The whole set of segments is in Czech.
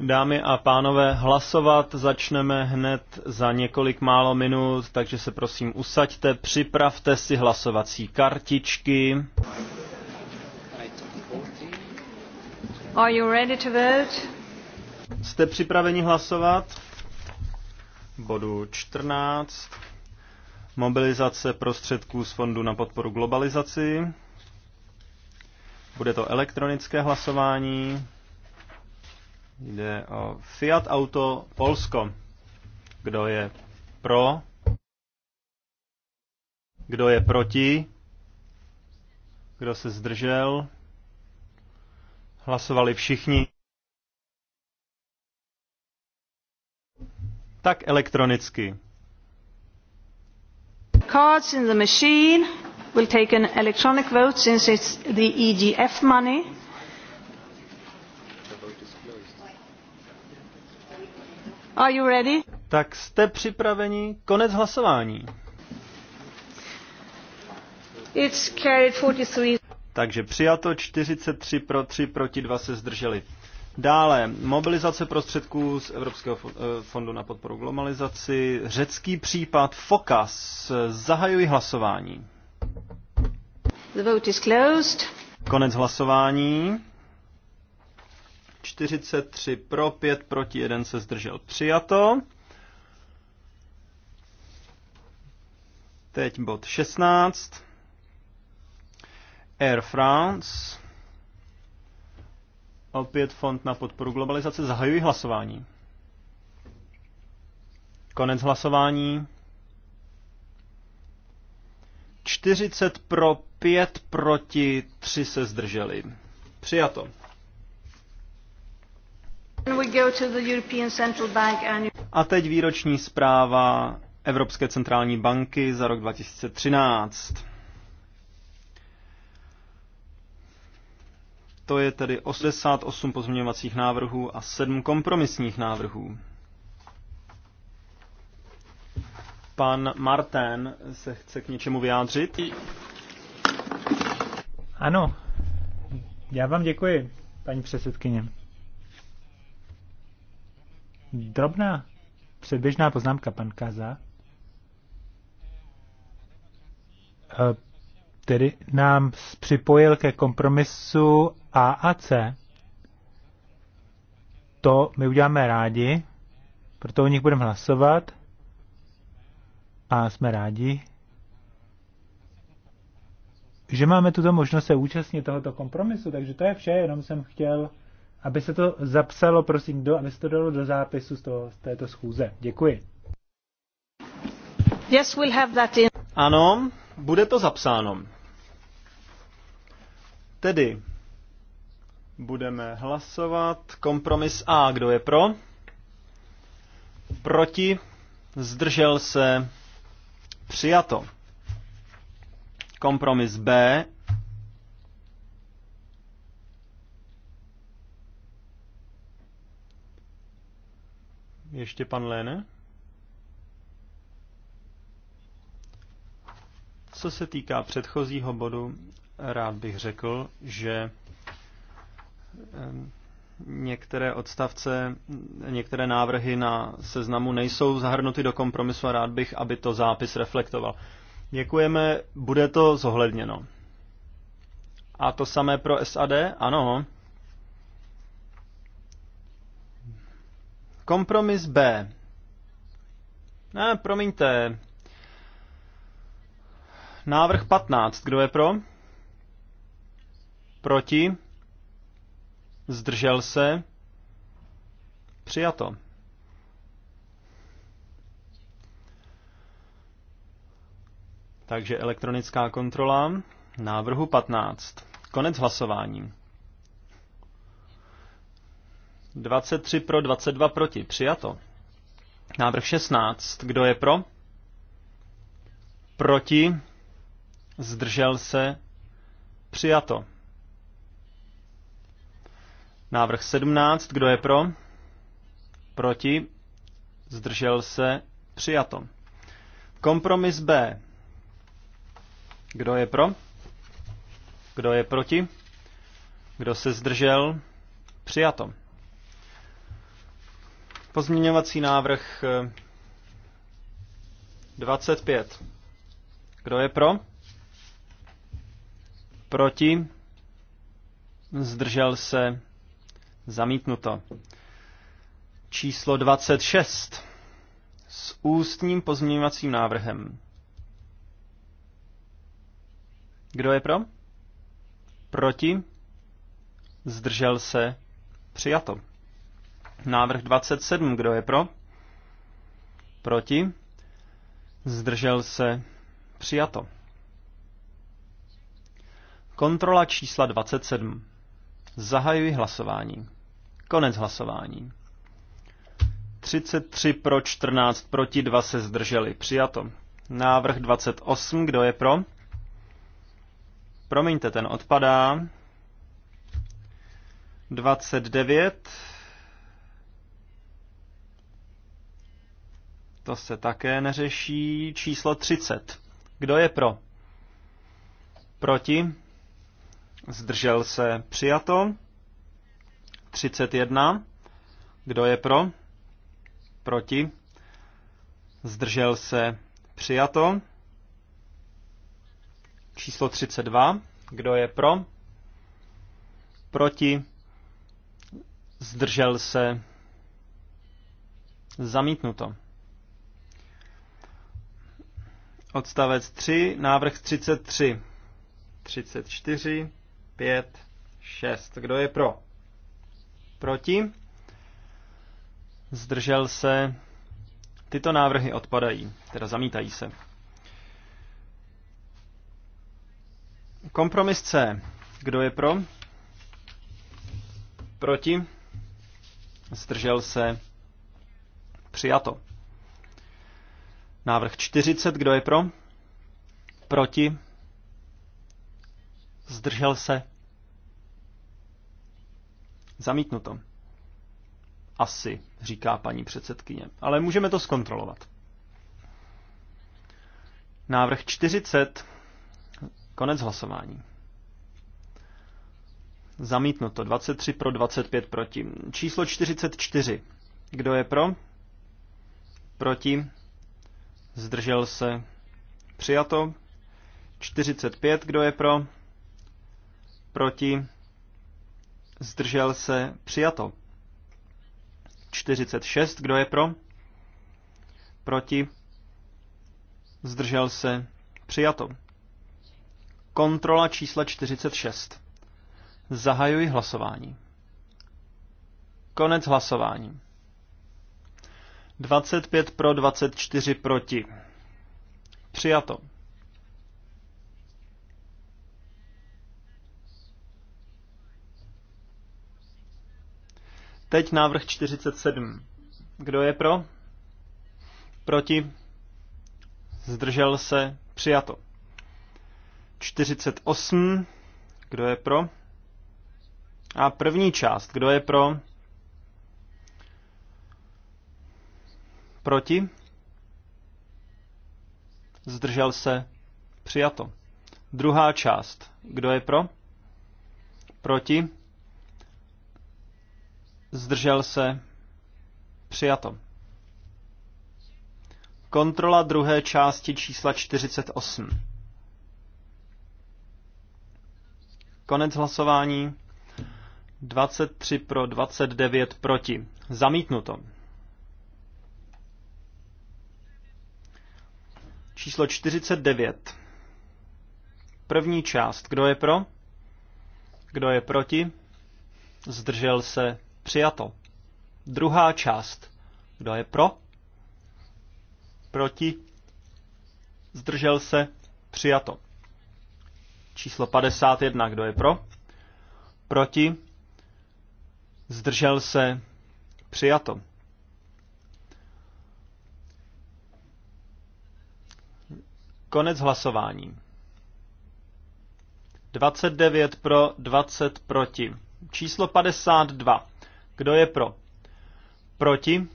Dámy a pánové, hlasovat začneme hned za několik málo minut, takže se prosím usaďte, připravte si hlasovací kartičky. Are you ready to vote? Jste připraveni hlasovat? Bodu 14. Mobilizace prostředků z Fondu na podporu globalizaci. Bude to elektronické hlasování. Jde o Fiat Auto Polsko. Kdo je pro? Kdo je proti? Kdo se zdržel? Hlasovali všichni. Tak elektronicky. Cards in the machine will take an electronic vote since it's the egf money. Are you ready? Tak jste připraveni? Konec hlasování. It's carried 43. Takže přijato 43 pro 3 proti 2 se zdrželi. Dále, mobilizace prostředků z Evropského eh, fondu na podporu globalizaci, řecký případ FOKAS. zahajuji hlasování. The vote is closed. Konec hlasování. 43 pro, 5 proti, 1 se zdržel. Přijato. Teď bod 16. Air France. Opět fond na podporu globalizace. Zahajuji hlasování. Konec hlasování. 40 pro, 5 proti, 3 se zdrželi. Přijato. A teď výroční zpráva Evropské centrální banky za rok 2013. To je tedy 88 pozměňovacích návrhů a 7 kompromisních návrhů. Pan Martin se chce k něčemu vyjádřit. Ano, já vám děkuji, paní předsedkyně. Drobná předběžná poznámka, pan Kaza. Eh, tedy nám připojil ke kompromisu A a C. To my uděláme rádi, proto o nich budeme hlasovat a jsme rádi, že máme tuto možnost se účastnit tohoto kompromisu, takže to je vše, jenom jsem chtěl, aby se to zapsalo, prosím, do, aby se to dalo do zápisu z, toho, z této schůze. Děkuji. Yes, we'll have that in. Ano, bude to zapsáno. Tedy budeme hlasovat. Kompromis A, kdo je pro? Proti? Zdržel se? Přijato. Kompromis B. Ještě pan Léne? Co se týká předchozího bodu, rád bych řekl, že některé odstavce, některé návrhy na seznamu nejsou zahrnuty do kompromisu a rád bych, aby to zápis reflektoval. Děkujeme, bude to zohledněno. A to samé pro SAD? Ano. Kompromis B. Ne, promiňte. Návrh 15. Kdo je pro? Proti? Zdržel se? Přijato. Takže elektronická kontrola návrhu 15. Konec hlasování. 23 pro, 22 proti. Přijato. Návrh 16. Kdo je pro? Proti. Zdržel se. Přijato. Návrh 17. Kdo je pro? Proti. Zdržel se. Přijato. Kompromis B. Kdo je pro? Kdo je proti? Kdo se zdržel? Přijato. Pozměňovací návrh 25. Eh, Kdo je pro? Proti? Zdržel se? Zamítnuto. Číslo 26. S ústním pozměňovacím návrhem. Kdo je pro? Proti? Zdržel se? Přijato. Návrh 27. Kdo je pro? Proti? Zdržel se? Přijato. Kontrola čísla 27. Zahajuji hlasování. Konec hlasování. 33 pro, 14 proti, 2 se zdrželi. Přijato. Návrh 28. Kdo je pro? Promiňte, ten odpadá. 29. To se také neřeší. Číslo 30. Kdo je pro? Proti? Zdržel se. Přijato. 31. Kdo je pro? Proti? Zdržel se. Přijato. Číslo 32. Kdo je pro? Proti? Zdržel se? Zamítnuto. Odstavec 3, návrh 33. 34, 5, 6. Kdo je pro? Proti? Zdržel se? Tyto návrhy odpadají, teda zamítají se. Kompromis C. Kdo je pro? Proti? Zdržel se? Přijato. Návrh 40. Kdo je pro? Proti? Zdržel se? Zamítnuto. Asi, říká paní předsedkyně. Ale můžeme to zkontrolovat. Návrh 40. Konec hlasování. Zamítnuto. 23 pro, 25 proti. Číslo 44. Kdo je pro? Proti? Zdržel se? Přijato. 45. Kdo je pro? Proti? Zdržel se? Přijato. 46. Kdo je pro? Proti? Zdržel se? Přijato. Kontrola čísla 46. Zahajuji hlasování. Konec hlasování. 25 pro, 24 proti. Přijato. Teď návrh 47. Kdo je pro? Proti? Zdržel se? Přijato. 48. Kdo je pro? A první část. Kdo je pro? Proti? Zdržel se? Přijato. Druhá část. Kdo je pro? Proti? Zdržel se? Přijato. Kontrola druhé části čísla 48. Konec hlasování. 23 pro, 29 proti. Zamítnuto. Číslo 49. První část. Kdo je pro? Kdo je proti? Zdržel se. Přijato. Druhá část. Kdo je pro? Proti? Zdržel se. Přijato. Číslo 51, kdo je pro? Proti? Zdržel se? Přijato. Konec hlasování. 29 pro, 20 proti. Číslo 52. Kdo je pro? Proti?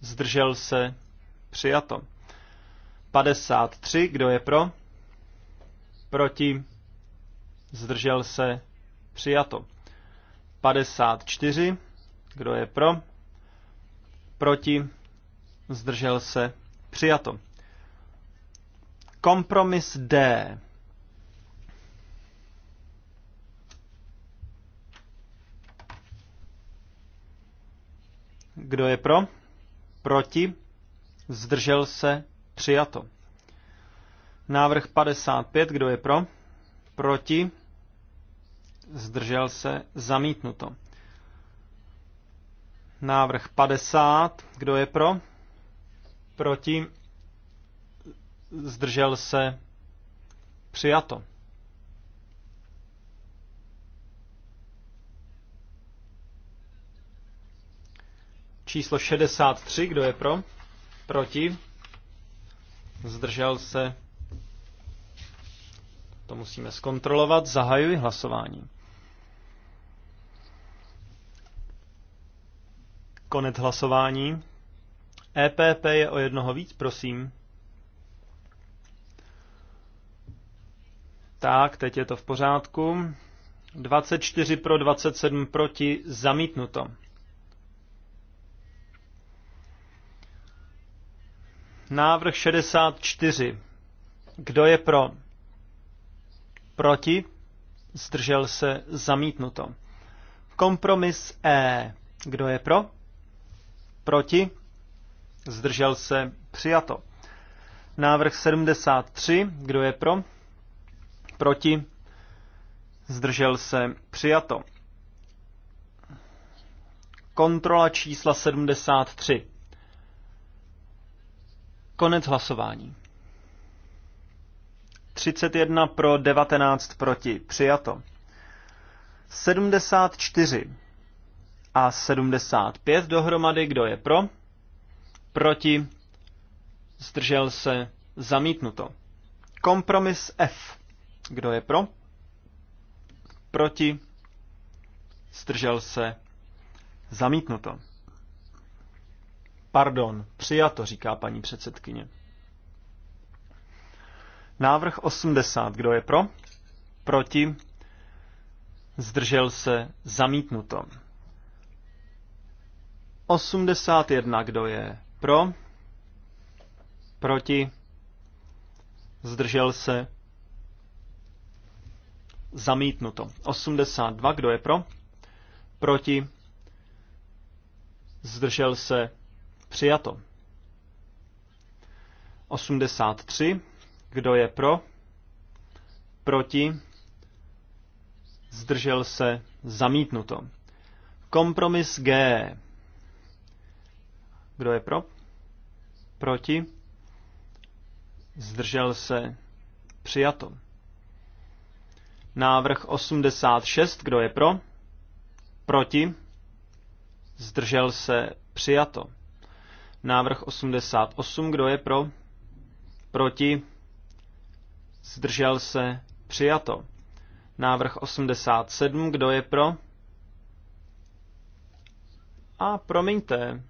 Zdržel se? Přijato. 53. Kdo je pro? proti, zdržel se, přijato. 54, kdo je pro, proti, zdržel se, přijato. Kompromis D. Kdo je pro? Proti? Zdržel se? Přijato. Návrh 55, kdo je pro? Proti? Zdržel se? Zamítnuto. Návrh 50, kdo je pro? Proti? Zdržel se? Přijato. Číslo 63, kdo je pro? Proti? Zdržel se? To musíme zkontrolovat. Zahajuji hlasování. Konec hlasování. EPP je o jednoho víc, prosím. Tak, teď je to v pořádku. 24 pro, 27 proti, zamítnuto. Návrh 64. Kdo je pro? Proti? Zdržel se zamítnuto. Kompromis E. Kdo je pro? Proti? Zdržel se přijato. Návrh 73. Kdo je pro? Proti? Zdržel se přijato. Kontrola čísla 73. Konec hlasování. 31 pro, 19 proti. Přijato. 74 a 75 dohromady, kdo je pro? Proti. Zdržel se. Zamítnuto. Kompromis F. Kdo je pro? Proti. Zdržel se. Zamítnuto. Pardon, přijato, říká paní předsedkyně. Návrh 80. Kdo je pro? Proti? Zdržel se? Zamítnuto. 81. Kdo je pro? Proti? Zdržel se? Zamítnuto. 82. Kdo je pro? Proti? Zdržel se? Přijato. 83. Kdo je pro? Proti? Zdržel se? Zamítnuto. Kompromis G. Kdo je pro? Proti? Zdržel se? Přijato. Návrh 86. Kdo je pro? Proti? Zdržel se? Přijato. Návrh 88. Kdo je pro? Proti? zdržel se, přijato. Návrh 87, kdo je pro? A promiňte,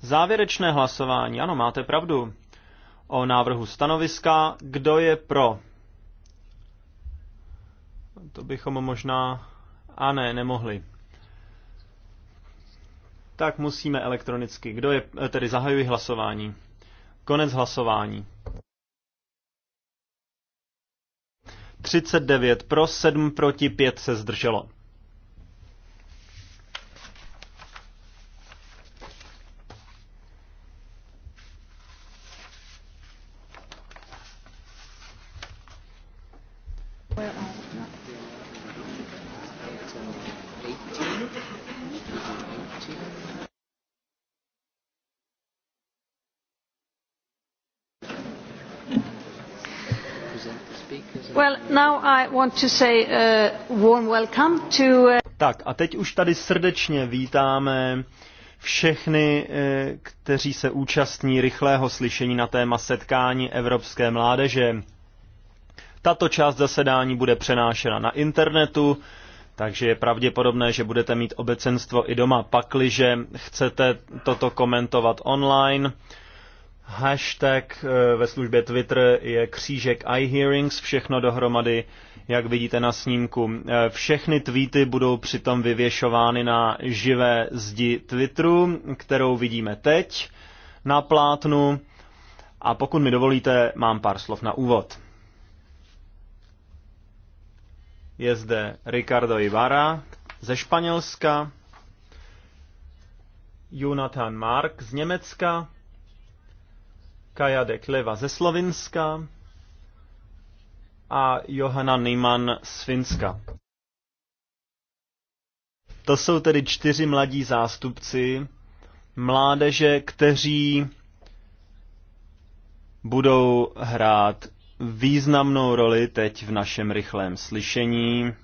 závěrečné hlasování, ano, máte pravdu. O návrhu stanoviska, kdo je pro? To bychom možná... A ne, nemohli. Tak musíme elektronicky. Kdo je... Eh, tedy zahajuji hlasování. Konec hlasování. 39 pro, 7 proti, 5 se zdrželo. Uh, tak a teď už tady srdečně vítáme všechny, eh, kteří se účastní rychlého slyšení na téma setkání evropské mládeže. Tato část zasedání bude přenášena na internetu, takže je pravděpodobné, že budete mít obecenstvo i doma, pakliže chcete toto komentovat online. Hashtag eh, ve službě Twitter je křížek iHearings, všechno dohromady, jak vidíte na snímku. Eh, všechny tweety budou přitom vyvěšovány na živé zdi Twitteru, kterou vidíme teď na plátnu. A pokud mi dovolíte, mám pár slov na úvod. Je zde Ricardo Ivara ze Španělska, Jonathan Mark z Německa, Kaja de Kleva ze Slovinska a Johana Neyman z Finska. To jsou tedy čtyři mladí zástupci mládeže, kteří budou hrát významnou roli teď v našem rychlém slyšení,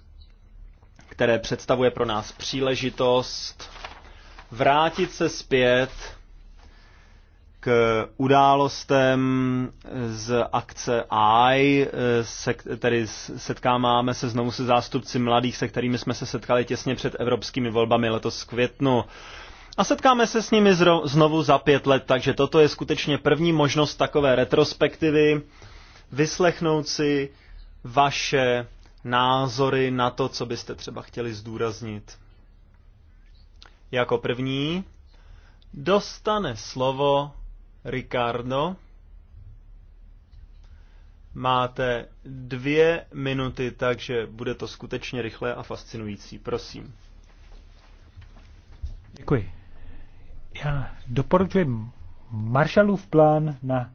které představuje pro nás příležitost vrátit se zpět událostem z akce AI, se, tedy setkáváme se znovu se zástupci mladých, se kterými jsme se setkali těsně před evropskými volbami letos v květnu. A setkáme se s nimi zro, znovu za pět let, takže toto je skutečně první možnost takové retrospektivy, vyslechnout si vaše názory na to, co byste třeba chtěli zdůraznit. Jako první dostane slovo Ricardo. Máte dvě minuty, takže bude to skutečně rychlé a fascinující. Prosím. Děkuji. Já doporučuji Marshallův plán na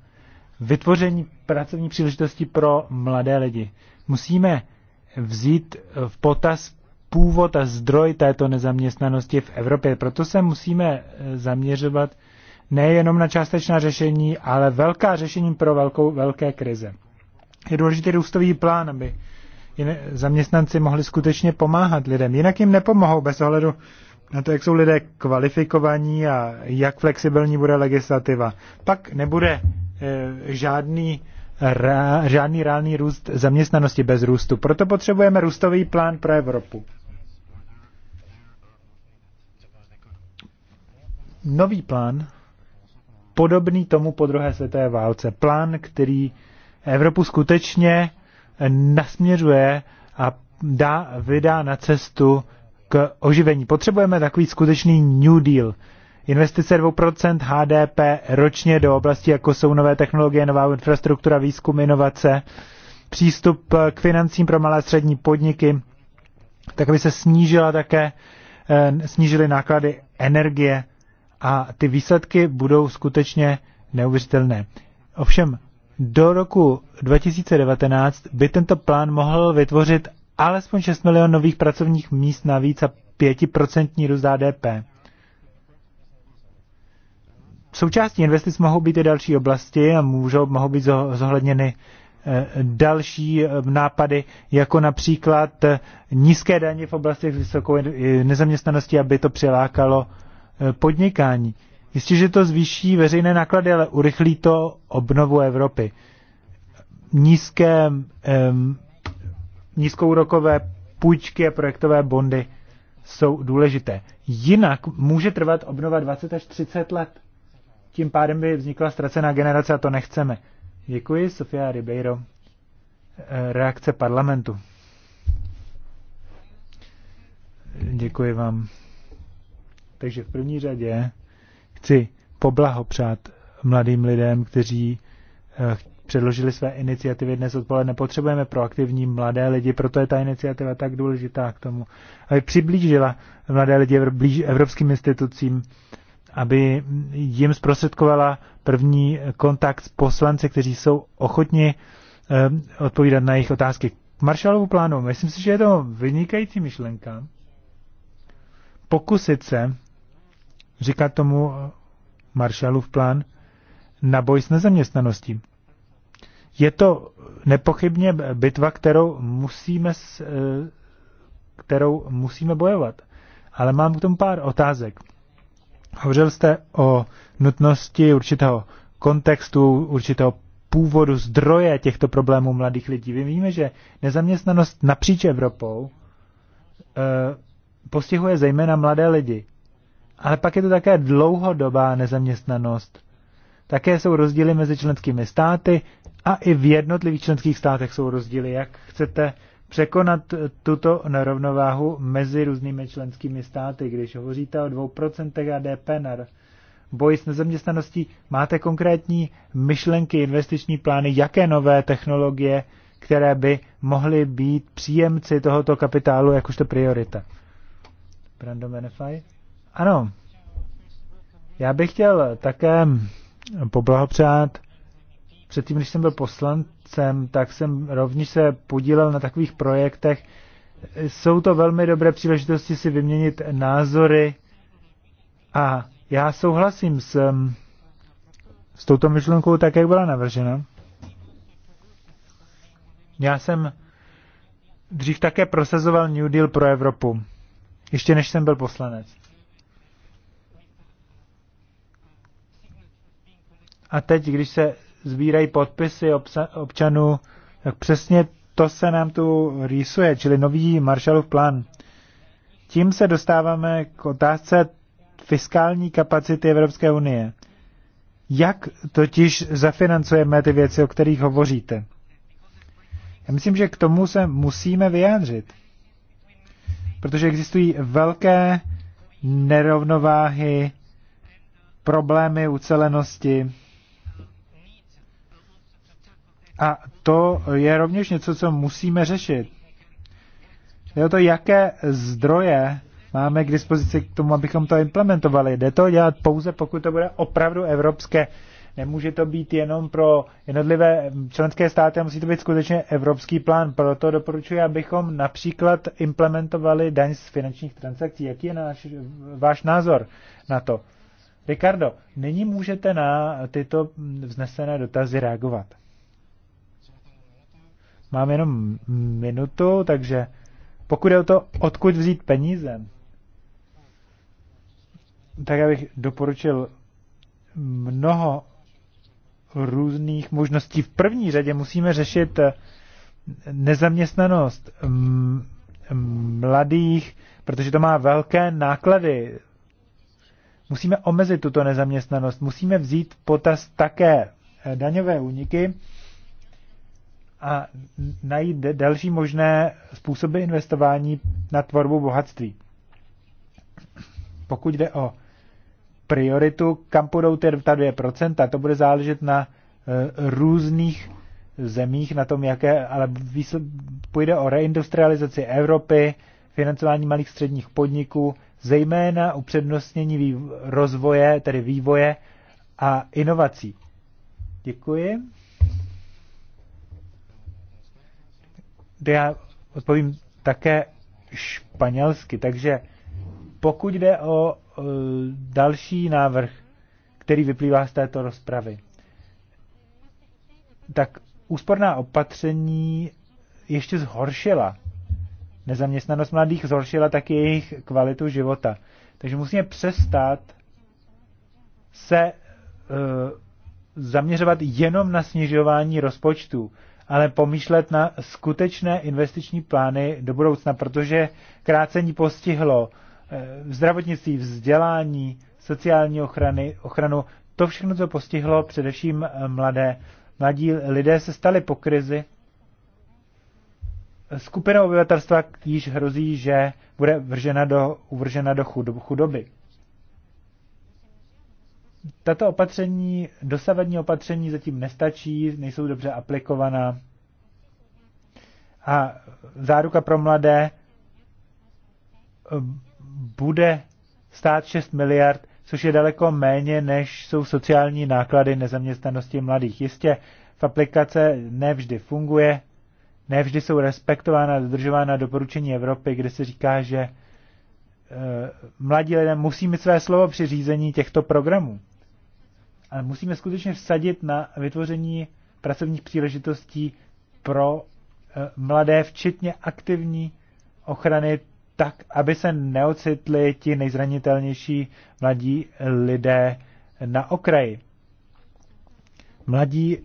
vytvoření pracovní příležitosti pro mladé lidi. Musíme vzít v potaz původ a zdroj této nezaměstnanosti v Evropě. Proto se musíme zaměřovat nejenom na částečná řešení, ale velká řešení pro velkou, velké krize. Je důležitý růstový plán, aby zaměstnanci mohli skutečně pomáhat lidem. Jinak jim nepomohou bez ohledu na to, jak jsou lidé kvalifikovaní a jak flexibilní bude legislativa. Pak nebude e, žádný, rá, žádný reálný růst zaměstnanosti bez růstu. Proto potřebujeme růstový plán pro Evropu. Nový plán podobný tomu po druhé světové válce. Plán, který Evropu skutečně nasměřuje a dá, vydá na cestu k oživení. Potřebujeme takový skutečný New Deal. Investice 2% HDP ročně do oblasti, jako jsou nové technologie, nová infrastruktura, výzkum, inovace, přístup k financím pro malé a střední podniky, tak aby se snížila také, eh, snížily náklady energie a ty výsledky budou skutečně neuvěřitelné. Ovšem, do roku 2019 by tento plán mohl vytvořit alespoň 6 milionů nových pracovních míst navíc a 5% růst HDP. V součástí investic mohou být i další oblasti a můžou, mohou být zohledněny eh, další eh, nápady, jako například eh, nízké daně v oblasti vysokou nezaměstnanosti, aby to přilákalo Eh, podnikání. Jistě, že to zvýší veřejné náklady, ale urychlí to obnovu Evropy. Nízké, um, nízkourokové půjčky a projektové bondy jsou důležité. Jinak může trvat obnova 20 až 30 let. Tím pádem by vznikla ztracená generace a to nechceme. Děkuji, Sofia Ribeiro. Eh, reakce parlamentu. Děkuji vám. Takže v první řadě chci poblahopřát mladým lidem, kteří eh, předložili své iniciativy dnes odpoledne. Potřebujeme proaktivní mladé lidi, proto je ta iniciativa tak důležitá k tomu, aby přiblížila mladé lidi blíž evropským institucím, aby jim zprostředkovala první kontakt s poslanci, kteří jsou ochotni eh, odpovídat na jejich otázky. K plánu, myslím si, že je to vynikající myšlenka. Pokusit se říká tomu Marshallův plán na boj s nezaměstnaností. Je to nepochybně bitva, kterou musíme, eh, kterou musíme bojovat. Ale mám k tomu pár otázek. Hovořil jste o nutnosti určitého kontextu, určitého původu, zdroje těchto problémů mladých lidí. My víme, že nezaměstnanost napříč Evropou e, postihuje zejména mladé lidi. Ale pak je to také dlouhodobá nezaměstnanost. Také jsou rozdíly mezi členskými státy a i v jednotlivých členských státech jsou rozdíly. Jak chcete překonat tuto nerovnováhu mezi různými členskými státy, když hovoříte o 2% HDP na boj s nezaměstnaností, máte konkrétní myšlenky, investiční plány, jaké nové technologie, které by mohly být příjemci tohoto kapitálu jakožto priorita? Brando Benefaj? Ano, já bych chtěl také poblahopřát. Předtím, když jsem byl poslancem, tak jsem rovněž se podílel na takových projektech. Jsou to velmi dobré příležitosti si vyměnit názory a já souhlasím s, s touto myšlenkou tak, jak byla navržena. Já jsem dřív také prosazoval New Deal pro Evropu, ještě než jsem byl poslanec. A teď, když se sbírají podpisy občanů, tak přesně to se nám tu rýsuje, čili nový Marshallův plán. Tím se dostáváme k otázce fiskální kapacity Evropské unie. Jak totiž zafinancujeme ty věci, o kterých hovoříte? Já myslím, že k tomu se musíme vyjádřit, protože existují velké nerovnováhy, problémy ucelenosti, a to je rovněž něco, co musíme řešit. Je to, jaké zdroje máme k dispozici k tomu, abychom to implementovali. Jde to dělat pouze, pokud to bude opravdu evropské. Nemůže to být jenom pro jednotlivé členské státy, a musí to být skutečně evropský plán. Proto doporučuji, abychom například implementovali daň z finančních transakcí. Jaký je náš, váš názor na to? Ricardo, nyní můžete na tyto vznesené dotazy reagovat. Mám jenom minutu, takže pokud je o to, odkud vzít peníze, tak já bych doporučil mnoho různých možností. V první řadě musíme řešit nezaměstnanost mladých, protože to má velké náklady. Musíme omezit tuto nezaměstnanost, musíme vzít potaz také daňové úniky a najít další možné způsoby investování na tvorbu bohatství. Pokud jde o prioritu, kam půjdou ty, ta 2%, to bude záležet na e, různých zemích, na tom, jaké, ale výsl, půjde o reindustrializaci Evropy, financování malých středních podniků, zejména upřednostnění vývo- rozvoje, tedy vývoje a inovací. Děkuji. kde já odpovím také španělsky. Takže pokud jde o další návrh, který vyplývá z této rozpravy, tak úsporná opatření ještě zhoršila. Nezaměstnanost mladých zhoršila taky jejich kvalitu života. Takže musíme přestat se e, zaměřovat jenom na snižování rozpočtu ale pomýšlet na skutečné investiční plány do budoucna, protože krácení postihlo v eh, zdravotnictví, vzdělání, sociální ochrany, ochranu, to všechno, co postihlo především eh, mladé. Mladí lidé se stali po krizi skupina obyvatelstva již hrozí, že bude vržena do, uvržena do chudoby tato opatření, dosavadní opatření zatím nestačí, nejsou dobře aplikovaná. A záruka pro mladé eh, bude stát 6 miliard, což je daleko méně, než jsou sociální náklady nezaměstnanosti mladých. Jistě v aplikace nevždy funguje, nevždy jsou respektována a dodržována doporučení Evropy, kde se říká, že eh, mladí lidé musí mít své slovo při řízení těchto programů ale musíme skutečně vsadit na vytvoření pracovních příležitostí pro eh, mladé, včetně aktivní ochrany, tak, aby se neocitli ti nejzranitelnější mladí lidé na okraji. Mladí, eh,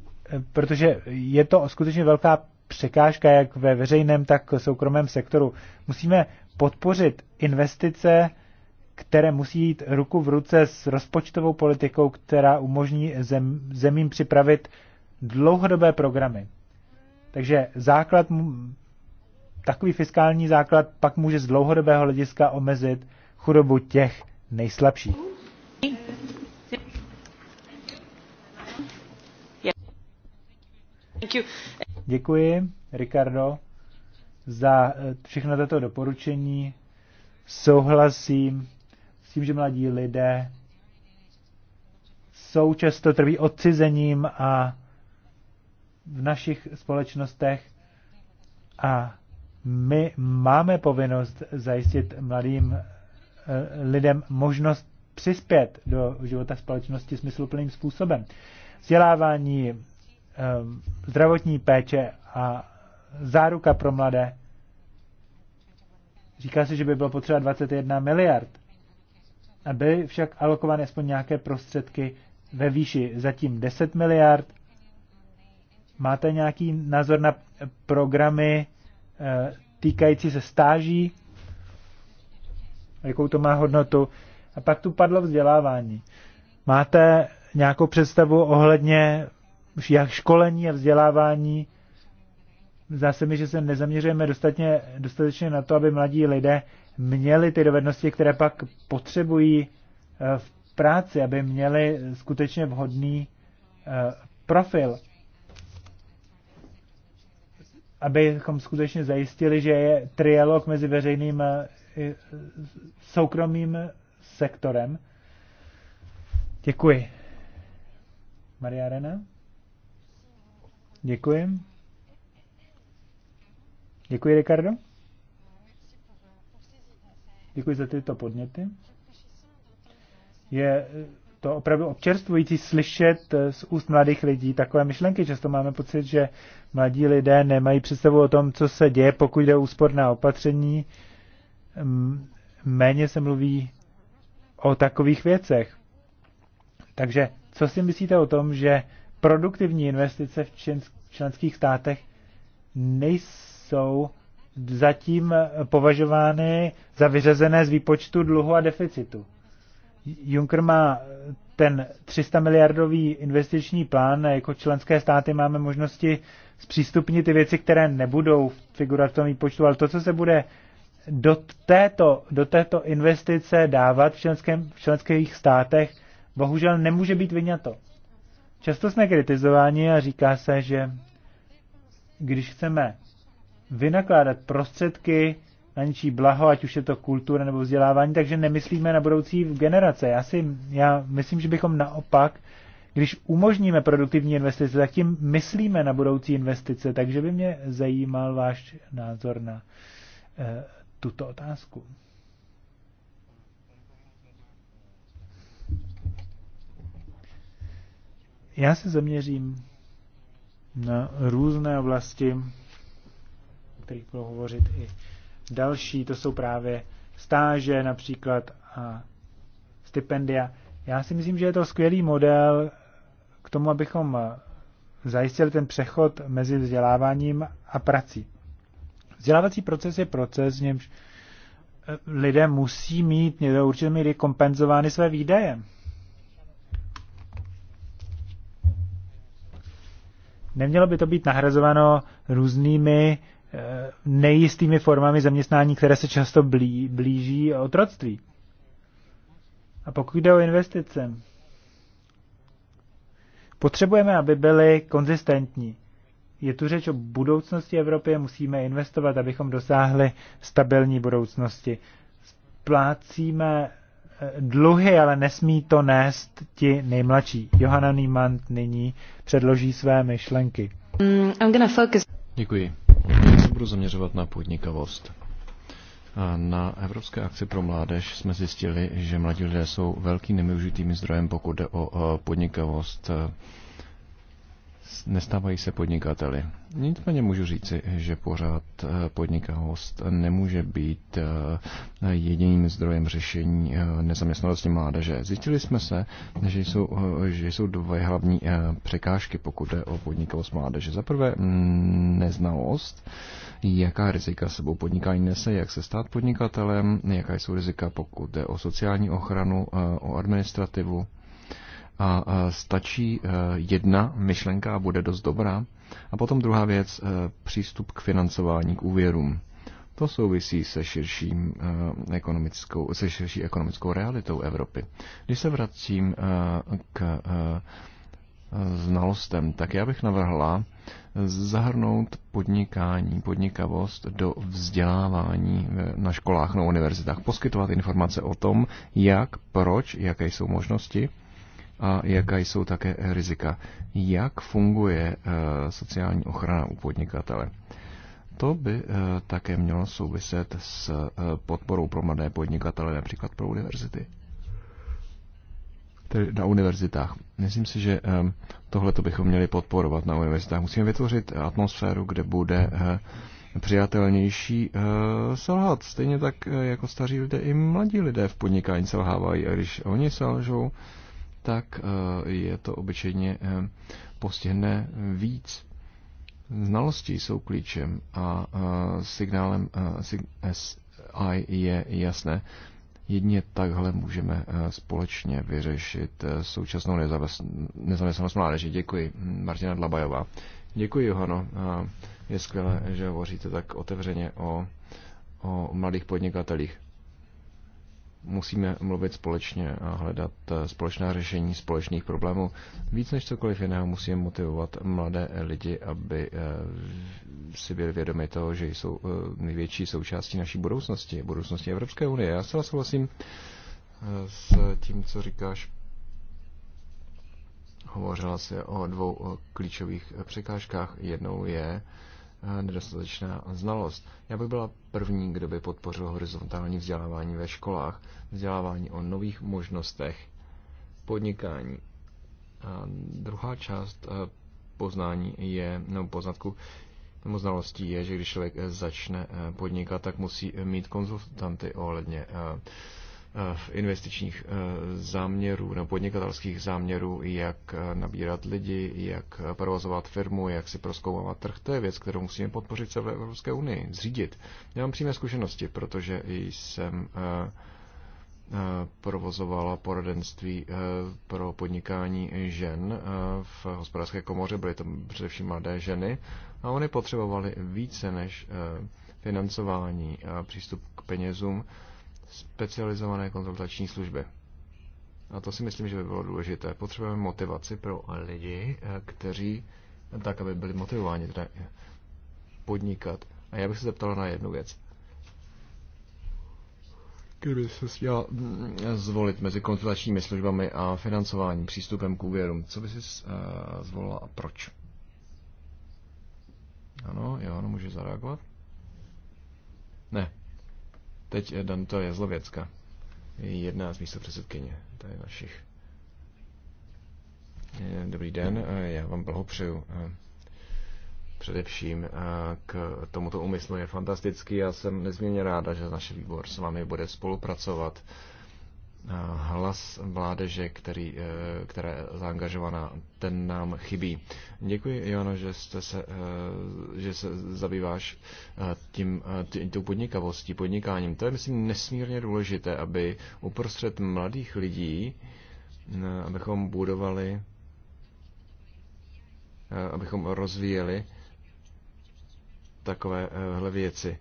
protože je to skutečně velká překážka, jak ve veřejném, tak soukromém sektoru. Musíme podpořit investice které musí jít ruku v ruce s rozpočtovou politikou, která umožní zem, zemím připravit dlouhodobé programy. Takže základ, takový fiskální základ pak může z dlouhodobého hlediska omezit chudobu těch nejslabších. Děkuji, Ricardo, za eh, všechno tato doporučení. Souhlasím tím, že mladí lidé jsou často trví odcizením a v našich společnostech a my máme povinnost zajistit mladým eh, lidem možnost přispět do života společnosti smysluplným způsobem. Vzdělávání, eh, zdravotní péče a záruka pro mladé. Říká se, že by bylo potřeba 21 miliard byly však alokovány aspoň nějaké prostředky ve výši zatím 10 miliard. Máte nějaký názor na programy eh, týkající se stáží? Jakou to má hodnotu? A pak tu padlo vzdělávání. Máte nějakou představu ohledně jak školení a vzdělávání? Zdá se mi, že se nezaměřujeme dostatečně, dostatečně na to, aby mladí lidé měli ty dovednosti, které pak potřebují eh, v práci, aby měli skutečně vhodný eh, profil. Abychom skutečně zajistili, že je trialog mezi veřejným eh, soukromým sektorem. Děkuji. Maria Arena? Děkuji. Děkuji, Ricardo. Děkuji za tyto podněty. Je to opravdu občerstvující slyšet z úst mladých lidí takové myšlenky. Často máme pocit, že mladí lidé nemají představu o tom, co se děje, pokud jde o úsporná opatření. Méně se mluví o takových věcech. Takže co si myslíte o tom, že produktivní investice v členských státech nejsou zatím považovány za vyřazené z výpočtu dluhu a deficitu. Juncker má ten 300 miliardový investiční plán, jako členské státy máme možnosti zpřístupnit ty věci, které nebudou figurat v tom výpočtu, ale to, co se bude do této, do této investice dávat v, členském, v členských státech, bohužel nemůže být vyňato. Často jsme kritizováni a říká se, že když chceme vynakládat prostředky na něčí blaho, ať už je to kultura nebo vzdělávání, takže nemyslíme na budoucí generace. Já, si, já myslím, že bychom naopak, když umožníme produktivní investice, tak tím myslíme na budoucí investice, takže by mě zajímal váš názor na e, tuto otázku. Já se zaměřím na různé oblasti kterých budou hovořit i další. To jsou právě stáže například a stipendia. Já si myslím, že je to skvělý model k tomu, abychom zajistili ten přechod mezi vzděláváním a prací. Vzdělávací proces je proces, v němž eh, lidé musí mít do určité míry kompenzovány své výdaje. Nemělo by to být nahrazováno různými Eh, nejistými formami zaměstnání, které se často blí, blíží otroctví. A pokud jde o investice, potřebujeme, aby byly konzistentní. Je tu řeč o budoucnosti Evropy, musíme investovat, abychom dosáhli stabilní budoucnosti. Splácíme eh, dluhy, ale nesmí to nést ti nejmladší. Johanna Niemann nyní předloží své myšlenky. Mm, I'm gonna focus. Děkuji budu zaměřovat na podnikavost. Na Evropské akci pro mládež jsme zjistili, že mladí lidé jsou velkým nevyužitým zdrojem, pokud jde o podnikavost. Nestávají se podnikateli. Nicméně můžu říci, že pořád e, podnikavost nemůže být e, jediným zdrojem řešení e, nezaměstnanosti mládeže. Zjistili jsme se, že jsou, že jsou dvě hlavní překážky, pokud jde o podnikavost mládeže. Za prvé neznalost jaká rizika sebou podnikání nese, jak se stát podnikatelem, jaká jsou rizika, pokud jde o sociální ochranu, eh, o administrativu. A eh, stačí eh, jedna myšlenka a bude dost dobrá. A potom druhá věc, přístup k financování, k úvěrům. To souvisí se, širším, ekonomickou, se širší ekonomickou realitou Evropy. Když se vracím k znalostem, tak já bych navrhla zahrnout podnikání, podnikavost do vzdělávání eh, na školách, na univerzitách, poskytovat informace o tom, jak, proč, jaké jsou možnosti a jaká jsou také rizika. Jak funguje eh, sociální ochrana u podnikatele? To by eh, také mělo souviset s podporou pro mladé podnikatele, například pro univerzity tedy na univerzitách. Myslím si, že ehm, tohle to bychom měli podporovat na univerzitách. Musíme vytvořit atmosféru, kde bude eh, přijatelnější eh, selhat. Stejně tak eh, jako staří lidé, i mladí lidé v podnikání selhávají. A když oni selžou, tak je to obyčejně postihne víc. Znalosti jsou klíčem a signálem SI je jasné, Jedně takhle můžeme eh, společně vyřešit eh, současnou nezaměstnanost mládeže. Děkuji, hm, Martina Dlabajová. Děkuji, Johano. Je skvělé, že hovoříte tak otevřeně o, o mladých podnikatelích musíme mluvit společně a hledat eh, společná řešení společných problémů. Víc než cokoliv jiného musíme motivovat mladé lidi, aby eh, si byli vědomi toho, že jsou eh, největší součástí naší budoucnosti, budoucnosti Evropské unie. Já se souhlasím s tím, co říkáš. Hovořila se o dvou klíčových překážkách. Jednou je nedostatečná znalost. Já bych byla první, kdo by podpořil horizontální vzdělávání ve školách, vzdělávání o nových možnostech podnikání. A druhá část eh, poznání je, nebo poznatku, nebo znalostí je, že když člověk začne eh, podnikat, tak musí mít konzultanty ohledně eh, v investičních eh, záměrů, na podnikatelských záměrů, jak eh, nabírat lidi, jak eh, provozovat firmu, jak si proskoumávat trh. To je věc, kterou musíme podpořit celé Evropské unii, zřídit. Já mám přímé zkušenosti, protože jsem provozovala poradenství pro podnikání žen v hospodářské komoře, byly to především mladé ženy a oni potřebovali více než financování a přístup k penězům, specializované konzultační služby. A to si myslím, že by bylo důležité. Potřebujeme motivaci pro lidi, eh, kteří tak, aby byli motivováni teda eh, podnikat. A já bych se zeptal na jednu věc. Kdyby se měla mm, zvolit mezi konzultačními službami a financováním, přístupem k úvěrům, co by si eh, zvolila a proč? Ano, já ano, může zareagovat? Ne, Teď eh, Danto Jazlověcka, jedna z místopředsedkyně tady našich. Eh, dobrý den, eh, já vám blahopřeju. Především k tomuto úmyslu je fantastický. Já jsem nezměně ráda, že naše výbor s vámi bude spolupracovat hlas vládeže, který, eh, která je zaangažovaná, ten nám chybí. Děkuji, Joano, že, jste se, eh, že se zabýváš eh, tím, tím, podnikavostí, podnikáním. To je, myslím, nesmírně důležité, aby uprostřed mladých lidí, abychom budovali, abychom rozvíjeli takovéhle věci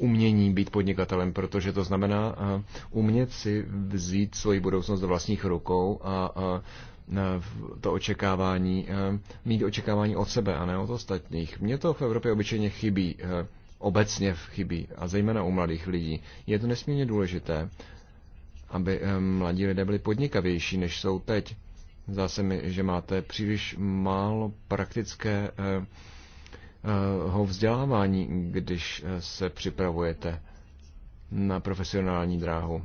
umění být podnikatelem, protože to znamená eh, umět si vzít svoji budoucnost do vlastních rukou a eh, to očekávání, eh, mít očekávání od sebe a ne od ostatních. Mně to v Evropě obyčejně chybí, obecně chybí a zejména u mladých lidí. Je to nesmírně důležité, aby mladí lidé byli podnikavější, než jsou teď. Zdá se mi, že máte příliš málo praktické eh, Eh, ho vzdělávání, když eh, se připravujete na profesionální dráhu.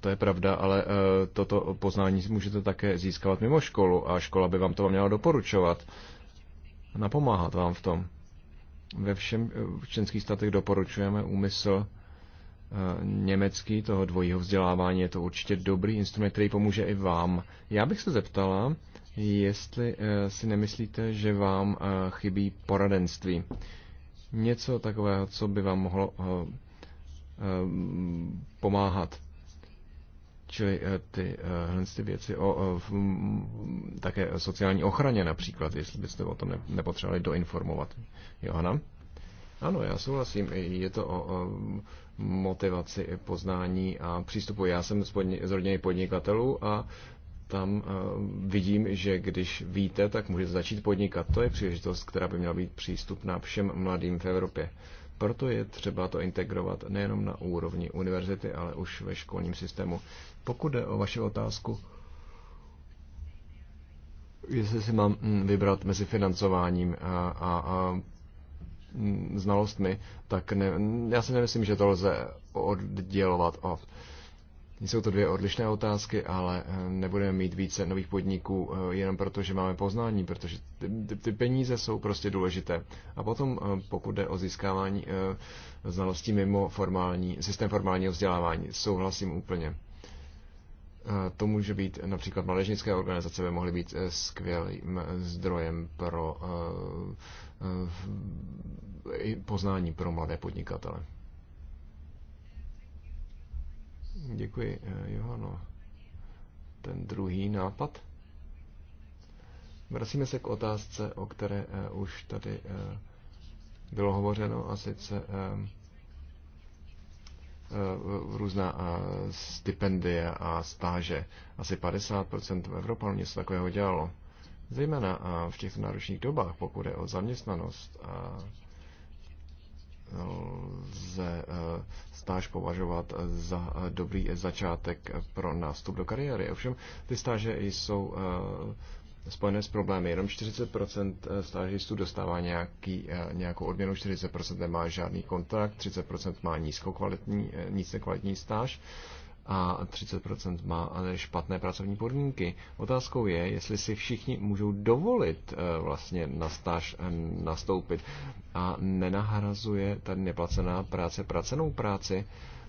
To je pravda, ale eh, toto poznání můžete také získávat mimo školu a škola by vám to měla doporučovat. Napomáhat vám v tom. Ve všem v členských státech doporučujeme úmysl německý, toho dvojího vzdělávání. Je to určitě dobrý instrument, který pomůže i vám. Já bych se zeptala, jestli eh, si nemyslíte, že vám eh, chybí poradenství. Něco takového, co by vám mohlo eh, pomáhat. Čili ty, ty věci o také sociální ochraně například, jestli byste o tom nepotřebovali doinformovat. Johana? Ano, já souhlasím. Je to o motivaci poznání a přístupu. Já jsem z, podni- z rodiny podnikatelů a tam eh, vidím, že když víte, tak můžete začít podnikat. To je příležitost, která by měla být přístupná všem mladým v Evropě. Proto je třeba to integrovat nejenom na úrovni univerzity, ale už ve školním systému. Pokud jde o vaši otázku, jestli si mám hm, vybrat mezi financováním a, a, a hm, znalostmi, tak ne, já si nemyslím, že to lze oddělovat od jsou to dvě odlišné otázky, ale eh, nebudeme mít více nových podniků eh, jenom proto, že máme poznání, protože ty, ty peníze jsou prostě důležité. A potom, eh, pokud jde o získávání znalostí mimo formální, systém formálního vzdělávání, souhlasím úplně. To může být například mládežnické organizace by mohly být skvělým zdrojem pro poznání pro mladé podnikatele. Děkuji, eh, Johano. Ten druhý nápad? Vracíme se k otázce, o které uh, už tady uh, bylo hovořeno, a sice um, různá stipendie a stáže. Asi 50% Evropanů něco takového dělalo. Zejména v těchto náročných dobách, pokud je o zaměstnanost a lze eh, stáž považovat za eh, dobrý začátek pro nástup do kariéry. Ovšem ty stáže jsou eh, spojené s problémy. Jenom 40% stážistů dostává nějaký, nějakou odměnu, 40% nemá žádný kontrakt, 30% má nízkokvalitní, nízkokvalitní stáž a 30% má špatné pracovní podmínky. Otázkou je, jestli si všichni můžou dovolit eh, vlastně na stáž eh, nastoupit a nenahrazuje tady neplacená práce pracenou práci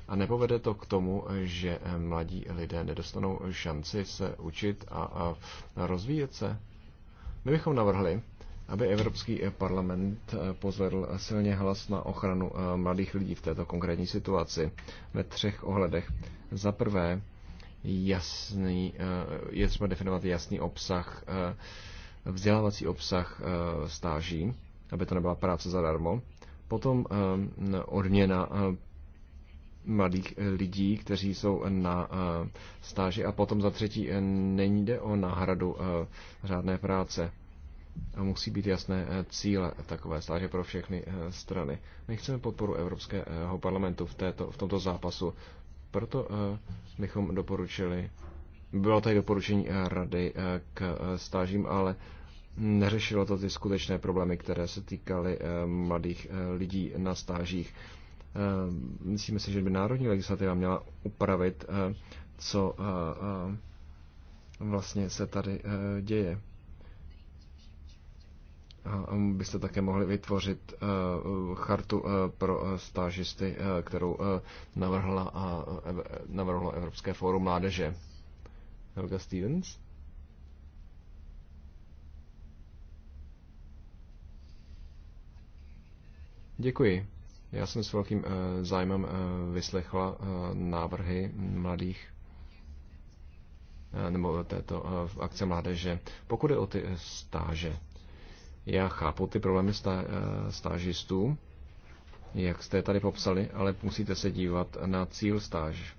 a nepovede to k tomu, že eh, mladí lidé nedostanou šanci se učit a rozvíjet se. My bychom navrhli, aby Evropský parlament pozvedl silně hlas na ochranu mladých lidí v této konkrétní situaci ve třech ohledech. Za prvé, jasný, eh, je třeba definovat jasný obsah, eh, vzdělávací obsah eh, stáží, aby to nebyla práce zadarmo. Potom odměna mladých lidí, kteří jsou na stáži. A potom za třetí, není jde o náhradu řádné práce. A musí být jasné cíle takové stáže pro všechny strany. My chceme podporu Evropského parlamentu v, této, v tomto zápasu. Proto eh, bychom doporučili, bylo tady doporučení eh, rady eh, k stážím, ale neřešilo to ty skutečné problémy, které se týkaly mladých lidí na stážích. Myslíme si, že by národní legislativa měla upravit, co vlastně se tady děje. A byste také mohli vytvořit eh, chartu eh, pro eh, stážisty, kterou navrhla, navrhlo Evropské fórum mládeže. Helga Stevens? Děkuji. Já jsem s velkým zájmem vyslechla návrhy mladých nebo této akce mládeže. Pokud je o ty stáže, já chápu ty problémy stá, eh, stážistů, jak jste tady popsali, ale musíte se dívat na cíl stáž.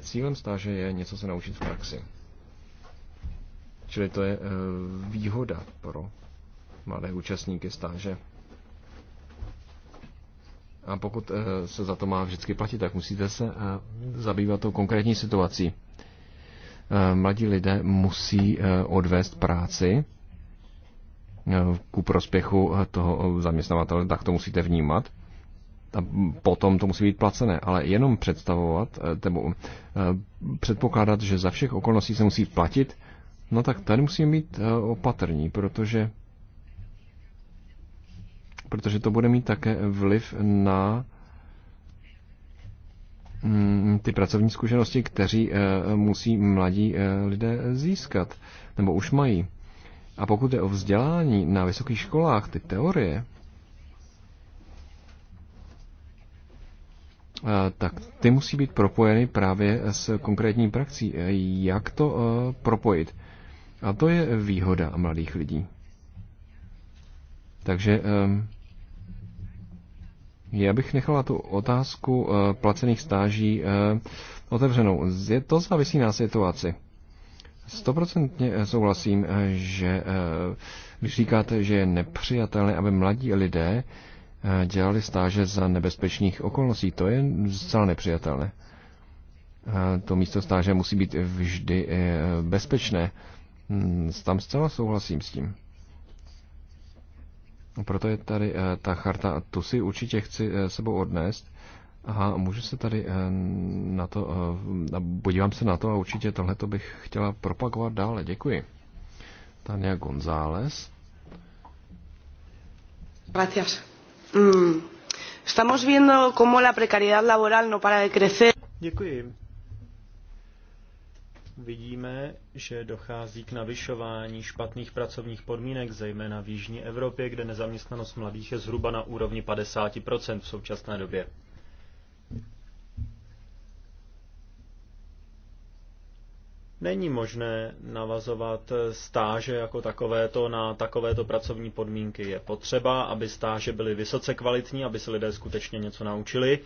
Cílem stáže je něco se naučit v praxi. Čili to je eh, výhoda pro malé účastníky stáže. A pokud eh, se za to má vždycky platit, tak musíte se zabývat tou konkrétní situací. Eh, mladí lidé musí eh, odvést práci eh, ku prospěchu toho zaměstnavatele, tak to musíte vnímat. A potom to musí být placené, ale jenom představovat, nebo předpokládat, že za všech okolností se musí platit, no tak tady musíme být opatrní, protože protože to bude mít také vliv na Mm, ty pracovní zkušenosti, kteří eh, musí mladí eh, lidé získat, nebo už mají. A pokud je o vzdělání na vysokých školách, ty teorie, eh, tak ty musí být propojeny právě s konkrétní praxí. Jak to propojit? A to je výhoda mladých lidí. Takže ehm, já bych nechala tu otázku eh, placených stáží eh, otevřenou. Je to závisí na situaci. Stoprocentně eh, souhlasím, že když říkáte, že je nepřijatelné, aby mladí lidé dělali stáže za nebezpečných okolností, to je zcela nepřijatelné. To místo stáže musí být vždy bezpečné. Hmm, tam zcela souhlasím s tím. Proto je tady eh, ta charta, tu si určitě chci eh, sebou odnést. A můžu se tady eh, na to, podívám se na to a určitě tohle to bych chtěla propagovat dále. Děkuji. Tania González. Gracias. Mm. Estamos viendo cómo la precariedad laboral no para de crecer. Děkuji vidíme, že dochází k navyšování špatných pracovních podmínek, zejména v Jižní Evropě, kde nezaměstnanost mladých je zhruba na úrovni 50% v současné době. Není možné navazovat stáže jako takovéto na takovéto pracovní podmínky. Je potřeba, aby stáže byly vysoce kvalitní, aby se lidé skutečně něco naučili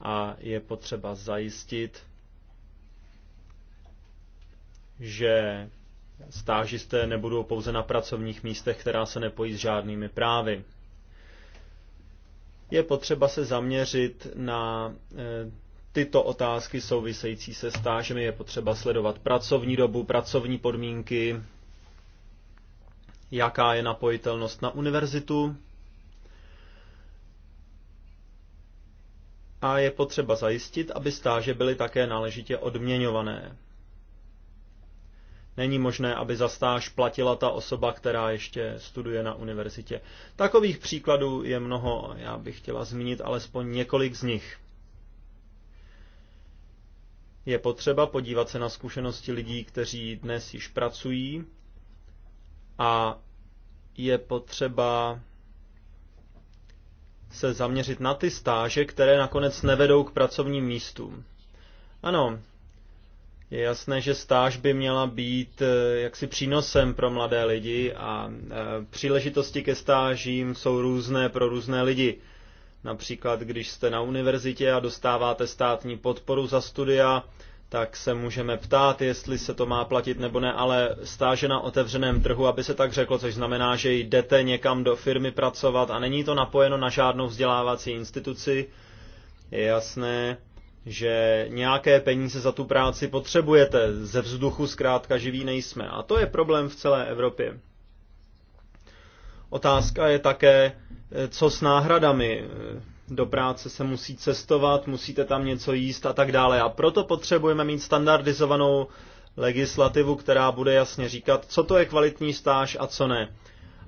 a je potřeba zajistit, že stážisté nebudou pouze na pracovních místech, která se nepojí s žádnými právy. Je potřeba se zaměřit na eh, tyto otázky související se stážemi. Je potřeba sledovat pracovní dobu, pracovní podmínky, jaká je napojitelnost na univerzitu. A je potřeba zajistit, aby stáže byly také náležitě odměňované. Není možné, aby za stáž platila ta osoba, která ještě studuje na univerzitě. Takových příkladů je mnoho, já bych chtěla zmínit alespoň několik z nich. Je potřeba podívat se na zkušenosti lidí, kteří dnes již pracují a je potřeba se zaměřit na ty stáže, které nakonec nevedou k pracovním místům. Ano, je jasné, že stáž by měla být eh, jaksi přínosem pro mladé lidi a eh, příležitosti ke stážím jsou různé pro různé lidi. Například, když jste na univerzitě a dostáváte státní podporu za studia, tak se můžeme ptát, jestli se to má platit nebo ne, ale stáže na otevřeném trhu, aby se tak řeklo, což znamená, že jdete někam do firmy pracovat a není to napojeno na žádnou vzdělávací instituci, je jasné, že nějaké peníze za tu práci potřebujete. Ze vzduchu zkrátka živí nejsme. A to je problém v celé Evropě. Otázka je také, co s náhradami. Do práce se musí cestovat, musíte tam něco jíst a tak dále. A proto potřebujeme mít standardizovanou legislativu, která bude jasně říkat, co to je kvalitní stáž a co ne.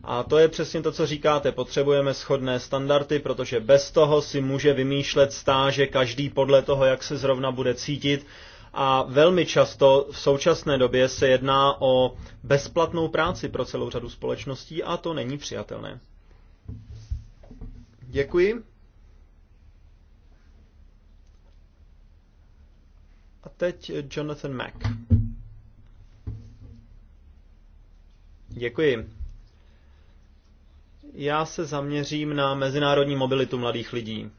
A to je přesně to, co říkáte. Potřebujeme schodné standardy, protože bez toho si může vymýšlet stáže každý podle toho, jak se zrovna bude cítit. A velmi často v současné době se jedná o bezplatnou práci pro celou řadu společností a to není přijatelné. Děkuji. A teď Jonathan Mack. Děkuji. Já se zaměřím na mezinárodní mobilitu mladých lidí.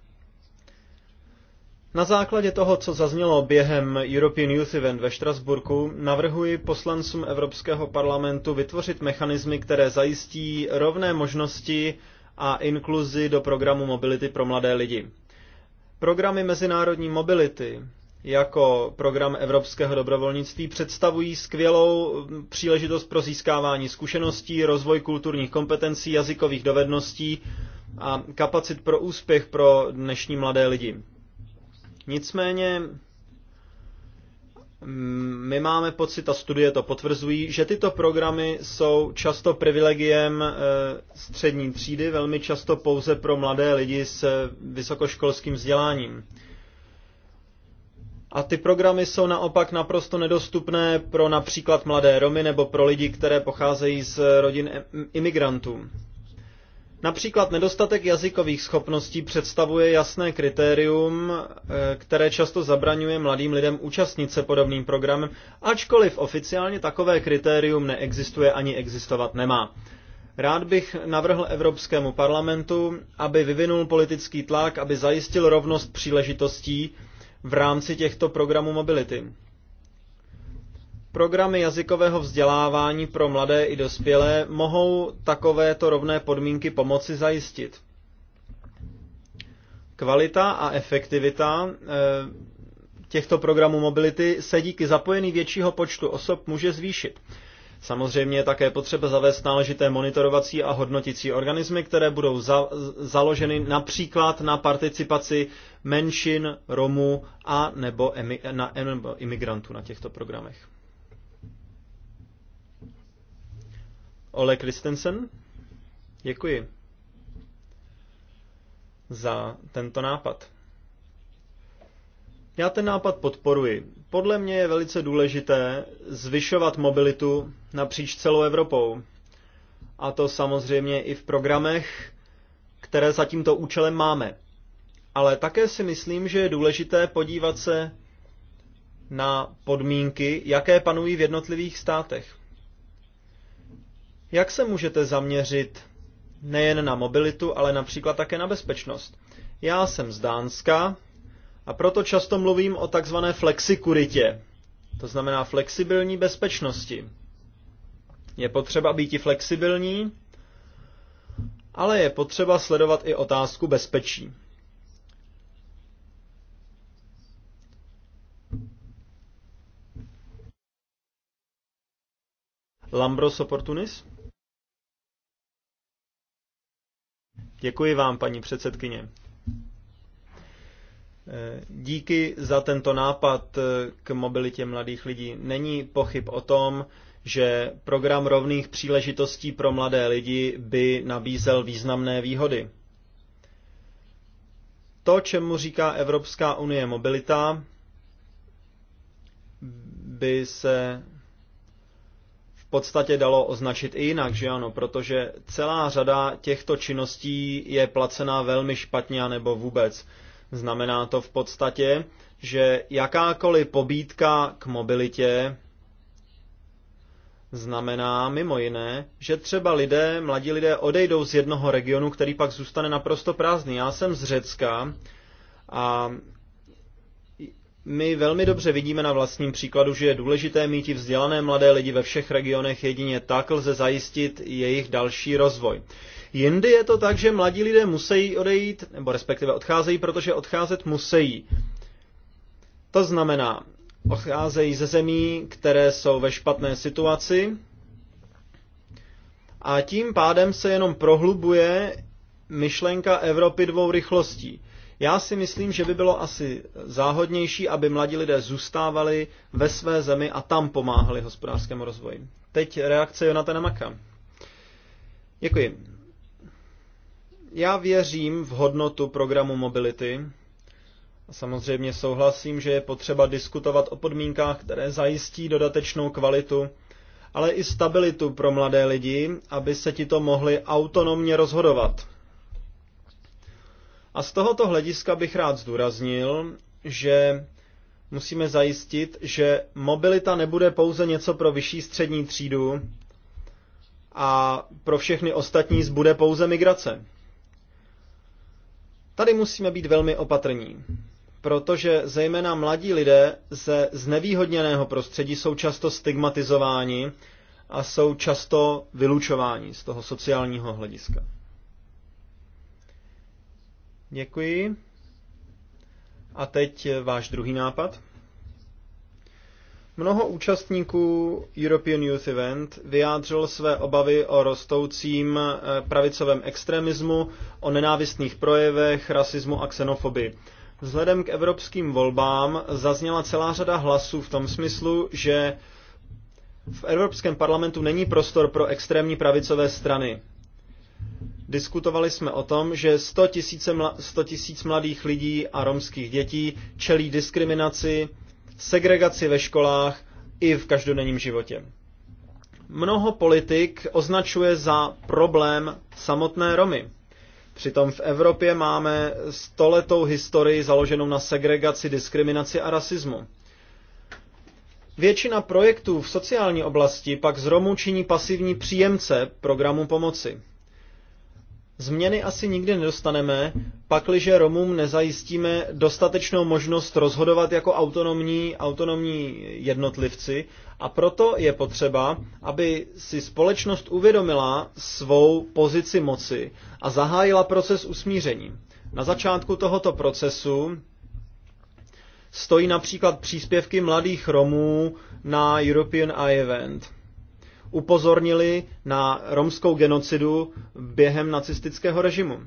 Na základě toho, co zaznělo během European Youth Event ve Štrasburku, navrhuji poslancům Evropského parlamentu vytvořit mechanismy, které zajistí rovné možnosti a inkluzi do programu mobility pro mladé lidi. Programy mezinárodní mobility jako program evropského dobrovolnictví představují skvělou mm, příležitost pro získávání zkušeností, rozvoj kulturních kompetencí, jazykových dovedností a kapacit pro úspěch pro dnešní mladé lidi. Nicméně mm, my máme pocit, a studie to potvrzují, že tyto programy jsou často privilegiem e, střední třídy, velmi často pouze pro mladé lidi s vysokoškolským vzděláním. A ty programy jsou naopak naprosto nedostupné pro například mladé Romy nebo pro lidi, které pocházejí z rodin imigrantů. Například nedostatek jazykových schopností představuje jasné kritérium, e, které často zabraňuje mladým lidem účastnit se podobným programem, ačkoliv oficiálně takové kritérium neexistuje ani existovat nemá. Rád bych navrhl Evropskému parlamentu, aby vyvinul politický tlak, aby zajistil rovnost příležitostí v rámci těchto programů mobility. Programy jazykového vzdělávání pro mladé i dospělé mohou takovéto rovné podmínky pomoci zajistit. Kvalita a efektivita eh, těchto programů mobility se díky zapojení většího počtu osob může zvýšit. Samozřejmě je také potřeba zavést náležité monitorovací a hodnotící organismy, které budou za, založeny například na participaci menšin, Romů a nebo, emi, na, nebo imigrantů na těchto programech. Ole Kristensen, děkuji za tento nápad. Já ten nápad podporuji. Podle mě je velice důležité zvyšovat mobilitu napříč celou Evropou. A to samozřejmě i v programech, které za tímto účelem máme. Ale také si myslím, že je důležité podívat se na podmínky, jaké panují v jednotlivých státech. Jak se můžete zaměřit nejen na mobilitu, ale například také na bezpečnost? Já jsem z Dánska, a proto často mluvím o takzvané flexikuritě, to znamená flexibilní bezpečnosti. Je potřeba být i flexibilní, ale je potřeba sledovat i otázku bezpečí. Lambros Opportunis? Děkuji vám, paní předsedkyně. Eh, díky za tento nápad eh, k mobilitě mladých lidí. Není pochyb o tom, že program rovných příležitostí pro mladé lidi by nabízel významné výhody. To, čemu říká Evropská unie mobilita, by se v podstatě dalo označit i jinak, že ano, protože celá řada těchto činností je placená velmi špatně nebo vůbec. Znamená to v podstatě, že jakákoliv pobídka k mobilitě znamená mimo jiné, že třeba lidé, mladí lidé odejdou z jednoho regionu, který pak zůstane naprosto prázdný. Já jsem z Řecka a my velmi dobře vidíme na vlastním příkladu, že je důležité mít i vzdělané mladé lidi ve všech regionech, jedině tak lze zajistit jejich další rozvoj. Jindy je to tak, že mladí lidé musí odejít, nebo respektive odcházejí, protože odcházet musí. To znamená, odcházejí ze zemí, které jsou ve špatné situaci a tím pádem se jenom prohlubuje myšlenka Evropy dvou rychlostí. Já si myslím, že by bylo asi záhodnější, aby mladí lidé zůstávali ve své zemi a tam pomáhali hospodářskému rozvoji. Teď reakce Jonatana Maka. Děkuji. Já věřím v hodnotu programu mobility. Samozřejmě souhlasím, že je potřeba diskutovat o podmínkách, které zajistí dodatečnou kvalitu, ale i stabilitu pro mladé lidi, aby se ti to mohli autonomně rozhodovat. A z tohoto hlediska bych rád zdůraznil, že musíme zajistit, že mobilita nebude pouze něco pro vyšší střední třídu a pro všechny ostatní zbude pouze migrace. Tady musíme být velmi opatrní, protože zejména mladí lidé ze znevýhodněného prostředí jsou často stigmatizováni a jsou často vylučováni z toho sociálního hlediska. Děkuji. A teď eh, váš druhý nápad. Mnoho účastníků European Youth Event vyjádřilo své obavy o rostoucím eh, pravicovém extremismu, o nenávistných projevech, rasismu a xenofobii. Vzhledem k evropským volbám zazněla celá řada hlasů v tom smyslu, že v Evropském parlamentu není prostor pro extrémní pravicové strany. Diskutovali jsme o tom, že 100 tisíc mladých lidí a romských dětí čelí diskriminaci, segregaci ve školách i v každodenním životě. Mnoho politik označuje za problém samotné Romy. Přitom v Evropě máme stoletou historii založenou na segregaci, diskriminaci a rasismu. Většina projektů v sociální oblasti pak z Romů činí pasivní příjemce programu pomoci. Změny asi nikdy nedostaneme, pakliže Romům nezajistíme dostatečnou možnost rozhodovat jako autonomní, autonomní jednotlivci a proto je potřeba, aby si společnost uvědomila svou pozici moci a zahájila proces usmíření. Na začátku tohoto procesu stojí například příspěvky mladých Romů na European Eye Event – upozornili na romskou genocidu během nacistického režimu.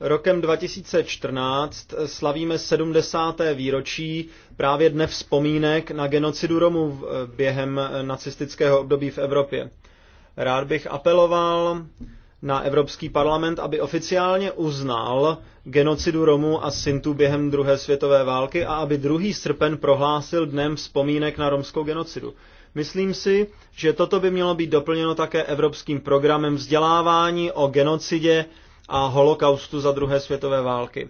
Rokem 2014 slavíme 70. výročí právě dne vzpomínek na genocidu Romů během nacistického období v Evropě. Rád bych apeloval na Evropský parlament, aby oficiálně uznal genocidu Romů a Sintů během druhé světové války a aby 2. srpen prohlásil dnem vzpomínek na romskou genocidu. Myslím si, že toto by mělo být doplněno také evropským programem vzdělávání o genocidě a holokaustu za druhé světové války.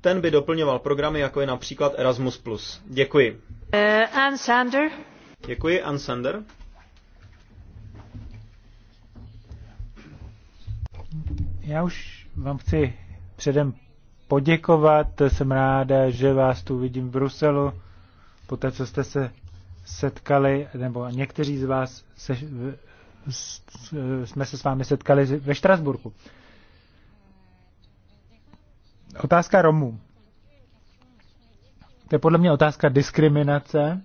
Ten by doplňoval programy, jako je například Erasmus+. Děkuji. Uh, Ann Sander. Děkuji, Ann Sander. Já už vám chci předem poděkovat. Jsem ráda, že vás tu vidím v Bruselu. Poté, co jste se setkali, nebo někteří z vás se, jsme se s vámi setkali ve Štrasburku. Otázka Romů. To je podle mě otázka diskriminace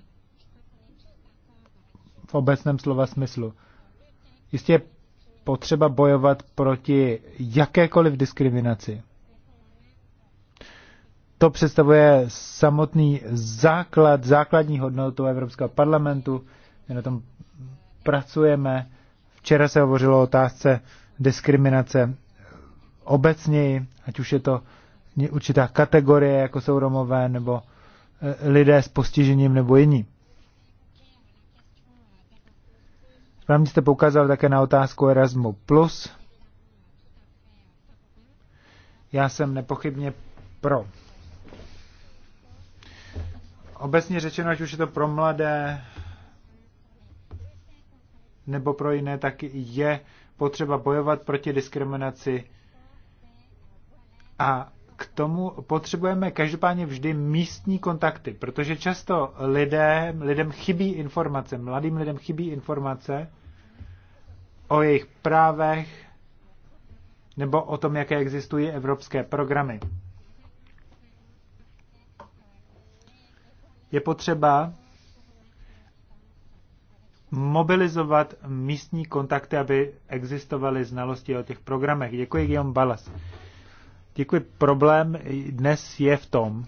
v obecném slova smyslu. Jistě je potřeba bojovat proti jakékoliv diskriminaci to představuje samotný základ, základní hodnotu Evropského parlamentu. My na tom pracujeme. Včera se hovořilo o otázce diskriminace obecněji, ať už je to určitá kategorie, jako jsou Romové, nebo eh, lidé s postižením, nebo jiní. Správně jste poukázal také na otázku Erasmu+. plus. Já jsem nepochybně pro obecně řečeno, ať už je to pro mladé nebo pro jiné, tak je potřeba bojovat proti diskriminaci a k tomu potřebujeme každopádně vždy místní kontakty, protože často lidé, lidem chybí informace, mladým lidem chybí informace o jejich právech nebo o tom, jaké existují evropské programy. je potřeba mobilizovat místní kontakty, aby existovaly znalosti o těch programech. Děkuji, Guillaume Balas. Děkuji. Problém dnes je v tom,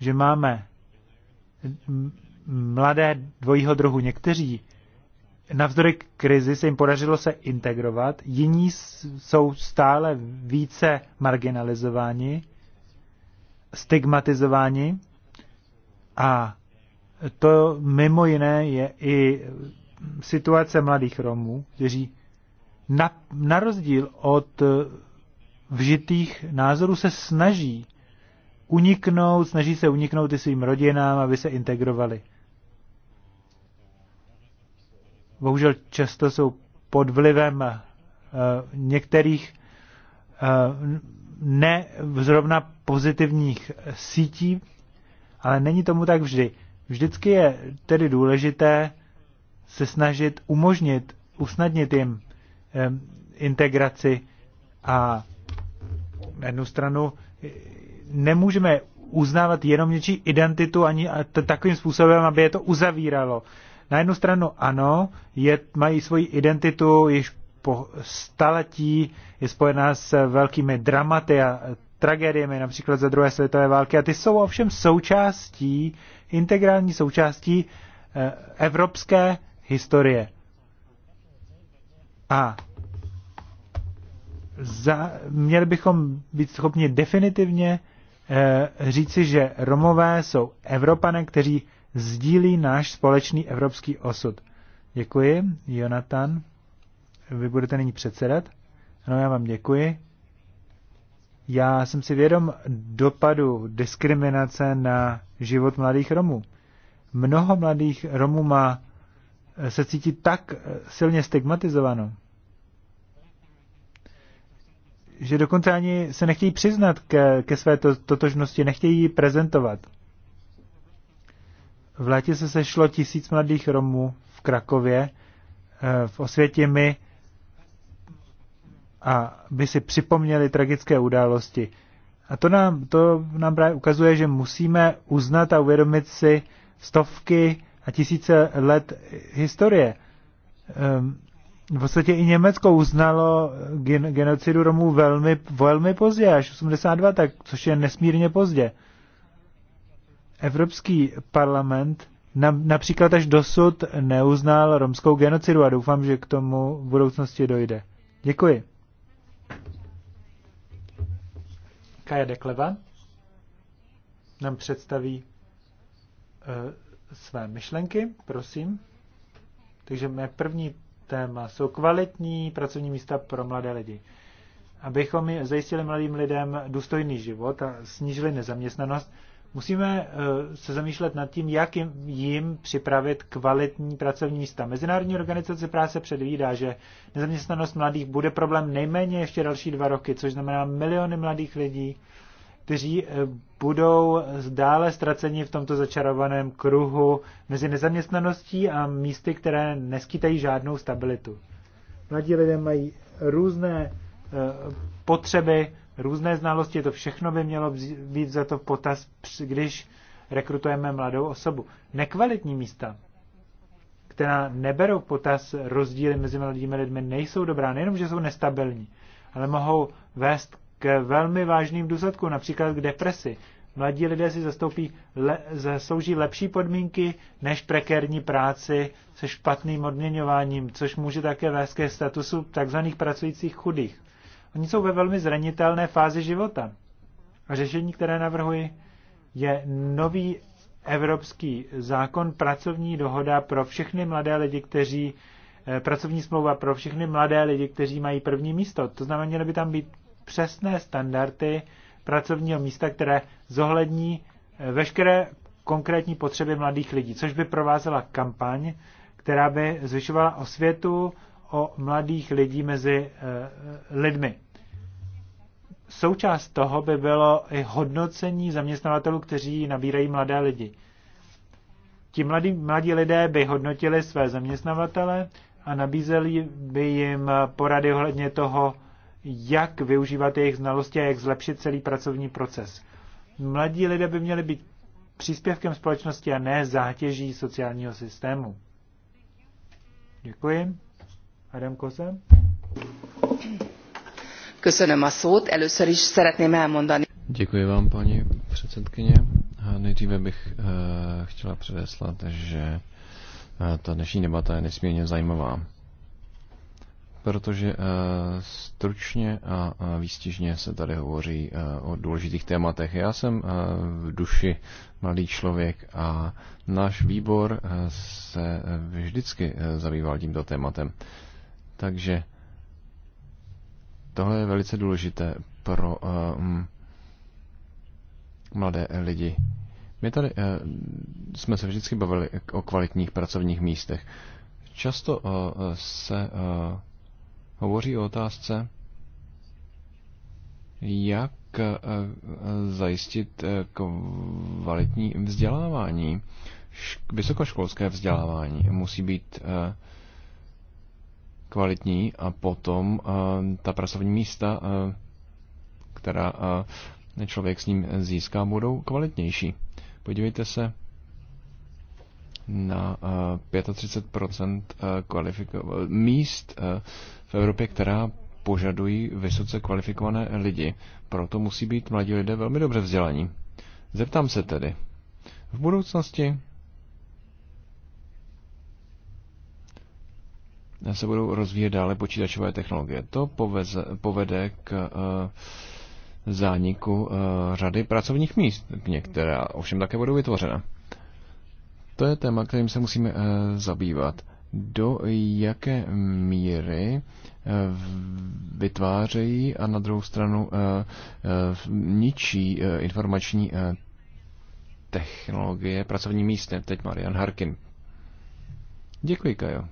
že máme mladé dvojího druhu. Někteří navzdory krizi se jim podařilo se integrovat, jiní jsou stále více marginalizováni, stigmatizováni a to mimo jiné je i situace mladých Romů, kteří na, na rozdíl od vžitých názorů se snaží uniknout, snaží se uniknout i svým rodinám, aby se integrovali. Bohužel často jsou pod vlivem uh, některých uh, ne zrovna pozitivních sítí ale není tomu tak vždy. Vždycky je tedy důležité se snažit umožnit, usnadnit jim integraci a na jednu stranu e, nemůžeme uznávat jenom něčí identitu ani takovým způsobem, aby je to uzavíralo. Na jednu stranu ano, je, mají svoji identitu již po staletí, je spojená s velkými dramaty a tragédiemi, například za druhé světové války. A ty jsou ovšem součástí, integrální součástí eh, evropské historie. A za, měli bychom být schopni definitivně e, říci, že Romové jsou Evropané, kteří sdílí náš společný evropský osud. Děkuji, Jonathan. Vy budete nyní předsedat. Ano, já vám děkuji. Já jsem si vědom dopadu diskriminace na život mladých Romů. Mnoho mladých Romů má, eh, se cítí tak eh, silně stigmatizováno, že dokonce ani se nechtějí přiznat ke, ke své to, totožnosti, nechtějí ji prezentovat. V létě se sešlo tisíc mladých Romů v Krakově, eh, v Osvětimi a by si připomněli tragické události. A to nám, to nám právě ukazuje, že musíme uznat a uvědomit si stovky a tisíce let historie. Ehm, v podstatě i Německo uznalo gen, genocidu Romů velmi, velmi pozdě, až 82, tak, což je nesmírně pozdě. Evropský parlament například až dosud neuznal romskou genocidu a doufám, že k tomu v budoucnosti dojde. Děkuji. Kaja Dekleva nám představí eh, své myšlenky, prosím. Takže mé první téma jsou kvalitní pracovní místa pro mladé lidi. Abychom zajistili mladým lidem důstojný život a snížili nezaměstnanost, Musíme eh, se zamýšlet nad tím, jak jim, připravit kvalitní pracovní místa. Mezinárodní organizace práce předvídá, že nezaměstnanost mladých bude problém nejméně ještě další dva roky, což znamená miliony mladých lidí, kteří eh, budou dále ztraceni v tomto začarovaném kruhu mezi nezaměstnaností a místy, které neskytají žádnou stabilitu. Mladí lidé mají různé eh, potřeby, různé znalosti, to všechno by mělo být za to potaz, když rekrutujeme mladou osobu. Nekvalitní místa, která neberou potaz rozdíly mezi mladými lidmi, nejsou dobrá, nejenom, že jsou nestabilní, ale mohou vést k velmi vážným důsledkům, například k depresi. Mladí lidé si zastoupí, le, zaslouží lepší podmínky než prekérní práci se špatným odměňováním, což může také vést ke statusu takzvaných pracujících chudých. Oni jsou ve velmi zranitelné fázi života. A řešení, které navrhuji, je nový evropský zákon, pracovní dohoda pro všechny mladé lidi, kteří eh, pracovní smlouva pro všechny mladé lidi, kteří mají první místo. To znamená, měly by tam být přesné standardy pracovního místa, které zohlední eh, veškeré konkrétní potřeby mladých lidí, což by provázela kampaň, která by zvyšovala osvětu o mladých lidí mezi eh, lidmi součást toho by bylo i hodnocení zaměstnavatelů, kteří nabírají mladé lidi. Ti mladí, mladí lidé by hodnotili své zaměstnavatele a nabízeli by jim porady ohledně toho, jak využívat jejich znalosti a jak zlepšit celý pracovní proces. Mladí lidé by měli být příspěvkem společnosti a ne zátěží sociálního systému. Děkuji. Adam Kosa. Köszönöm a szót. Először is szeretném elmondani. Děkuji vám, paní předsedkyně. Nejdříve bych eh, chtěla předeslat, že eh, ta dnešní debata je nesmírně zajímavá, protože eh, stručně a výstižně se tady hovoří o důležitých tématech. Já jsem v duši mladý člověk a náš výbor se vždycky zabýval tímto tématem. Takže Tohle je velice důležité pro um, mladé lidi. My tady uh, jsme se vždycky bavili o kvalitních pracovních místech. Často uh, se uh, hovoří o otázce, jak zajistit kvalitní vzdělávání. Vysokoškolské vzdělávání musí být kvalitní a potom eh, ta pracovní místa, eh, která eh, člověk s ním získá, budou kvalitnější. Podívejte se na 35% kvalifiko- míst v Evropě, která požadují vysoce kvalifikované lidi. Proto musí být mladí lidé velmi dobře vzdělaní. Zeptám se tedy, v budoucnosti se budou rozvíjet dále počítačové technologie. To poveze, povede k eh, zániku eh, řady pracovních míst, některá ovšem také budou vytvořena. To je téma, kterým se musíme eh, zabývat. Do jaké míry vytvářejí a na druhou stranu ničí informační technologie pracovní místa. Teď Marian Harkin. Děkuji, Kajo.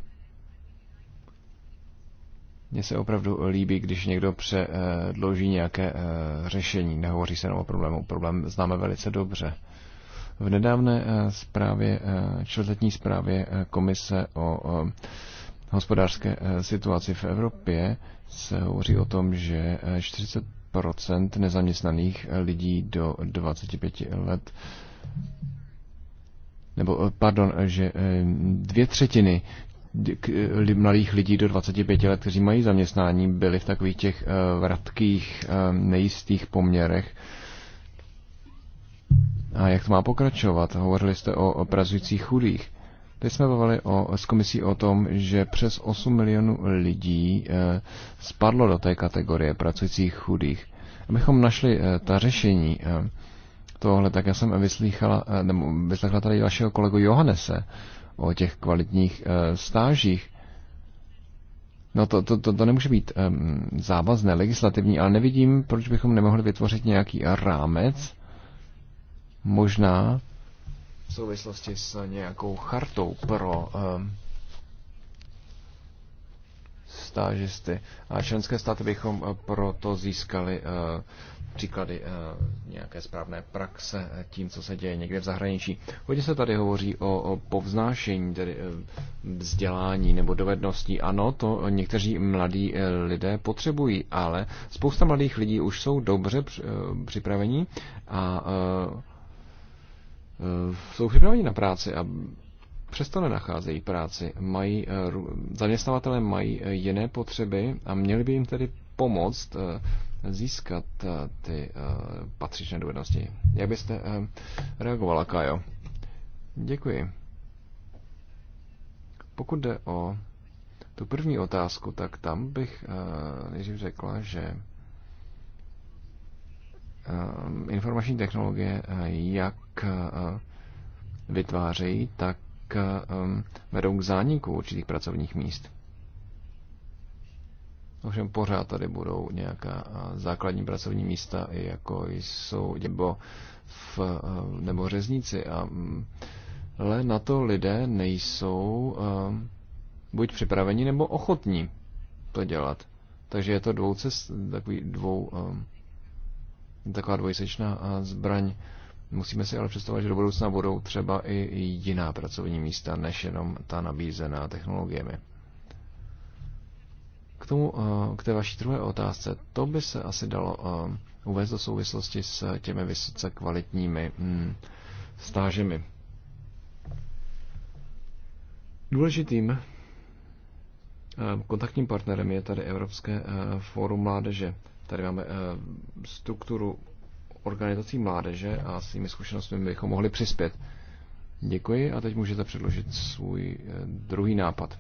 Mně se opravdu líbí, když někdo předloží nějaké eh, řešení, nehovoří se jenom o problému. Problém známe velice dobře. V nedávné eh, zprávě, eh, čtvrtletní zprávě komise o hospodářské situaci v Evropě se hovoří o tom, že 40 nezaměstnaných lidí do 25 let nebo pardon, že dvě třetiny Eh, mladých lidí do 25 let, kteří mají zaměstnání, byli v takových těch eh, vratkých, eh, nejistých poměrech. A jak to má pokračovat? Hovořili jste o pracujících chudých. Teď jsme bavili o, s komisí o tom, že přes 8 milionů lidí spadlo do té kategorie pracujících chudých. Abychom našli ta řešení tohle, tak já jsem vyslýchala, nebo vyslechla tady vašeho kolegu Johannese, o těch kvalitních eh, stážích. No to, to, to, to nemůže být um, závazné legislativní, ale nevidím, proč bychom nemohli vytvořit nějaký rámec, možná v souvislosti s nějakou chartou pro um, stážisty. A členské státy bychom eh, proto získali uh, příklady eh, nějaké správné praxe eh, tím, co se děje někde v zahraničí. Hodně se tady hovoří o, o povznášení, tedy eh, vzdělání nebo dovedností. Ano, to někteří mladí lidé potřebují, ale spousta mladých lidí už jsou dobře připravení a jsou připraveni na práci a přesto nenacházejí práci. Mají, zaměstnavatele mají jiné potřeby a měli by jim tedy pomoct získat eh, ty eh, patřičné dovednosti. Jak byste eh, reagovala, Kajo? Děkuji. Pokud jde o tu první otázku, tak tam bych nejdřív řekla, že informační technologie jak vytvářejí, tak vedou k zániku určitých pracovních míst. Ovšem pořád tady budou nějaká základní pracovní místa, jako jsou děbo v, nebo řezníci. A, ale mm, na to lidé nejsou buď připraveni nebo ochotní to dělat. Takže je to dvou cest, takový dvou, taková dvojsečná zbraň. Musíme si ale představit, že do budoucna budou třeba i jiná pracovní místa, než jenom ta nabízená technologiemi. K tomu, eh, k té vaší druhé otázce, to by se asi dalo eh, uvést do souvislosti s těmi vysoce kvalitními hm, stážemi. Důležitým eh, kontaktním partnerem je tady Evropské fórum mládeže. Tady máme strukturu organizací mládeže a s těmi zkušenostmi bychom mohli přispět. Děkuji a teď můžete předložit svůj druhý nápad.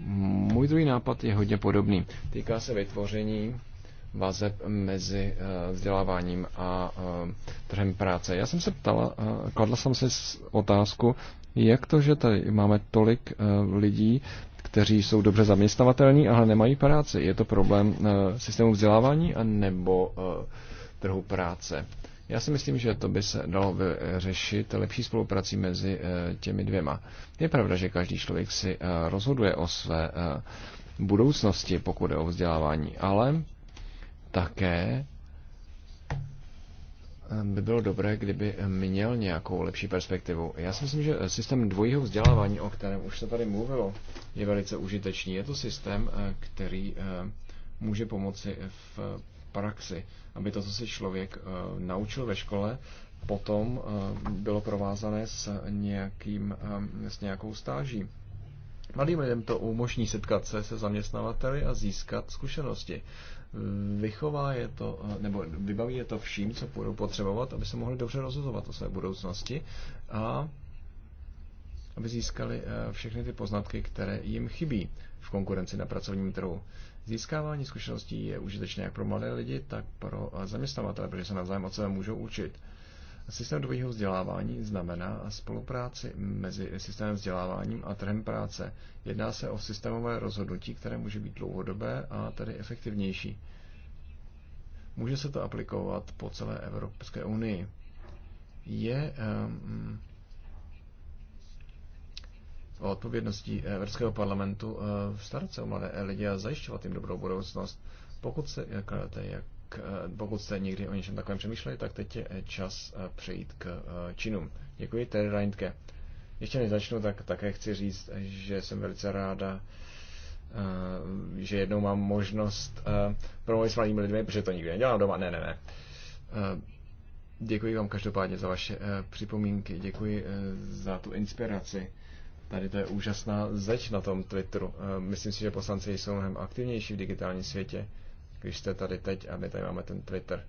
Můj druhý nápad je hodně podobný. Týká se vytvoření vazeb mezi eh, vzděláváním a eh, trhem práce. Já jsem se ptala, eh, kladla jsem si otázku, jak to, že tady máme tolik lidí, kteří jsou dobře zaměstnavatelní, ale nemají práci. Je to problém systému vzdělávání a nebo trhu práce? Já si myslím, že to by se dalo vyřešit lepší spoluprací mezi eh, těmi dvěma. Je pravda, že každý člověk si eh, rozhoduje o své eh, budoucnosti, pokud je o vzdělávání, ale také by bylo dobré, kdyby měl nějakou lepší perspektivu. Já si myslím, že systém dvojího vzdělávání, o kterém už se tady mluvilo, je velice užitečný. Je to systém, který může pomoci v praxi, aby to, co se člověk eh, naučil ve škole, potom eh, bylo provázané s, nějakým, eh, s nějakou stáží. Mladým lidem to umožní setkat se se zaměstnavateli a získat zkušenosti. Vychová je to, nebo vybaví je to vším, co budou potřebovat, aby se mohli dobře rozhodovat o své budoucnosti a aby získali všechny ty poznatky, které jim chybí v konkurenci na pracovním trhu. Získávání zkušeností je užitečné jak pro mladé lidi, tak pro eh, zaměstnavatele, protože se navzájem od sebe můžou učit. Systém dvojího vzdělávání znamená spolupráci mezi systémem vzděláváním a trhem práce. Jedná se o systémové rozhodnutí, které může být dlouhodobé a tedy efektivnější. Může se to aplikovat po celé Evropské unii. Je um, o odpovědnosti eh, Evropského parlamentu eh, starat se o mladé lidi a zajišťovat jim dobrou budoucnost. Pokud se, jak, eh, pokud jste někdy o něčem takovém přemýšleli, tak teď je čas přejít k činům. Děkuji, Terry Reintke. Ještě než začnu, tak také chci říct, že jsem velice ráda, že jednou mám možnost promluvit s mladými lidmi, protože to nikdy nedělám doma. Ne, ne, ne. Děkuji vám každopádně za vaše připomínky, děkuji za tu inspiraci. Tady to je úžasná zeč na tom Twitteru. Eh, myslím si, že poslanci jsou mnohem aktivnější v digitálním světě, když jste tady teď a my tady máme ten Twitter.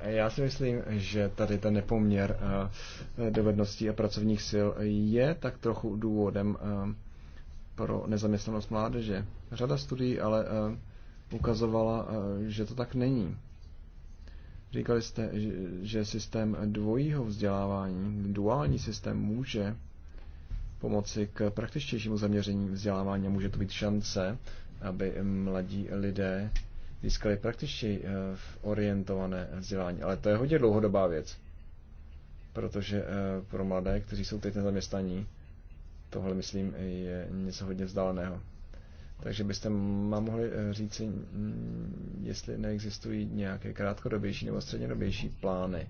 Já si myslím, že tady ten nepoměr eh, dovedností a pracovních sil je tak trochu důvodem eh, pro nezaměstnanost mládeže. Řada studií ale ukazovala, že to tak není. Říkali jste, že systém dvojího vzdělávání, duální systém může pomoci k praktičtějšímu zaměření vzdělávání. Může to být šance, aby mladí lidé získali praktičtěji eh, orientované vzdělání. Ale to je hodně dlouhodobá věc, protože eh, pro mladé, kteří jsou teď zaměstnaní, tohle, myslím, je něco hodně vzdáleného. Takže byste mám mohli eh, říci, mm, jestli neexistují nějaké krátkodobější nebo střednědobější plány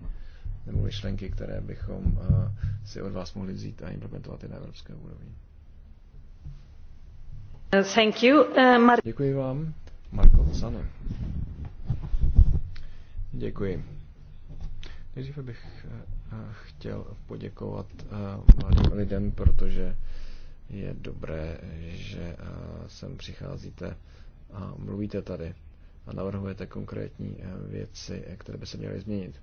nebo myšlenky, které bychom eh, si od vás mohli vzít a implementovat i na evropské úrovni. Thank you, eh, Mar- Děkuji vám, Marko Zane. Děkuji. Nejdříve bych chtěl poděkovat mladým lidem, protože je dobré, že eh, sem přicházíte a mluvíte tady a navrhujete konkrétní eh, věci, eh, které by se měly změnit.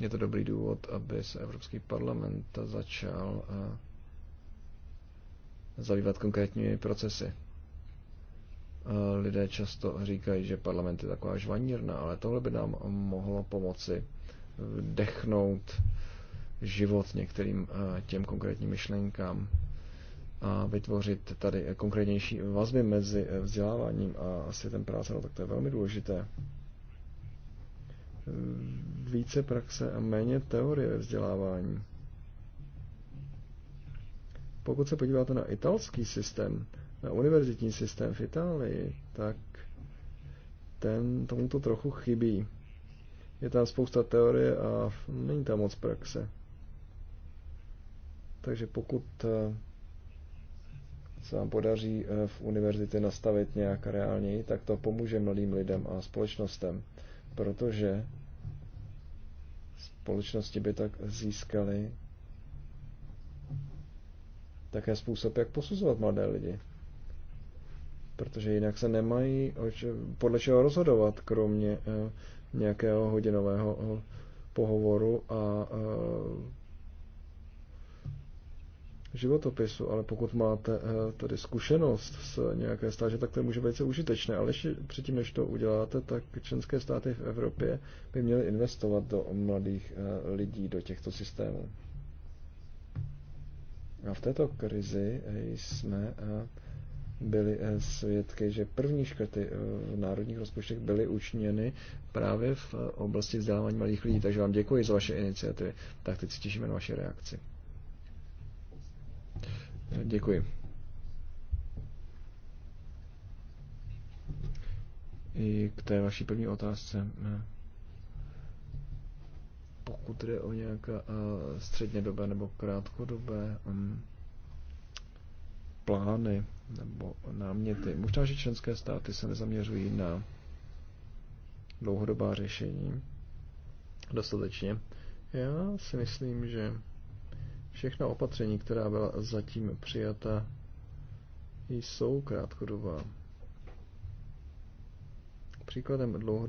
Je to dobrý důvod, aby se Evropský parlament začal zabývat konkrétními procesy. Lidé často říkají, že parlament je taková žvanírna, ale tohle by nám mohlo pomoci vdechnout život některým eh, těm konkrétním myšlenkám a vytvořit tady konkrétnější vazby mezi eh, vzděláváním a světem práce, no tak to je velmi důležité. Více praxe a méně teorie vzdělávání. Pokud se podíváte na italský systém, na univerzitní systém v Itálii, tak ten tomu to trochu chybí. Je tam spousta teorie a není tam moc praxe. Takže pokud eh, se vám podaří eh, v univerzitě nastavit nějak reálněji, tak to pomůže mladým lidem a společnostem, protože společnosti by tak získaly také způsob, jak posuzovat mladé lidi. Protože jinak se nemají podle čeho rozhodovat, kromě eh, nějakého hodinového pohovoru a životopisu, ale pokud máte eh, tedy zkušenost s nějaké stáže, tak to může být užitečné. Ale ještě předtím, než to uděláte, tak členské státy v Evropě by měly investovat do mladých eh, lidí, do těchto systémů. A v této krizi eh, jsme byli svědky, že první škrty v národních rozpočtech byly učiněny právě v oblasti vzdělávání mladých lidí. Takže vám děkuji za vaše iniciativy. Tak teď se těšíme na vaše reakci. Děkuji. I k té vaší první otázce. Pokud jde o nějaká střednědobé nebo krátkodobé um, plány nebo náměty, možná, že členské státy se nezaměřují na dlouhodobá řešení dostatečně. Já si myslím, že Všechna opatření, která byla zatím přijata, jsou krátkodobá. Příkladem dlouho,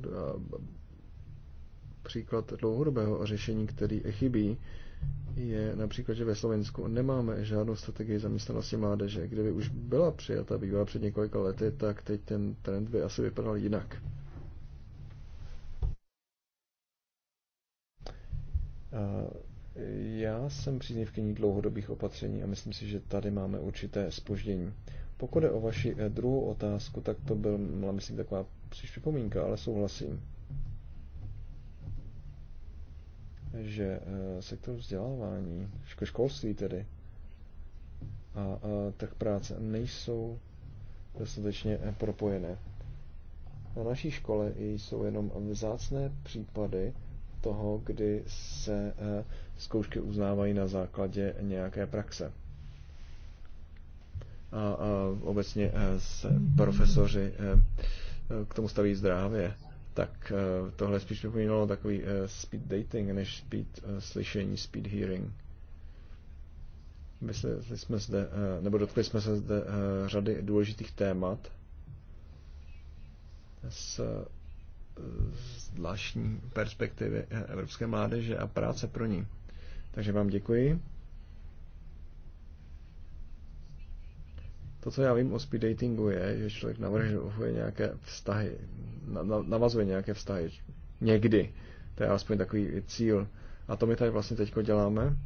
příklad dlouhodobého řešení, který chybí, je například, že ve Slovensku nemáme žádnou strategii zaměstnanosti mládeže. Kdyby už byla přijata bývá před několika lety, tak teď ten trend by asi vypadal jinak. Uh, já jsem příznivkyní dlouhodobých opatření a myslím si, že tady máme určité spoždění. Pokud je o vaši eh, druhou otázku, tak to byla, myslím, taková připomínka, ale souhlasím, že eh, sektor vzdělávání, školství tedy, a, a trh práce nejsou dostatečně eh, propojené. Na naší škole jsou jenom vzácné případy toho, kdy se zkoušky uznávají na základě nějaké praxe. A, a obecně eh, se profesoři eh, eh, k tomu staví zdrávě. Tak tohle spíš připomínalo takový speed dating než speed slyšení, speed hearing. Mysleli jsme zde, nebo dotkli jsme se zde řady důležitých témat z zvláštní perspektivy evropské mládeže a práce pro ní. Takže vám děkuji. To, co já vím o speed datingu, je, že člověk navrhuje nějaké vztahy, navazuje nějaké vztahy. Někdy. To je alespoň takový cíl. A to my tady vlastně teď děláme.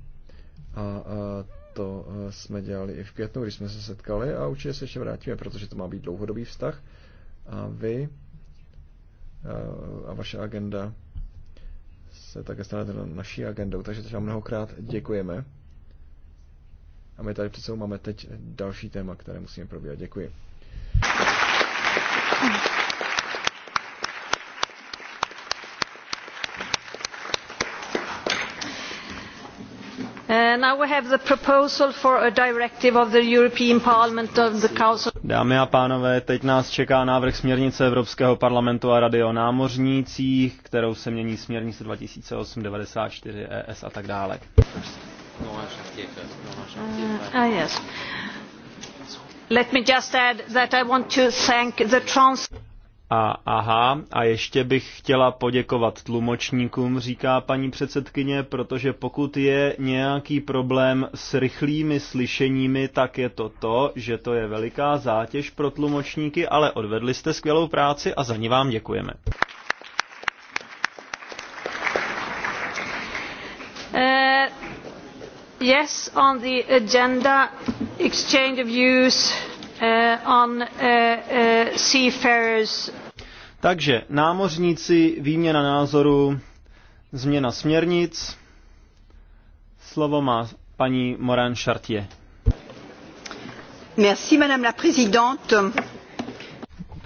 A, a to e, jsme dělali i v květnu, když jsme se setkali a určitě se ještě vrátíme, protože to má být dlouhodobý vztah. A vy e, a vaše agenda se také stanete na naší agendou, takže to vám mnohokrát děkujeme. A my tady přece máme teď další téma, které musíme probírat. Děkuji. Uh, now we have the proposal for a directive of the european parliament of the council Dámy a pánové, teď nás čeká návrh směrnice Evropského parlamentu a Rady o námořnících, kterou se mění směrnice 2008-94 ES a tak dále. Uh, uh, yes. Let me just add that I want to thank the trans a aha, a ještě bych chtěla poděkovat tlumočníkům, říká paní předsedkyně, protože pokud je nějaký problém s rychlými slyšeními, tak je to to, že to je veliká zátěž pro tlumočníky, ale odvedli jste skvělou práci a za ní vám děkujeme. Uh, yes, on the agenda, exchange of views uh, on uh, seafarers takže námořníci, výměna názoru, změna směrnic. Slovo má paní Moran Chartier. Merci, madame la présidente.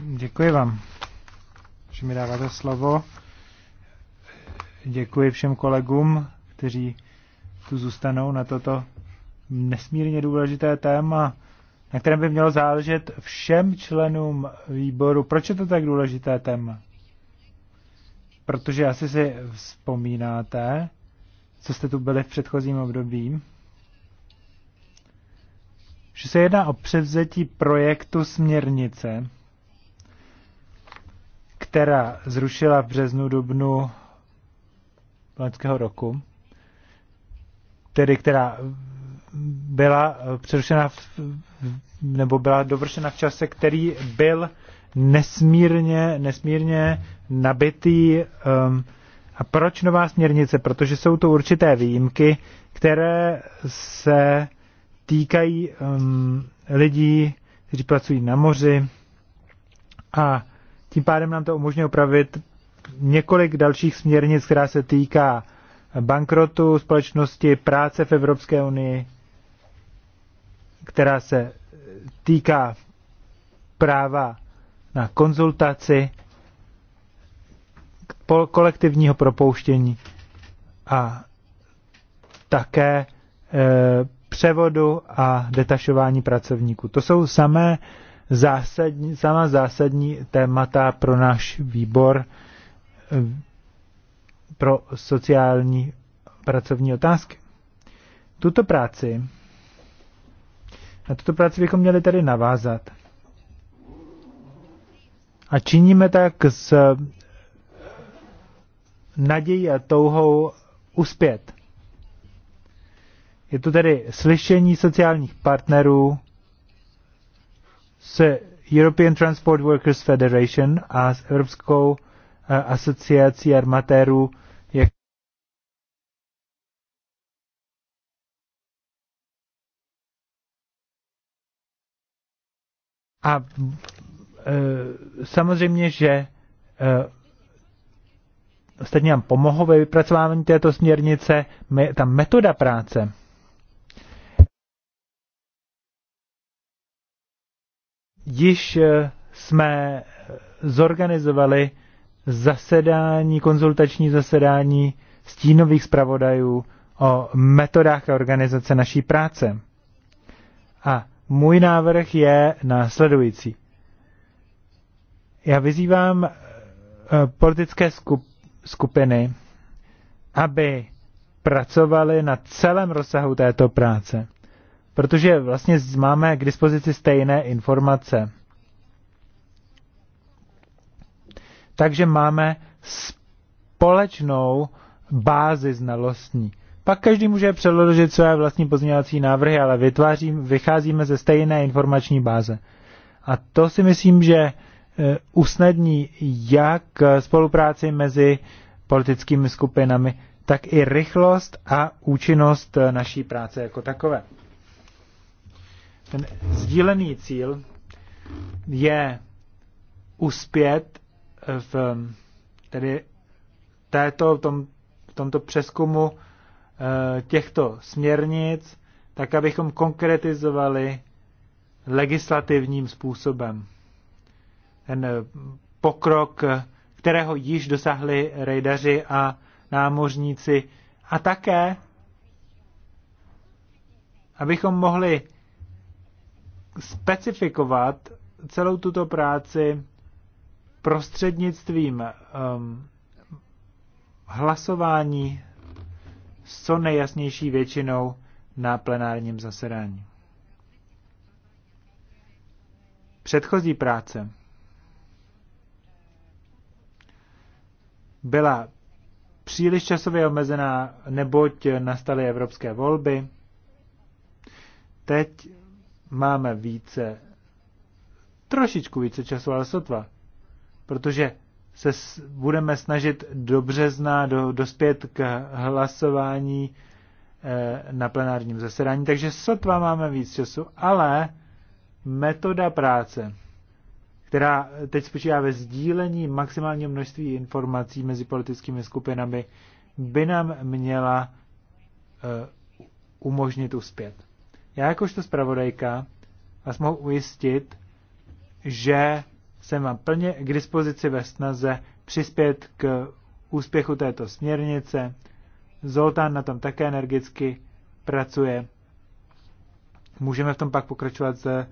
Děkuji vám, že mi dáváte slovo. Děkuji všem kolegům, kteří tu zůstanou na toto nesmírně důležité téma na kterém by mělo záležet všem členům výboru. Proč je to tak důležité téma? Protože asi si vzpomínáte, co jste tu byli v předchozím období, že se jedná o převzetí projektu směrnice, která zrušila v březnu dubnu loňského roku, tedy která byla přerušena v nebo byla dovršena v čase, který byl nesmírně, nesmírně nabitý. Um, a proč nová směrnice? Protože jsou to určité výjimky, které se týkají um, lidí, kteří pracují na moři a tím pádem nám to umožňuje upravit několik dalších směrnic, která se týká bankrotu společnosti, práce v Evropské unii, která se týká práva na konzultaci, kolektivního propouštění a také eh, převodu a detašování pracovníků. To jsou samé zásadní, sama zásadní témata pro náš výbor eh, pro sociální pracovní otázky. Tuto práci na tuto práci bychom měli tedy navázat. A činíme tak s eh, nadějí a touhou uspět. Je to tedy slyšení sociálních partnerů se European Transport Workers Federation a s Evropskou eh, asociací armatérů A e, samozřejmě, že e, ostatně nám pomohlo ve vypracování této směrnice ta metoda práce. Již e, jsme zorganizovali zasedání, konzultační zasedání stínových zpravodajů o metodách a organizace naší práce. A můj návrh je následující. Já vyzývám eh, politické skupiny, aby pracovali na celém rozsahu této práce, protože vlastně máme k dispozici stejné informace. Takže máme společnou bázi znalostní. Pak každý může předložit své vlastní pozměňovací návrhy, ale vytvářím, vycházíme ze stejné informační báze. A to si myslím, že e, usnadní jak spolupráci mezi politickými skupinami, tak i rychlost a účinnost e, naší práce jako takové. Ten sdílený cíl je uspět v tedy této, tom, tomto přeskumu Eh, těchto směrnic, tak abychom konkretizovali legislativním způsobem ten eh, pokrok, eh, kterého již dosáhli rejdaři a námořníci a také, abychom mohli specifikovat celou tuto práci prostřednictvím um, hlasování s co nejjasnější většinou na plenárním zasedání. Předchozí práce byla příliš časově omezená, neboť nastaly evropské volby. Teď máme více, trošičku více času, ale sotva, protože se budeme snažit do března do, dospět k hlasování eh, na plenárním zasedání, takže sotva máme víc času, ale metoda práce, která teď spočívá ve sdílení maximálního množství informací mezi politickými skupinami, by nám měla eh, umožnit uspět. Já jakožto zpravodajka vás mohu ujistit, že jsem vám plně k dispozici ve snaze přispět k úspěchu této směrnice. Zoltán na tom také energicky pracuje. Můžeme v tom pak pokračovat se,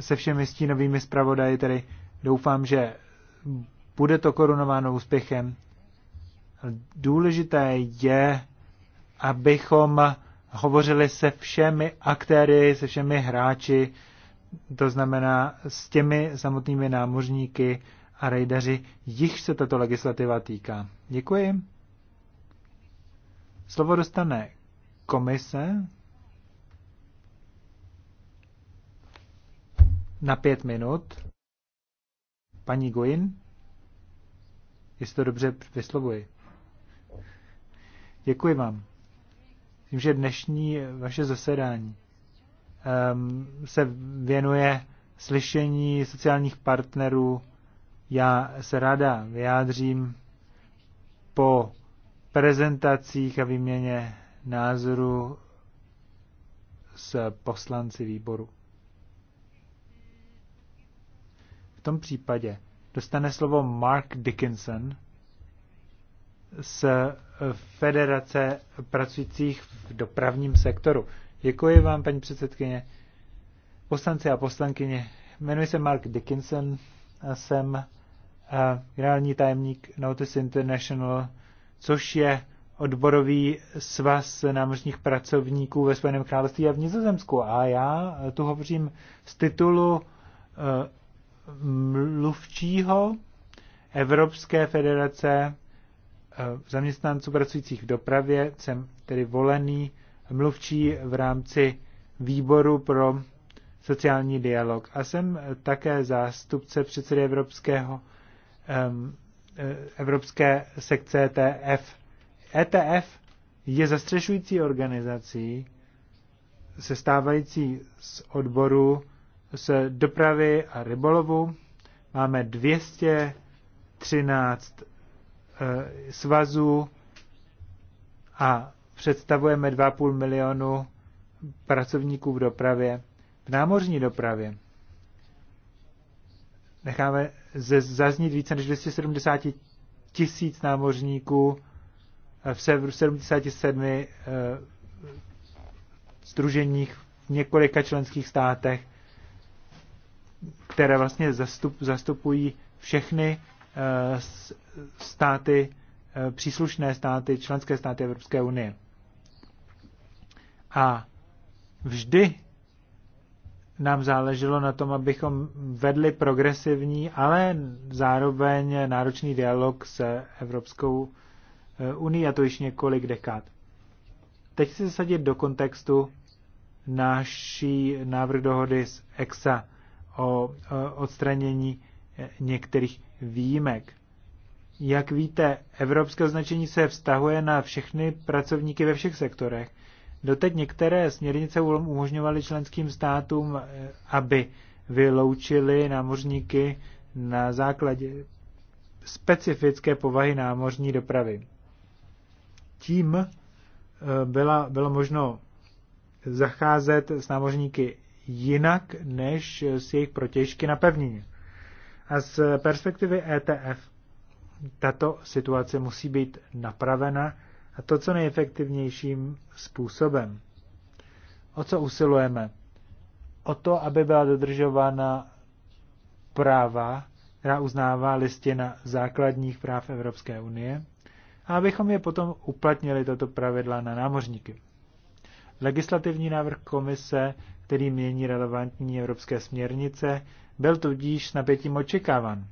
se všemi stínovými zpravodaji, tedy doufám, že bude to korunováno úspěchem. Důležité je, abychom hovořili se všemi aktéry, se všemi hráči, to znamená s těmi samotnými námořníky a rejdaři, jich se tato legislativa týká. Děkuji. Slovo dostane komise na pět minut. Paní Guin, jestli to dobře vyslovuji. Děkuji vám. Myslím, že dnešní vaše zasedání se věnuje slyšení sociálních partnerů. Já se ráda vyjádřím po prezentacích a výměně názoru s poslanci výboru. V tom případě dostane slovo Mark Dickinson z Federace pracujících v dopravním sektoru. Děkuji vám, paní předsedkyně. Poslanci a poslankyně, jmenuji se Mark Dickinson a jsem eh, generální tajemník Notice International, což je odborový svaz námořních pracovníků ve Spojeném království a v Nizozemsku. A já tu hovořím z titulu eh, mluvčího Evropské federace eh, zaměstnanců pracujících v dopravě. Jsem tedy volený mluvčí v rámci výboru pro sociální dialog. A jsem také zástupce předsedy Evropského, e, Evropské sekce ETF. ETF je zastřešující organizací sestávající z odboru z dopravy a rybolovu. Máme 213 e, svazů a představujeme 2,5 milionu pracovníků v dopravě, v námořní dopravě. Necháme zaznít více než 270 tisíc námořníků eh, v 77 eh, združeních v několika členských státech, které vlastně zastupují všechny eh, státy, příslušné státy, členské státy Evropské unie. A vždy nám záleželo na tom, abychom vedli progresivní, ale zároveň náročný dialog se Evropskou eh, unii, a to již několik dekád. Teď si zasadit do kontextu naší návrh dohody z EXA o eh, odstranění eh, některých výjimek. Jak víte, evropské označení se vztahuje na všechny pracovníky ve všech sektorech Doteď některé směrnice um- umožňovaly členským státům, eh, aby vyloučili námořníky na základě specifické povahy námořní dopravy. Tím eh, byla, bylo možno zacházet s námořníky jinak než s jejich protěžky na pevnině. A z perspektivy ETF tato situace musí být napravena a to co nejefektivnějším způsobem. O co usilujeme? O to, aby byla dodržována práva, která uznává listina základních práv Evropské unie, a abychom je potom uplatnili toto pravidla na námořníky. Legislativní návrh komise, který mění relevantní evropské směrnice, byl tudíž s napětím očekávan.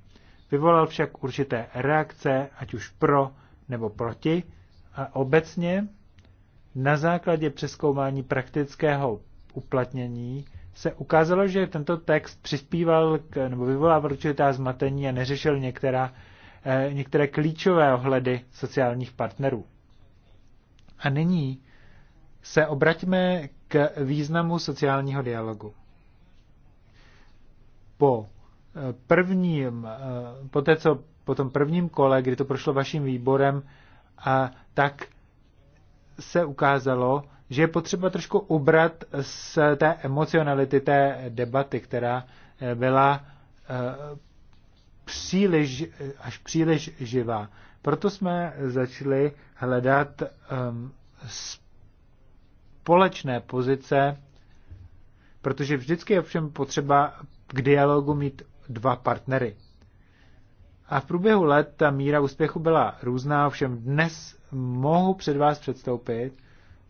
Vyvolal však určité reakce, ať už pro nebo proti, a obecně na základě přeskoumání praktického uplatnění se ukázalo, že tento text přispíval k, nebo vyvolával určitá zmatení a neřešil některá, eh, některé klíčové ohledy sociálních partnerů. A nyní se obraťme k významu sociálního dialogu. Po eh, prvním, eh, po té, co po tom prvním kole, kdy to prošlo vaším výborem, a tak se ukázalo, že je potřeba trošku ubrat z té emocionality té debaty, která eh, byla eh, příliš, až příliš živá. Proto jsme začali hledat um, společné pozice, protože vždycky je ovšem potřeba k dialogu mít dva partnery. A v průběhu let ta míra úspěchu byla různá, ovšem dnes mohu před vás předstoupit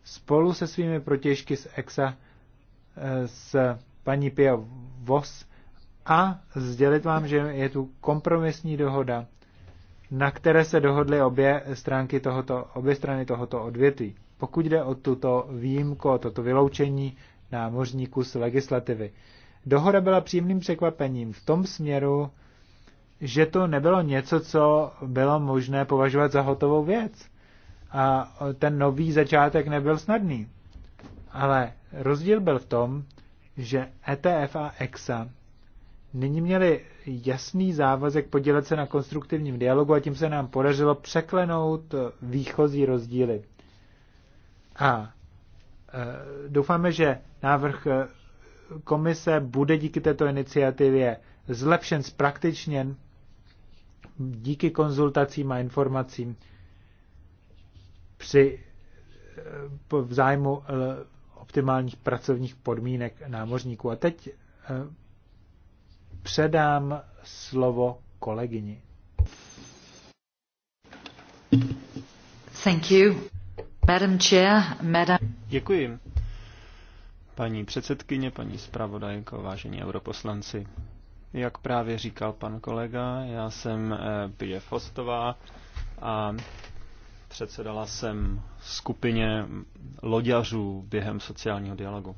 spolu se svými protěžky z EXA, eh, s paní Pia Vos a sdělit vám, že je tu kompromisní dohoda, na které se dohodly obě, stránky tohoto, obě strany tohoto odvětví. Pokud jde o tuto výjimku, o toto vyloučení námořníků z legislativy. Dohoda byla přímým překvapením v tom směru, že to nebylo něco, co bylo možné považovat za hotovou věc. A ten nový začátek nebyl snadný. Ale rozdíl byl v tom, že ETF a EXA nyní měli jasný závazek podílet se na konstruktivním dialogu a tím se nám podařilo překlenout výchozí rozdíly. A e, doufáme, že návrh e, komise bude díky této iniciativě zlepšen, zpraktičněn díky konzultacím a informacím při eh, v zájmu eh, optimálních pracovních podmínek námořníků. A teď eh, předám slovo kolegyni. Thank you. Madam Chair, Madam... Děkuji. Paní předsedkyně, paní zpravodajko, vážení europoslanci, jak právě říkal pan kolega, já jsem eh, Pěv Fostová a předsedala jsem skupině loďařů během sociálního dialogu.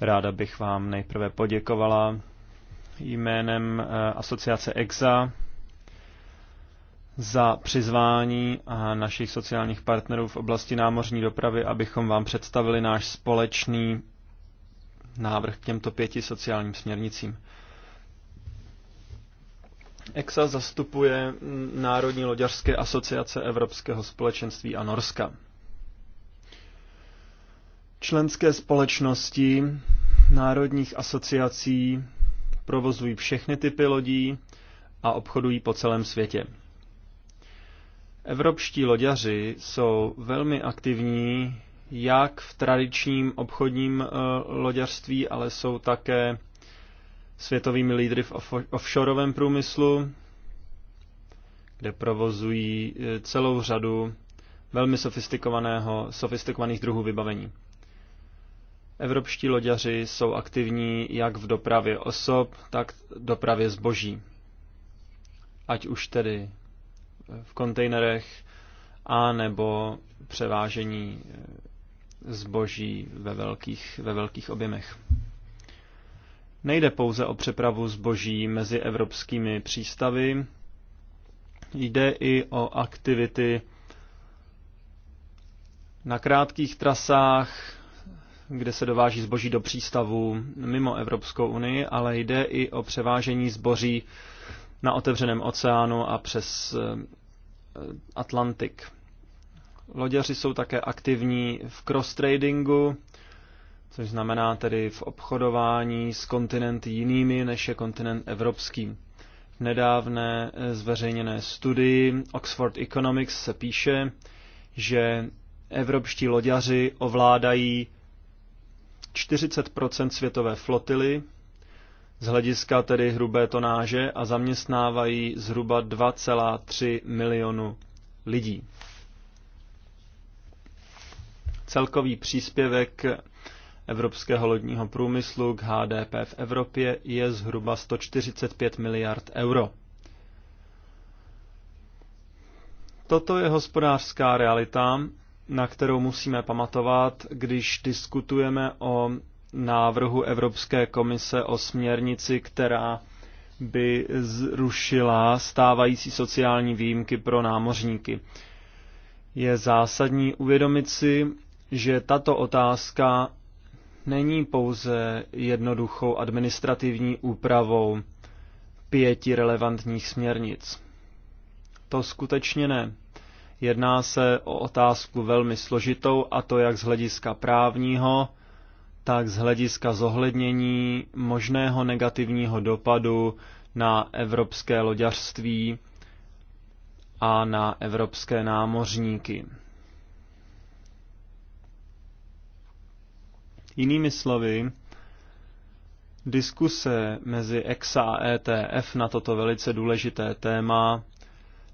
Ráda bych vám nejprve poděkovala jménem eh, asociace EXA za přizvání a našich sociálních partnerů v oblasti námořní dopravy, abychom vám představili náš společný návrh k těmto pěti sociálním směrnicím. EXA zastupuje Národní loďařské asociace Evropského společenství a Norska. Členské společnosti národních asociací provozují všechny typy lodí a obchodují po celém světě. Evropští loďaři jsou velmi aktivní jak v tradičním obchodním eh, loďařství, ale jsou také světovými lídry v offshoreovém průmyslu, kde provozují e, celou řadu velmi sofistikovaného, sofistikovaných druhů vybavení. Evropští loďaři jsou aktivní jak v dopravě osob, tak v dopravě zboží. Ať už tedy v kontejnerech, a nebo převážení e, zboží ve velkých, ve velkých objemech. Nejde pouze o přepravu zboží mezi evropskými přístavy, jde i o aktivity na krátkých trasách, kde se dováží zboží do přístavů mimo Evropskou unii, ale jde i o převážení zboží na otevřeném oceánu a přes eh, Atlantik. Loděři jsou také aktivní v cross-tradingu, což znamená tedy v obchodování s kontinenty jinými než je kontinent evropský. V nedávné eh, zveřejněné studii Oxford Economics se píše, že evropští loďaři ovládají 40 světové flotily, z hlediska tedy hrubé tonáže a zaměstnávají zhruba 2,3 milionu lidí. Celkový příspěvek evropského lodního průmyslu k HDP v Evropě je zhruba 145 miliard euro. Toto je hospodářská realita, na kterou musíme pamatovat, když diskutujeme o návrhu Evropské komise o směrnici, která by zrušila stávající sociální výjimky pro námořníky. Je zásadní uvědomit si, že tato otázka není pouze jednoduchou administrativní úpravou pěti relevantních směrnic. To skutečně ne. Jedná se o otázku velmi složitou, a to jak z hlediska právního, tak z hlediska zohlednění možného negativního dopadu na evropské loďařství a na evropské námořníky. Jinými slovy, diskuse mezi EXA a ETF na toto velice důležité téma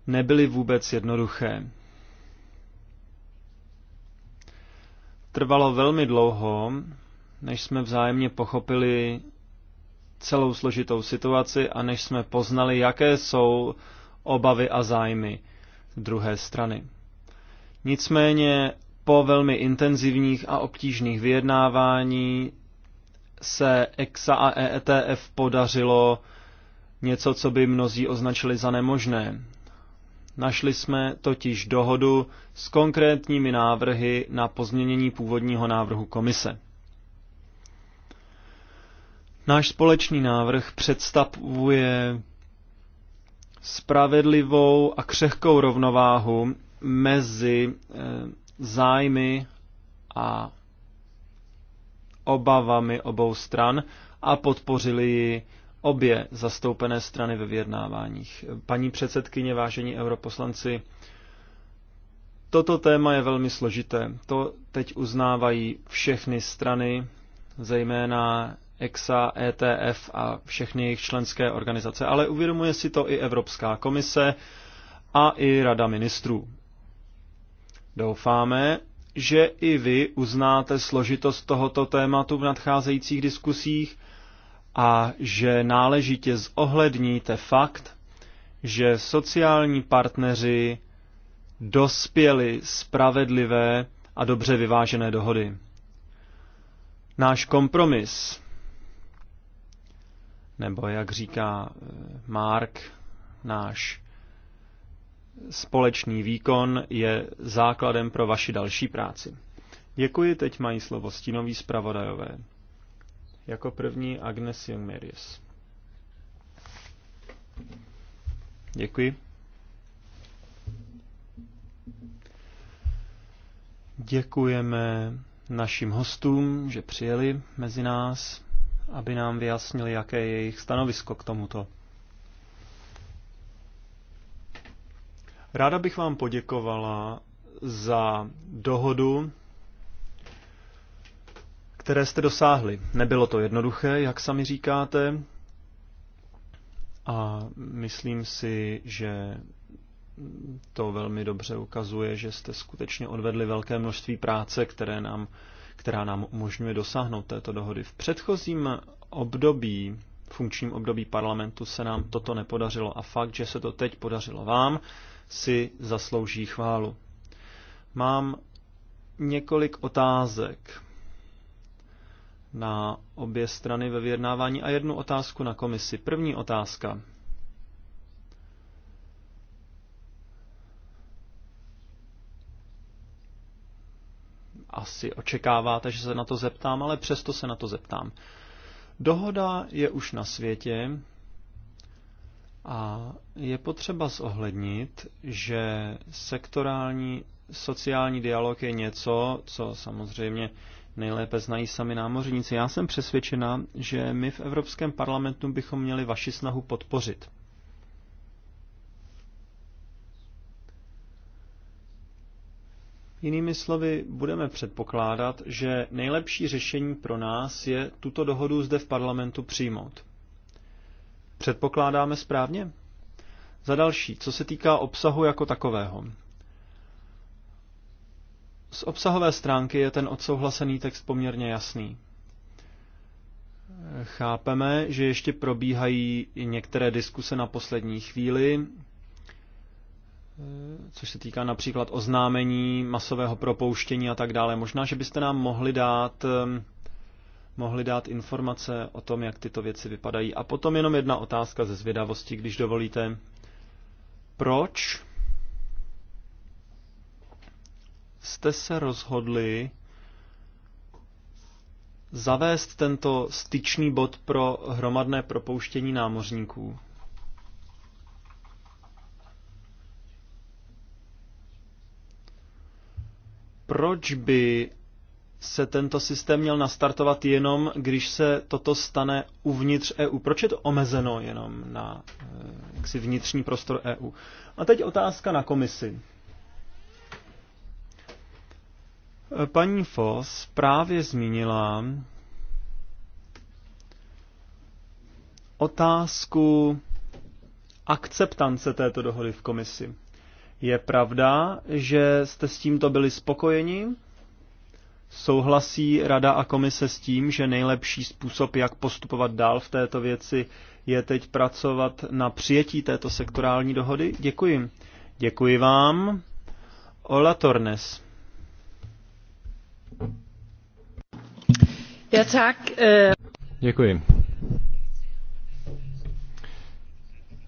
nebyly vůbec jednoduché. Trvalo velmi dlouho, než jsme vzájemně pochopili celou složitou situaci a než jsme poznali, jaké jsou obavy a zájmy druhé strany. Nicméně po velmi intenzivních a obtížných vyjednávání se EXA a EETF podařilo něco, co by mnozí označili za nemožné. Našli jsme totiž dohodu s konkrétními návrhy na pozměnění původního návrhu komise. Náš společný návrh představuje spravedlivou a křehkou rovnováhu mezi eh, zájmy a obavami obou stran a podpořili ji obě zastoupené strany ve vyjednáváních. Paní předsedkyně, vážení europoslanci, toto téma je velmi složité. To teď uznávají všechny strany, zejména EXA, ETF a všechny jejich členské organizace, ale uvědomuje si to i Evropská komise a i Rada ministrů. Doufáme, že i vy uznáte složitost tohoto tématu v nadcházejících diskusích a že náležitě zohledníte fakt, že sociální partneři dospěli spravedlivé a dobře vyvážené dohody. Náš kompromis, nebo jak říká eh, Mark, náš společný výkon je základem pro vaši další práci. Děkuji, teď mají slovo stínoví zpravodajové. Jako první Agnes Jungmerius. Děkuji. Děkujeme našim hostům, že přijeli mezi nás, aby nám vyjasnili, jaké je jejich stanovisko k tomuto Ráda bych vám poděkovala za dohodu, které jste dosáhli. Nebylo to jednoduché, jak sami říkáte, a myslím si, že to velmi dobře ukazuje, že jste skutečně odvedli velké množství práce, které nám, která nám umožňuje dosáhnout této dohody. V předchozím období, funkčním období parlamentu, se nám toto nepodařilo a fakt, že se to teď podařilo vám, si zaslouží chválu. Mám několik otázek na obě strany ve vyjednávání a jednu otázku na komisi. První otázka. Asi očekáváte, že se na to zeptám, ale přesto se na to zeptám. Dohoda je už na světě, a je potřeba zohlednit, že sektorální sociální dialog je něco, co samozřejmě nejlépe znají sami námořníci. Já jsem přesvědčena, že my v Evropském parlamentu bychom měli vaši snahu podpořit. Jinými slovy, budeme předpokládat, že nejlepší řešení pro nás je tuto dohodu zde v parlamentu přijmout. Předpokládáme správně? Za další, co se týká obsahu jako takového. Z obsahové stránky je ten odsouhlasený text poměrně jasný. Chápeme, že ještě probíhají i některé diskuse na poslední chvíli, což se týká například oznámení, masového propouštění a tak dále. Možná, že byste nám mohli dát mohli dát informace o tom, jak tyto věci vypadají. A potom jenom jedna otázka ze zvědavosti, když dovolíte. Proč jste se rozhodli zavést tento styčný bod pro hromadné propouštění námořníků? Proč by se tento systém měl nastartovat jenom, když se toto stane uvnitř EU? Proč je to omezeno jenom na eh, jaksi vnitřní prostor EU? A teď otázka na komisi. Eh, paní Foss právě zmínila otázku akceptance této dohody v komisi. Je pravda, že jste s tímto byli spokojeni? Souhlasí Rada a Komise s tím, že nejlepší způsob, jak postupovat dál v této věci, je teď pracovat na přijetí této sektorální dohody? Děkuji. Děkuji vám. Ola Tornes. Ja, tak, eh. Děkuji.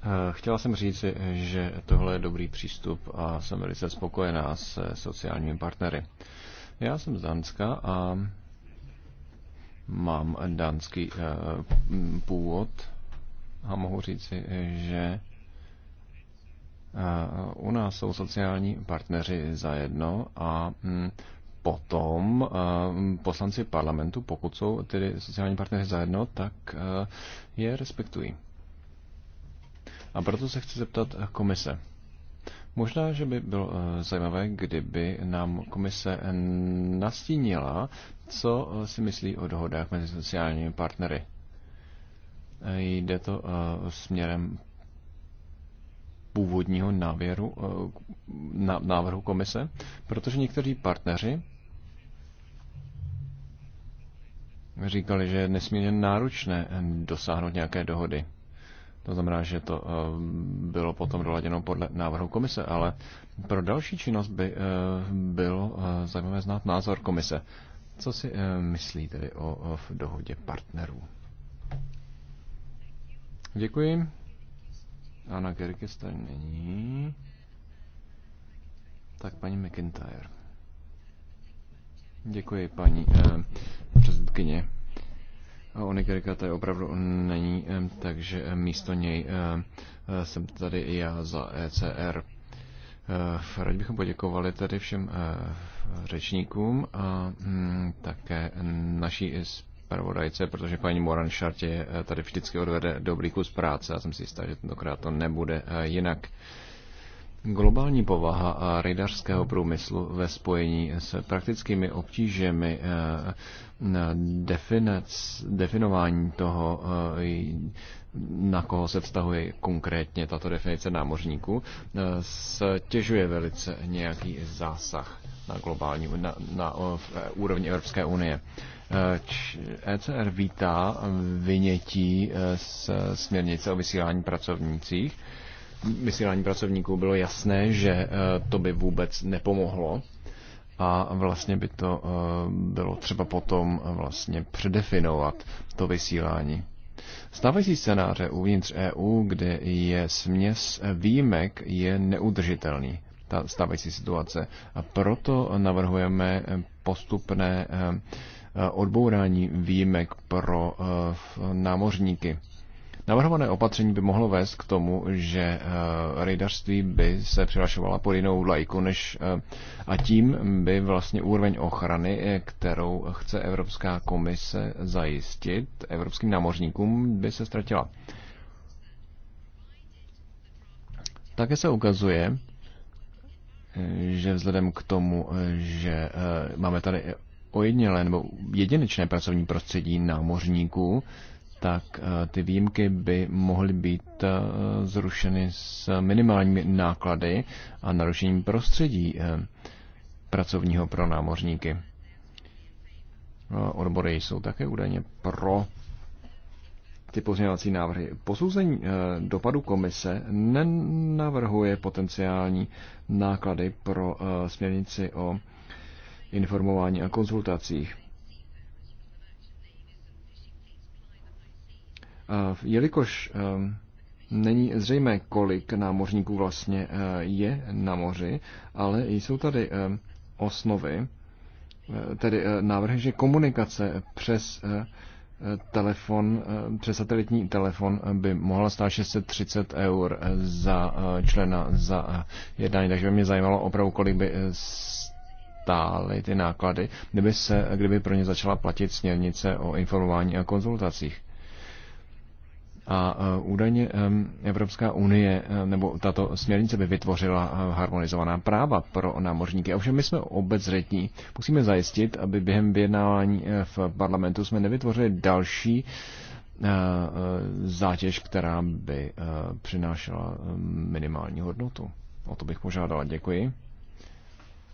Eh, chtěla jsem říct, že tohle je dobrý přístup a jsem velice spokojená s sociálními partnery. Já jsem z Dánska a mám dánský eh, původ a mohu říci, že eh, u nás jsou sociální partneři zajedno a hm, potom eh, poslanci parlamentu, pokud jsou tedy sociální partneři zajedno, tak je respektují. A proto se chci zeptat komise. Možná, že by bylo eh, zajímavé, kdyby nám komise nastínila, co eh, si myslí o dohodách mezi sociálními partnery. Eh, jde to směrem původního návěru, návrhu komise, protože někteří partneři říkali, že je nesmírně náročné dosáhnout nějaké dohody. To znamená, že to eh, bylo potom doladěno podle návrhu komise, ale pro další činnost by eh, bylo eh, zajímavé znát názor komise. Co si myslí tedy o dohodě partnerů? Děkuji. Anna Gerkes není. Tak paní McIntyre. Děkuji, paní eh, předsedkyně. Onigerika tady opravdu není, takže místo něj eh, jsem tady i já za ECR. Eh, Rád bychom poděkovali tady všem eh, řečníkům a hm, také naší zpravodajce, protože paní Moran Šartě tady vždycky odvede dobrý kus práce a jsem si jistá, že tentokrát to nebude jinak. Globální povaha a rejdařského průmyslu ve spojení s praktickými obtížemi definec, definování toho, eh, na koho se vztahuje konkrétně tato definice námořníků, eh, stěžuje velice nějaký zásah na globální, na, na, na eh, úrovni Evropské unie. ECR e vítá vynětí z směrnice o vysílání pracovnících. Vysílání pracovníků bylo jasné, že to by vůbec nepomohlo a vlastně by to eh, bylo třeba potom vlastně předefinovat to vysílání. Stávající scénáře uvnitř EU, kde je směs výjimek, je neudržitelný, ta stávající situace. A proto navrhujeme postupné eh, odbourání výjimek pro eh, námořníky. Navrhované opatření by mohlo vést k tomu, že eh, rejdařství by se přihlašovala pod jinou lajku, než eh, a tím by vlastně úroveň ochrany, eh, kterou chce Evropská komise zajistit evropským námořníkům, by se ztratila. Také se ukazuje, že vzhledem k tomu, že máme tady ojedinělé nebo jedinečné pracovní prostředí námořníků, tak eh, ty výjimky by mohly být eh, zrušeny s minimálními náklady a narušením prostředí eh, pracovního pro námořníky. No, odbory jsou také údajně pro ty pozměňovací návrhy. Posouzení dopadu komise nenavrhuje potenciální náklady pro směrnici o informování a konzultacích. Jelikož ehm, není zřejmé, kolik námořníků vlastně eh, je na moři, ale jsou tady ehm, osnovy, eh, tedy eh, návrhy, že komunikace přes telefon, přes satelitní telefon by mohla stát 630 eur za člena za jednání, takže by mě zajímalo opravdu, kolik by stály ty náklady, kdyby, se, kdyby pro ně začala platit směrnice o informování a konzultacích. A e, údajně e, Evropská unie e, nebo tato směrnice by vytvořila harmonizovaná práva pro námořníky. Ovšem my jsme obezřetní. Musíme zajistit, aby během vyjednávání v parlamentu jsme nevytvořili další zátěž, která by přinášela minimální hodnotu. O to bych požádala. Děkuji.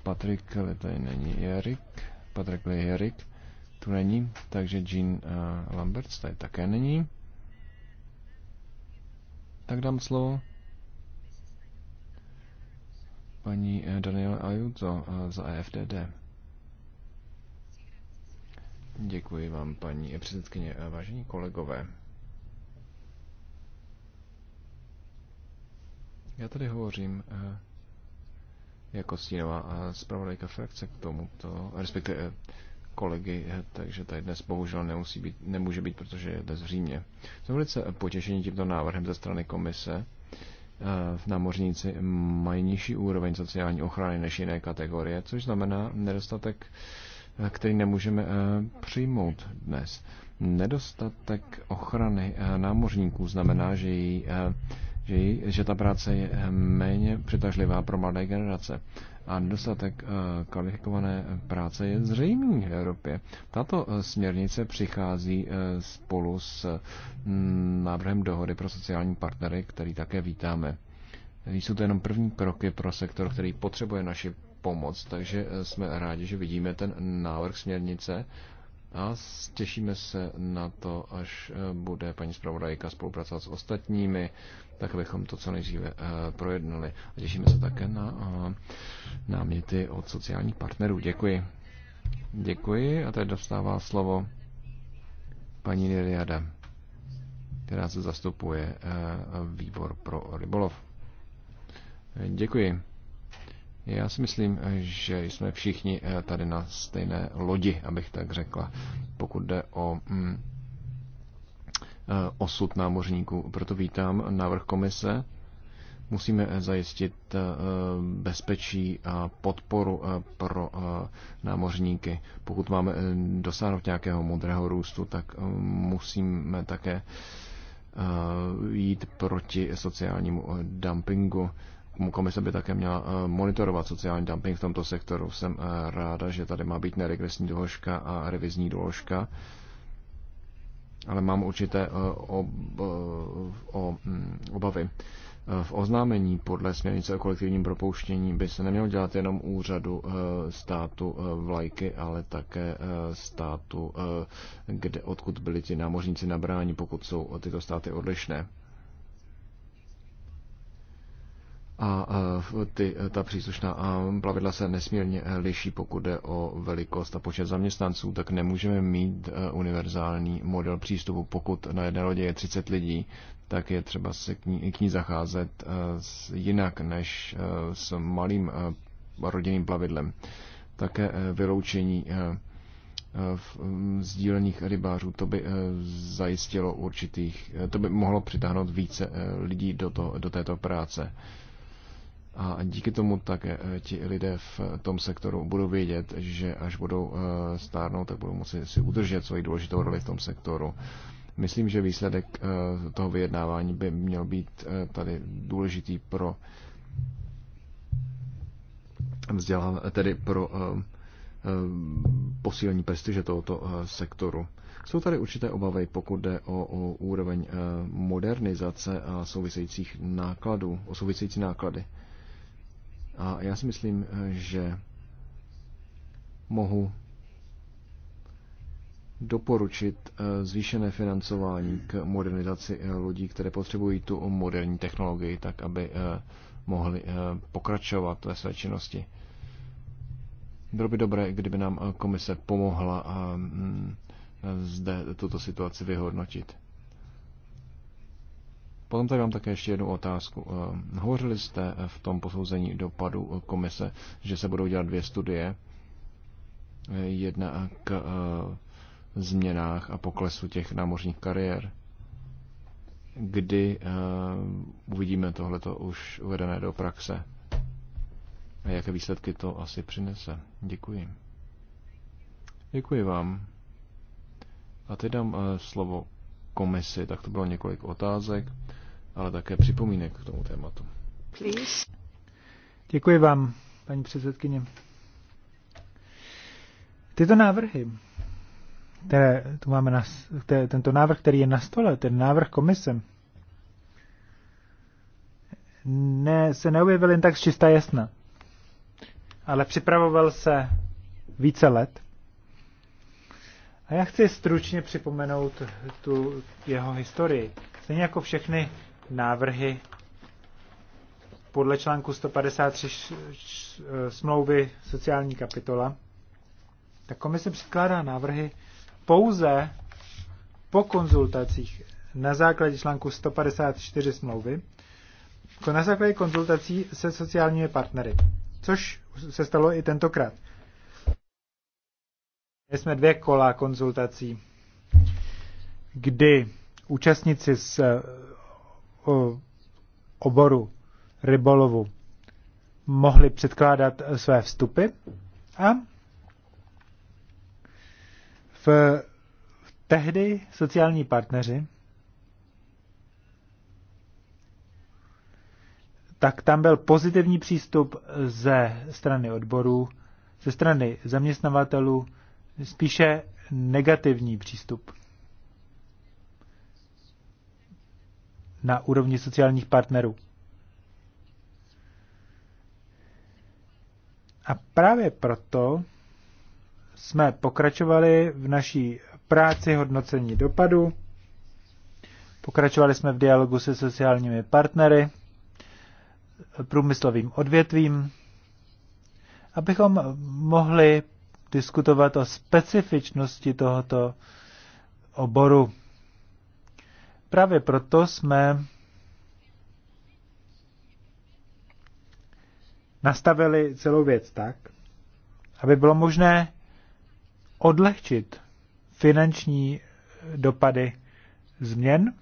Patrik, ale tady není Erik. Patrik Lejerik tu není, takže Jean Lambert, tady také není. Tak dám slovo paní eh, Daniela Ajuto eh, za EFDD. Děkuji vám, paní eh, předsedkyně. Vážení kolegové, já tady hovořím jako stínová zpravodajka frakce k tomuto, respektive kolegy, takže tady dnes bohužel nemusí být, nemůže být, protože je dnes v Římě. Jsme velice potěšení tímto návrhem ze strany komise. V eh, námořníci mají nižší úroveň sociální ochrany než jiné kategorie, což znamená nedostatek, eh, který nemůžeme eh, přijmout dnes. Nedostatek ochrany námořníků znamená, že její že, že ta práce je méně přitažlivá pro mladé generace. A dostatek eh, kvalifikované práce je zřejmý v Evropě. Tato eh, směrnice přichází eh, spolu s mm, návrhem dohody pro sociální partnery, který také vítáme. Jsou to jenom první kroky pro sektor, který potřebuje naši pomoc, takže jsme rádi, že vidíme ten návrh směrnice a těšíme se na to, až bude paní zpravodajka spolupracovat s ostatními tak abychom to co nejdříve eh, projednali. A těšíme se také na eh, náměty od sociálních partnerů. Děkuji. Děkuji a teď dostává slovo paní Niriada, která se zastupuje eh, výbor pro rybolov. Děkuji. Já si myslím, že jsme všichni tady na stejné lodi, abych tak řekla, pokud jde o mm, Eh, osud námořníků. Proto vítám návrh komise. Musíme zajistit eh, bezpečí a podporu eh, pro námořníky. Pokud máme dosáhnout nějakého modrého růstu, tak musíme také jít proti sociálnímu dumpingu. Komise by také měla monitorovat sociální dumping v tomto sektoru. Jsem ráda, že tady má být neregresní doložka a revizní doložka ale mám určité eh, ob, eh, hm, obavy. Eh, v oznámení podle směrnice o kolektivním propouštění by se nemělo dělat jenom úřadu státu vlajky, ale také státu, kde, odkud byli ti námořníci nabráni, pokud jsou tyto státy odlišné. a ty, ta příslušná plavidla se nesmírně e, liší, pokud jde o velikost a počet zaměstnanců, tak nemůžeme mít e, univerzální model přístupu. Pokud na jedné lodě je 30 lidí, tak je třeba se k ní, k ní zacházet e, jinak než s malým rodinným plavidlem. Také vyloučení v sdílených rybářů, to by zajistilo určitých, to by mohlo přitáhnout více lidí do, to, do této práce a díky tomu také eh, ti lidé v tom sektoru budou vědět, že až budou eh, stárnout, tak budou moci si udržet svoji důležitou roli v tom sektoru. Myslím, že výsledek eh, toho vyjednávání by měl být tady důležitý pro vzdělávání, tedy pro posílení prestiže tohoto sektoru. Jsou tady určité obavy, pokud jde o, o úroveň modernizace a souvisejících nákladů, o související náklady. A já si myslím, eh, že mohu doporučit eh, zvýšené financování k modernizaci eh, lodí, které potřebují tu moderní technologii, tak aby mohli pokračovat ve své činnosti. Bylo by dobré, kdyby nám komise pomohla mm, zde tuto situaci vyhodnotit. Potom tady mám také ještě jednu otázku. Ehm, hovořili jste v tom posouzení dopadu komise, že se budou dělat dvě studie. Jedna k ehm, změnách a poklesu těch námořních kariér. Kdy ehm, uvidíme tohleto už uvedené do praxe? A jaké výsledky to asi přinese? Děkuji. Děkuji vám. A teď dám slovo komisi, tak to bylo několik otázek ale také připomínek k tomu tématu. Please. Děkuji vám, paní předsedkyně. Tyto návrhy, které tu máme na, které, tento návrh, který je na stole, ten návrh komise, ne, se neobjevil jen tak z jasna, ale připravoval se více let. A já chci stručně připomenout tu jeho historii. Stejně jako všechny návrhy podle článku 153 smlouvy sociální kapitola, tak komise předkládá návrhy pouze po konzultacích na základě článku 154 smlouvy, jako na základě konzultací se sociálními partnery, což se stalo i tentokrát. My jsme dvě kola konzultací, kdy účastníci z oboru rybolovu mohli předkládat své vstupy a v, v tehdy sociální partneři tak tam byl pozitivní přístup ze strany odborů, ze strany zaměstnavatelů, spíše negativní přístup. na úrovni sociálních partnerů. A právě proto jsme pokračovali v naší práci hodnocení dopadu, pokračovali jsme v dialogu se sociálními partnery, průmyslovým odvětvím, abychom mohli diskutovat o specifičnosti tohoto oboru. Právě proto jsme nastavili celou věc tak, aby bylo možné odlehčit finanční dopady změn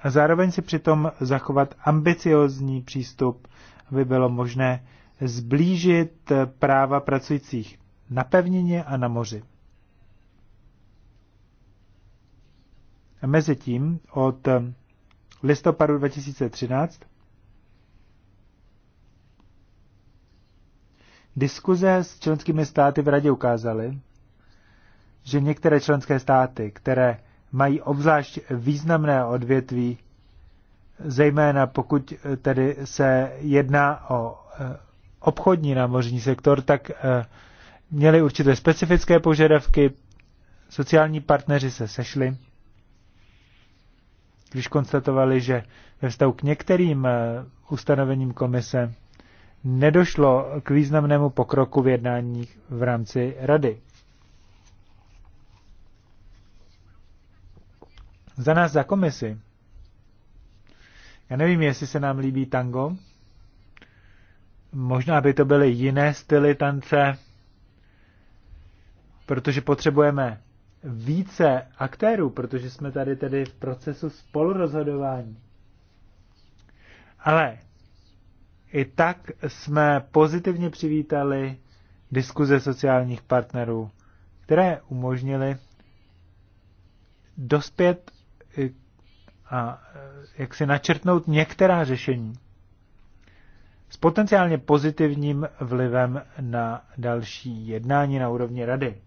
a zároveň si přitom zachovat ambiciozní přístup, aby bylo možné zblížit práva pracujících na pevnině a na moři. Mezitím od listopadu 2013 Diskuze s členskými státy v Radě ukázaly, že některé členské státy, které mají obzvlášť významné odvětví, zejména pokud tedy se jedná o eh, obchodní námořní sektor, tak eh, měli určité specifické požadavky, sociální partneři se sešli když konstatovali, že ve vztahu k některým eh, ustanovením komise nedošlo k významnému pokroku v jednáních v rámci rady. Za nás, za komisi. Já nevím, jestli se nám líbí tango. Možná by to byly jiné styly tance, protože potřebujeme více aktérů, protože jsme tady tedy v procesu spolurozhodování. Ale i tak jsme pozitivně přivítali diskuze sociálních partnerů, které umožnily dospět eh, a eh, jak si načrtnout některá řešení s potenciálně pozitivním vlivem na další jednání na úrovni rady.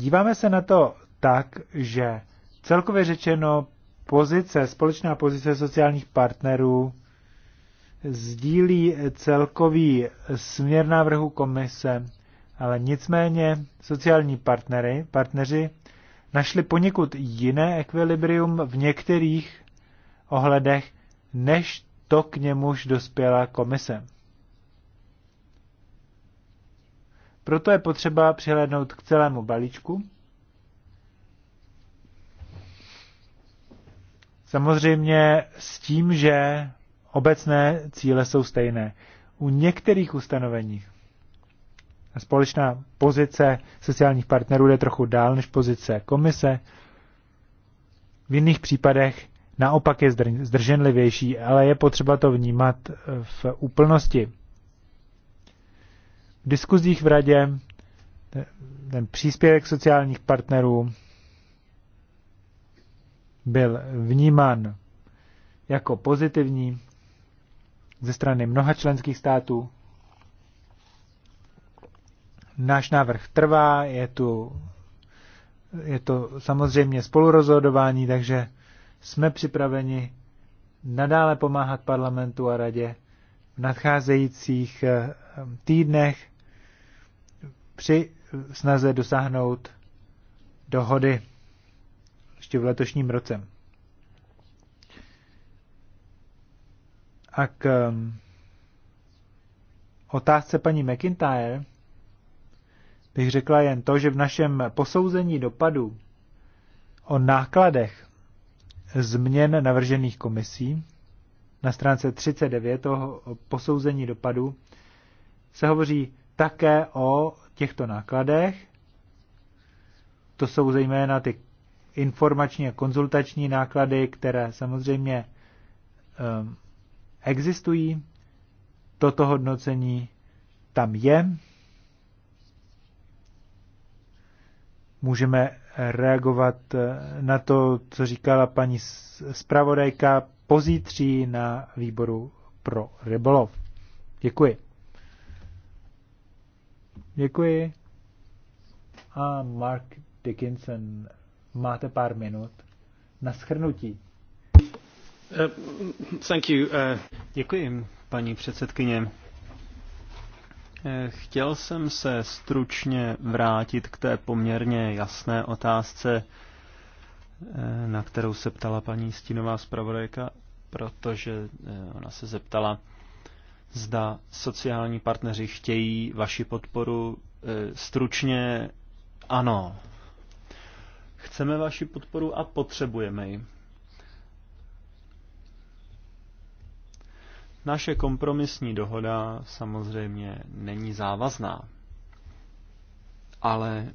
Díváme se na to tak, že celkově řečeno pozice, společná pozice sociálních partnerů sdílí celkový směr návrhu komise, ale nicméně sociální partnery, partneři našli poněkud jiné ekvilibrium v některých ohledech, než to k němuž dospěla komise. Proto je potřeba přihlédnout k celému balíčku. Samozřejmě s tím, že obecné cíle jsou stejné. U některých ustanovení společná pozice sociálních partnerů jde trochu dál než pozice komise. V jiných případech naopak je zdrženlivější, ale je potřeba to vnímat v úplnosti diskuzích v radě, ten příspěvek sociálních partnerů byl vnímán jako pozitivní ze strany mnoha členských států. Náš návrh trvá, je, tu, je to samozřejmě spolurozhodování, takže jsme připraveni nadále pomáhat parlamentu a radě nadcházejících eh, týdnech při snaze dosáhnout dohody ještě v letošním roce. A k eh, otázce paní McIntyre bych řekla jen to, že v našem posouzení dopadu o nákladech změn navržených komisí na stránce 39 toho posouzení dopadu se hovoří také o těchto nákladech. To jsou zejména ty informační a konzultační náklady, které samozřejmě um, existují. Toto hodnocení tam je. Můžeme reagovat eh, na to, co říkala paní zpravodajka pozítří na výboru pro rybolov. Děkuji. Děkuji. A Mark Dickinson, máte pár minut na schrnutí. Uh, thank you. Uh... Děkuji, paní předsedkyně. Eh, chtěl jsem se stručně vrátit k té poměrně jasné otázce, na kterou se ptala paní Stínová zpravodajka protože eh, ona se zeptala, zda sociální partneři chtějí vaši podporu. Eh, stručně ano. Chceme vaši podporu a potřebujeme ji. Naše kompromisní dohoda samozřejmě není závazná, ale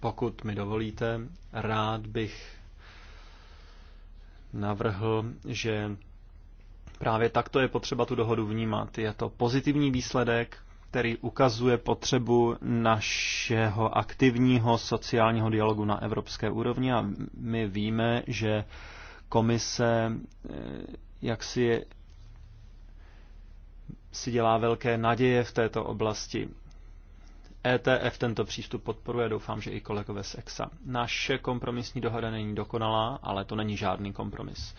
pokud mi dovolíte, rád bych navrhl, že právě takto je potřeba tu dohodu vnímat. Je to pozitivní výsledek, který ukazuje potřebu našeho aktivního sociálního dialogu na evropské úrovni a my víme, že komise eh, jak si, si dělá velké naděje v této oblasti. ETF tento přístup podporuje, doufám, že i kolegové z EXA. Naše kompromisní dohoda není dokonalá, ale to není žádný kompromis.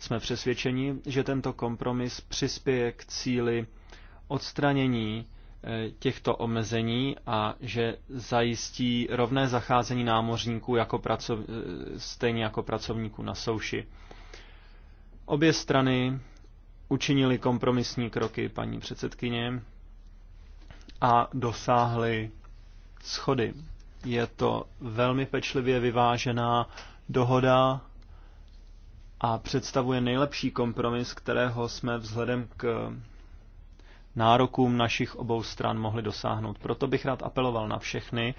Jsme přesvědčeni, že tento kompromis přispěje k cíli odstranění e, těchto omezení a že zajistí rovné zacházení námořníků jako pracov, e, stejně jako pracovníků na souši. Obě strany učinili kompromisní kroky, paní předsedkyně, a dosáhli schody. Je to velmi pečlivě vyvážená dohoda a představuje nejlepší kompromis, kterého jsme vzhledem k nárokům našich obou stran mohli dosáhnout. Proto bych rád apeloval na všechny,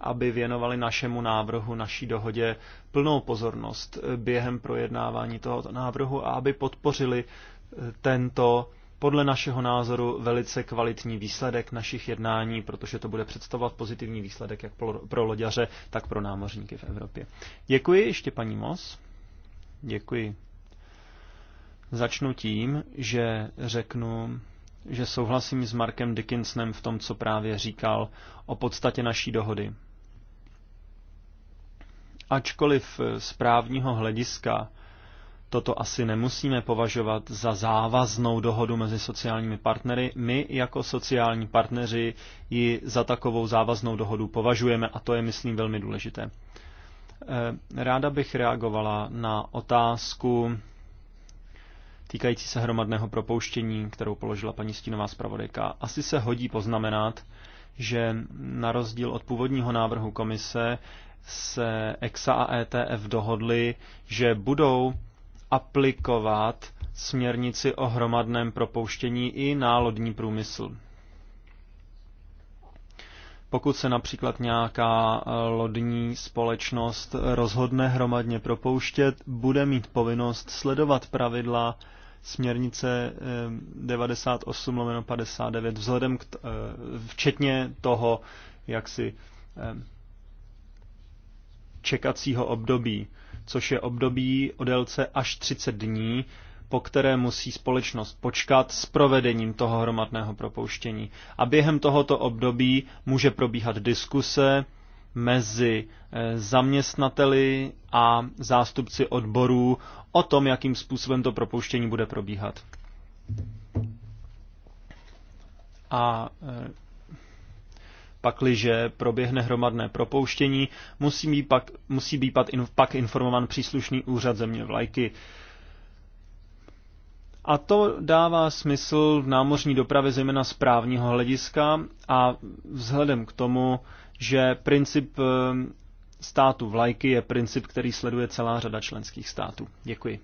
aby věnovali našemu návrhu, naší dohodě plnou pozornost během projednávání tohoto návrhu a aby podpořili tento podle našeho názoru velice kvalitní výsledek našich jednání, protože to bude představovat pozitivní výsledek jak pro loďaře, tak pro námořníky v Evropě. Děkuji ještě paní Mos. Děkuji. Začnu tím, že řeknu, že souhlasím s Markem Dickinsonem v tom, co právě říkal o podstatě naší dohody. Ačkoliv z právního hlediska Toto asi nemusíme považovat za závaznou dohodu mezi sociálními partnery. My jako sociální partneři ji za takovou závaznou dohodu považujeme a to je, myslím, velmi důležité. Eh, ráda bych reagovala na otázku týkající se hromadného propouštění, kterou položila paní Stínová zpravodajka. Asi se hodí poznamenat, že na rozdíl od původního návrhu komise se EXA a ETF dohodli, že budou aplikovat směrnici o hromadném propouštění i na lodní průmysl. Pokud se například nějaká eh, lodní společnost rozhodne hromadně propouštět, bude mít povinnost sledovat pravidla směrnice 98 eh, 59 vzhledem k, eh, včetně toho jak si čekacího období což je období o délce až 30 dní, po které musí společnost počkat s provedením toho hromadného propouštění. A během tohoto období může probíhat diskuse mezi eh, zaměstnateli a zástupci odborů o tom, jakým způsobem to propouštění bude probíhat. A eh, Pakliže proběhne hromadné propouštění, musí být pak, musí být pak, in, pak informovan příslušný úřad země vlajky. A to dává smysl v námořní dopravě zejména z právního hlediska a vzhledem k tomu, že princip eh, státu vlajky je princip, který sleduje celá řada členských států. Děkuji.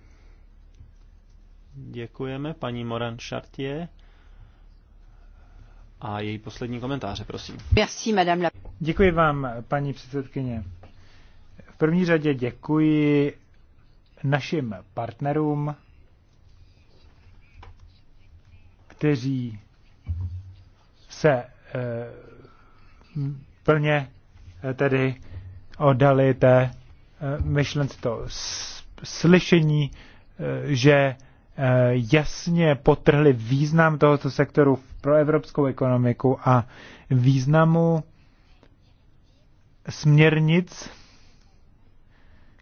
Děkujeme paní Moran Chartier a její poslední komentáře, prosím. Merci, madame la... Děkuji vám, paní předsedkyně. V první řadě děkuji našim partnerům, kteří se e, plně e, tedy oddali té e, myšlence to slyšení, e, že Eh, jasně potrhli význam tohoto sektoru pro evropskou ekonomiku a významu směrnic,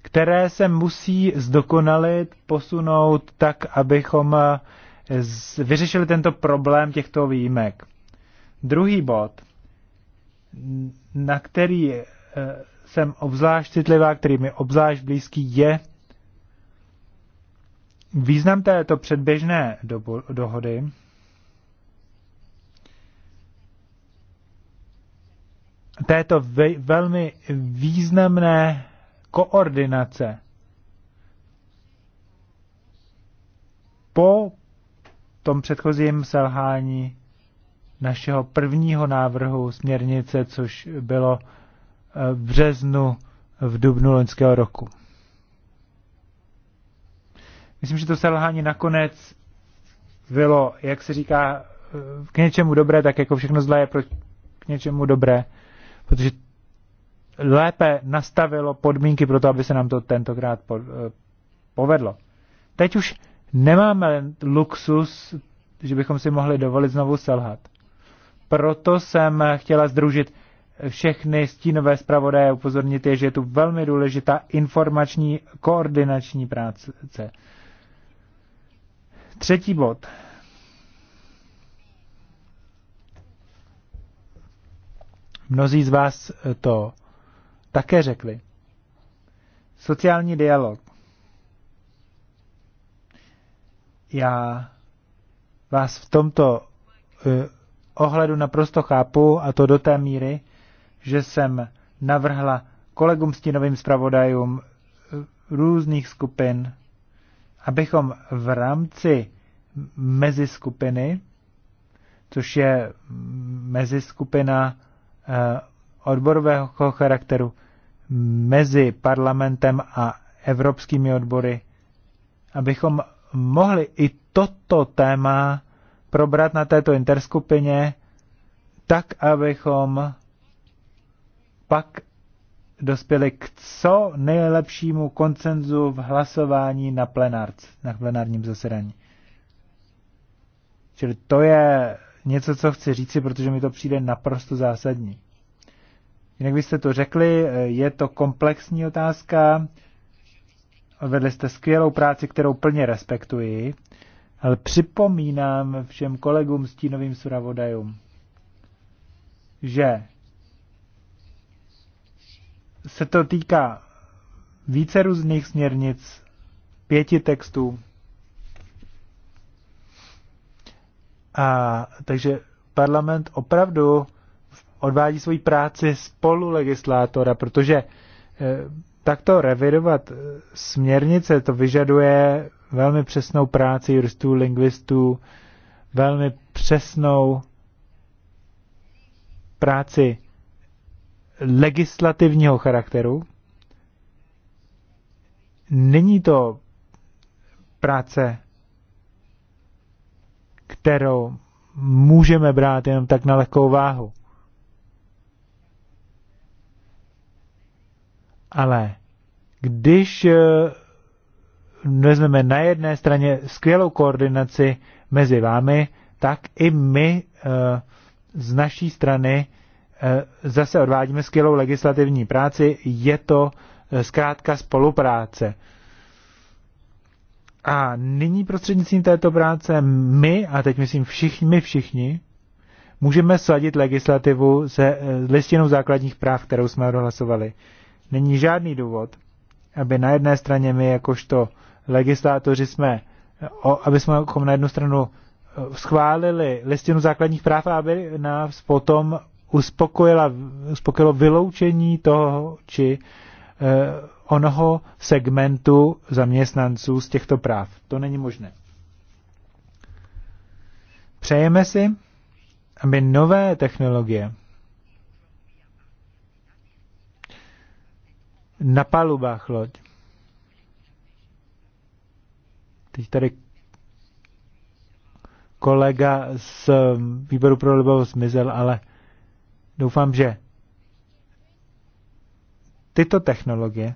které se musí zdokonalit, posunout tak, abychom eh, vyřešili tento problém těchto výjimek. Druhý bod, na který eh, jsem obzvlášť citlivá, který mi obzvlášť blízký, je Význam této předběžné dobu, dohody této ve, velmi významné koordinace po tom předchozím selhání našeho prvního návrhu směrnice, což bylo eh, v březnu v dubnu loňského roku. Myslím, že to selhání nakonec bylo, jak se říká, eh, k něčemu dobré, tak jako všechno zlé je pro, k něčemu dobré, protože lépe nastavilo podmínky pro to, aby se nám to tentokrát po, eh, povedlo. Teď už nemáme luxus, že bychom si mohli dovolit znovu selhat. Proto jsem chtěla združit všechny stínové zpravodaje a upozornit je, že je tu velmi důležitá informační koordinační práce. Třetí bod. Mnozí z vás to také řekli. Sociální dialog. Já vás v tomto eh, ohledu naprosto chápu, a to do té míry, že jsem navrhla kolegům stínovým zpravodajům eh, různých skupin abychom v rámci meziskupiny, což je meziskupina eh, odborového charakteru mezi parlamentem a evropskými odbory, abychom mohli i toto téma probrat na této interskupině, tak abychom pak dospěli k co nejlepšímu koncenzu v hlasování na, plenárc, na plenárním zasedání. Čili to je něco, co chci říci, protože mi to přijde naprosto zásadní. Jinak byste to řekli, je to komplexní otázka, vedli jste skvělou práci, kterou plně respektuji, ale připomínám všem kolegům, stínovým suravodajům, že se to týká více různých směrnic, pěti textů. A, takže parlament opravdu odvádí svoji práci spolu legislátora, protože e, takto revidovat eh, směrnice, to vyžaduje velmi přesnou práci juristů, lingvistů, velmi přesnou práci legislativního charakteru. Není to práce, kterou můžeme brát jenom tak na lehkou váhu. Ale když eh, vezmeme na jedné straně skvělou koordinaci mezi vámi, tak i my eh, z naší strany Eh, zase odvádíme skvělou legislativní práci, je to eh, zkrátka spolupráce. A nyní prostřednictvím této práce my, a teď myslím všichni, my všichni, můžeme sladit legislativu se eh, listinou základních práv, kterou jsme odhlasovali. Není žádný důvod, aby na jedné straně my jakožto legislátoři jsme, aby jsme na jednu stranu schválili listinu základních práv aby nás potom uspokojila, uspokojilo vyloučení toho či eh, onoho segmentu zaměstnanců z těchto práv. To není možné. Přejeme si, aby nové technologie na palubách loď. Teď tady kolega z výboru pro libavost zmizel, ale Doufám, že tyto technologie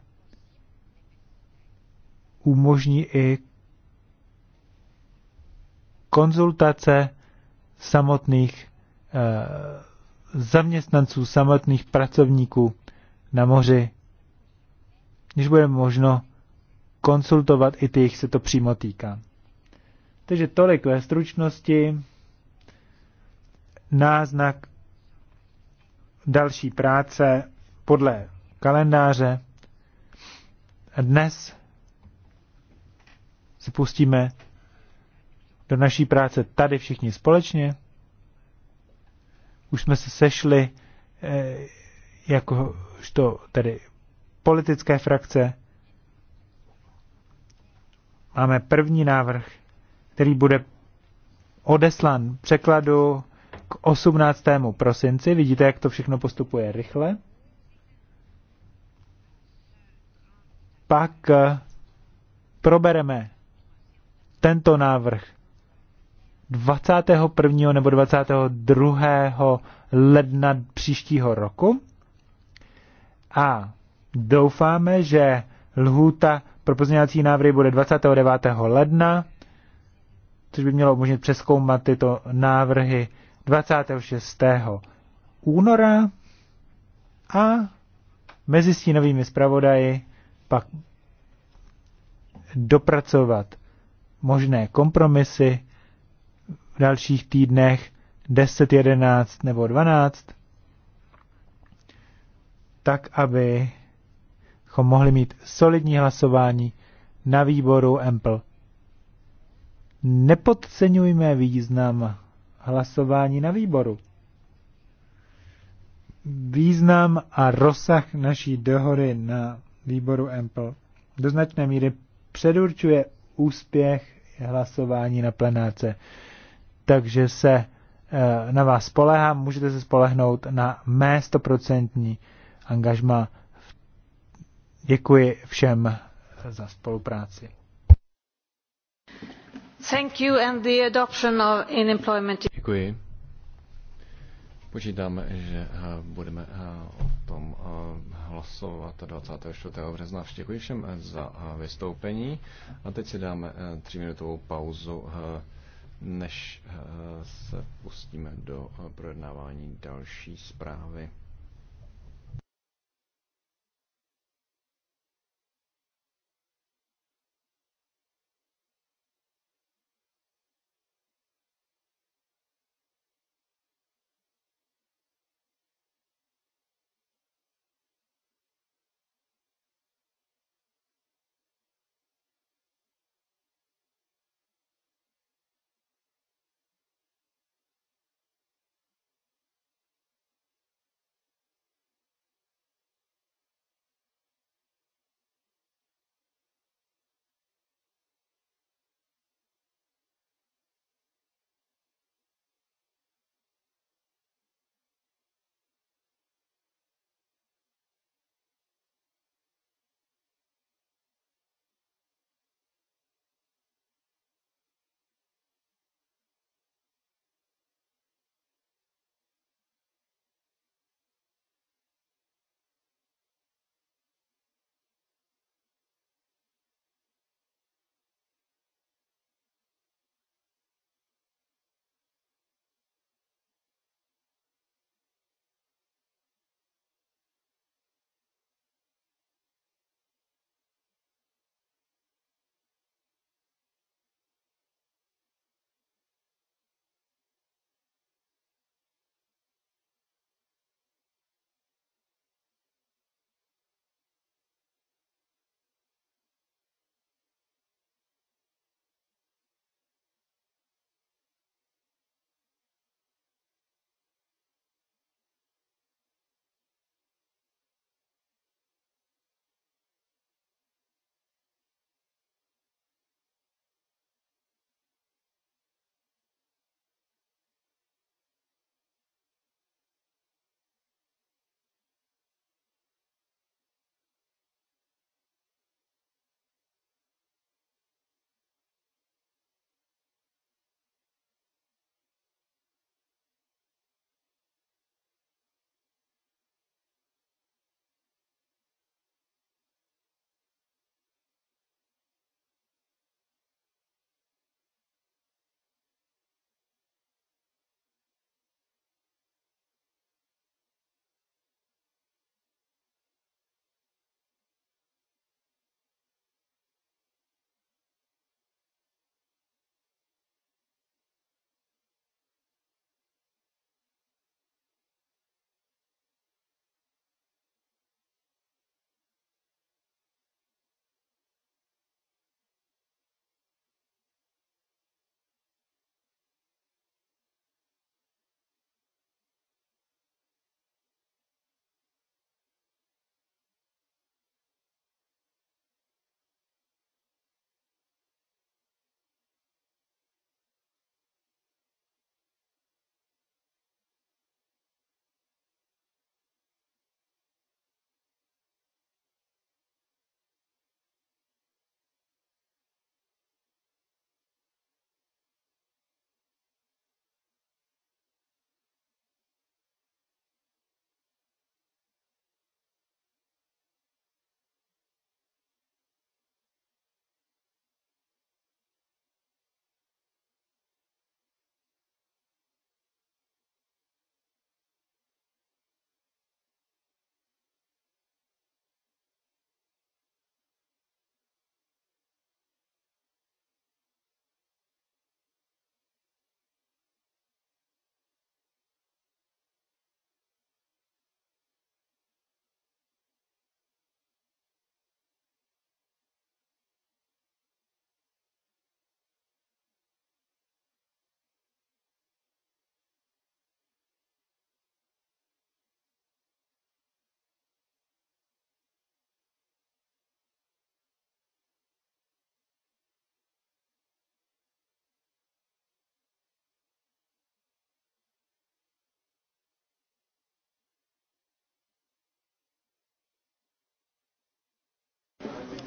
umožní i konzultace samotných e, zaměstnanců, samotných pracovníků na moři, když bude možno konsultovat i těch, se to přímo týká. Takže tolik ve stručnosti náznak další práce podle kalendáře. A dnes se pustíme do naší práce tady všichni společně. Už jsme se sešli eh, jakožto tedy politické frakce. Máme první návrh, který bude odeslan překladu k 18. prosinci. Vidíte, jak to všechno postupuje rychle. Pak eh, probereme tento návrh 21. nebo 22. ledna příštího roku a doufáme, že lhůta pro pozměňovací návrhy bude 29. ledna, což by mělo umožnit přeskoumat tyto návrhy 26. února a mezi stínovými zpravodaji pak dopracovat možné kompromisy v dalších týdnech 10, 11 nebo 12, tak, aby mohli mít solidní hlasování na výboru Ample. Nepodceňujme význam hlasování na výboru. Význam a rozsah naší dohody na výboru EMPL do značné míry předurčuje úspěch hlasování na plenáce. Takže se eh, na vás spolehám, můžete se spolehnout na mé stoprocentní angažma. Děkuji všem za spolupráci. Počítám, že eh, budeme eh, o tom eh, hlasovat 24. března. Děkuji všem za vystoupení a teď si dáme tříminutovou pauzu, než se pustíme do projednávání další zprávy.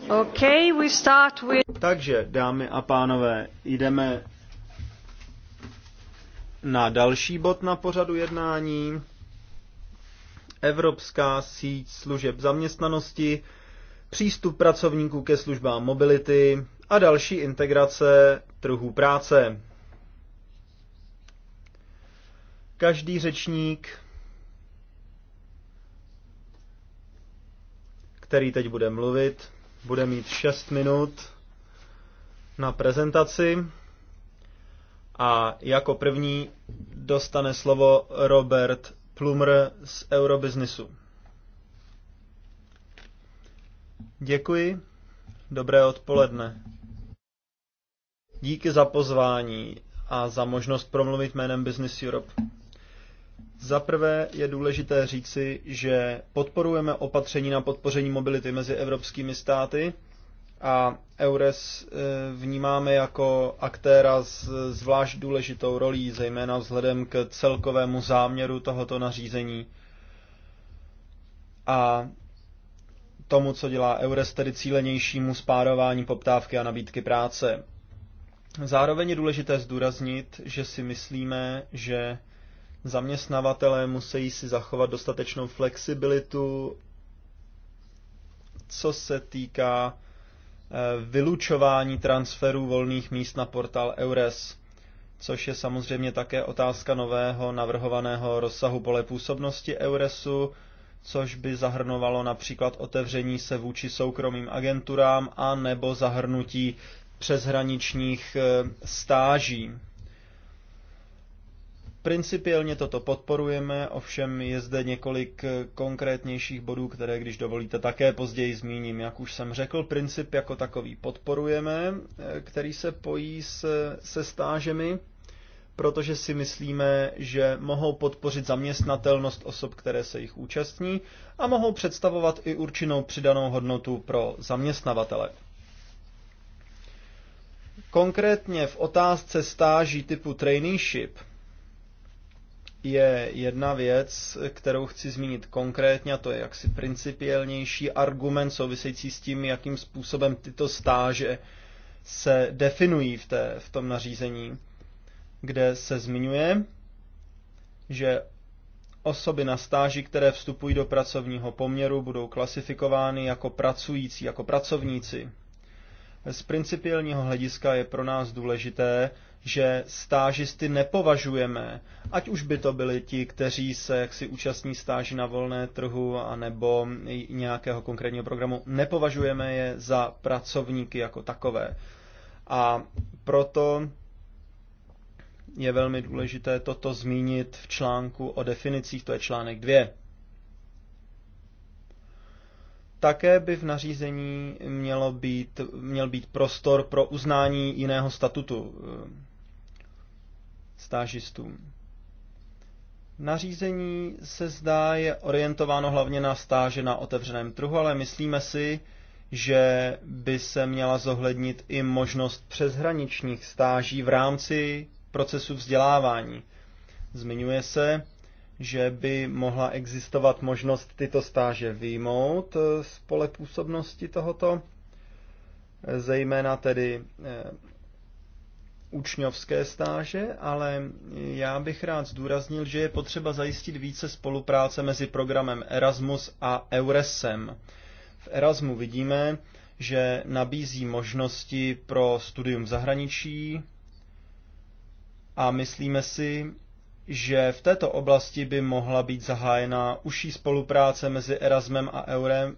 Okay, we start with... Takže, dámy a pánové, jdeme na další bod na pořadu jednání. Evropská síť služeb zaměstnanosti, přístup pracovníků ke službám mobility a další integrace trhů práce. Každý řečník který teď bude mluvit, bude mít 6 minut na prezentaci a jako první dostane slovo Robert Plumr z Eurobusinessu. Děkuji, dobré odpoledne. Díky za pozvání a za možnost promluvit jménem Business Europe. Za prvé je důležité říci, že podporujeme opatření na podpoření mobility mezi evropskými státy a EURES eh, vnímáme jako aktéra s zvlášť důležitou rolí, zejména vzhledem k celkovému záměru tohoto nařízení a tomu, co dělá EURES, tedy cílenějšímu spárování poptávky a nabídky práce. Zároveň je důležité zdůraznit, že si myslíme, že Zaměstnavatelé musí si zachovat dostatečnou flexibilitu, co se týká eh, vylučování transferů volných míst na portál EURES, což je samozřejmě také otázka nového navrhovaného rozsahu pole působnosti EURESu, což by zahrnovalo například otevření se vůči soukromým agenturám a nebo zahrnutí přeshraničních eh, stáží. Principiálně toto podporujeme, ovšem je zde několik eh, konkrétnějších bodů, které, když dovolíte, také později zmíním. Jak už jsem řekl, princip jako takový podporujeme, eh, který se pojí se, se stážemi, protože si myslíme, že mohou podpořit zaměstnatelnost osob, které se jich účastní a mohou představovat i určitou přidanou hodnotu pro zaměstnavatele. Konkrétně v otázce stáží typu traineeship – je jedna věc, kterou chci zmínit konkrétně, a to je jaksi principiálnější argument související s tím, jakým způsobem tyto stáže se definují v, té, v tom nařízení, kde se zmiňuje, že osoby na stáži, které vstupují do pracovního poměru, budou klasifikovány jako pracující, jako pracovníci. Z principiálního hlediska je pro nás důležité, že stážisty nepovažujeme, ať už by to byli ti, kteří se jaksi účastní stáži na volné trhu a nebo nějakého konkrétního programu, nepovažujeme je za pracovníky jako takové. A proto je velmi důležité toto zmínit v článku o definicích, to je článek 2. Také by v nařízení mělo být, měl být prostor pro uznání jiného statutu stážistům. Nařízení se zdá je orientováno hlavně na stáže na otevřeném trhu, ale myslíme si, že by se měla zohlednit i možnost přeshraničních stáží v rámci procesu vzdělávání. Zmiňuje se, že by mohla existovat možnost tyto stáže výjmout eh, z pole působnosti tohoto, eh, zejména tedy eh, učňovské stáže, ale já bych rád zdůraznil, že je potřeba zajistit více spolupráce mezi programem Erasmus a Euresem. V Erasmu vidíme, že nabízí možnosti pro studium v zahraničí a myslíme si, že v této oblasti by mohla být zahájena užší spolupráce mezi Erasmem a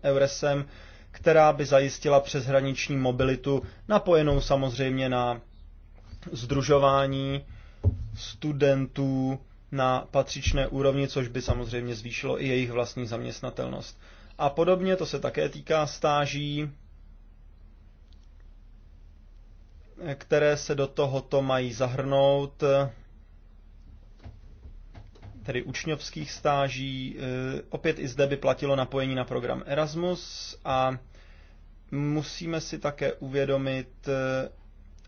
Euresem, která by zajistila přeshraniční mobilitu, napojenou samozřejmě na združování studentů na patřičné úrovni, což by samozřejmě zvýšilo i jejich vlastní zaměstnatelnost. A podobně to se také týká stáží, které se do tohoto mají zahrnout, tedy učňovských stáží. Eh, opět i zde by platilo napojení na program Erasmus a musíme si také uvědomit, eh,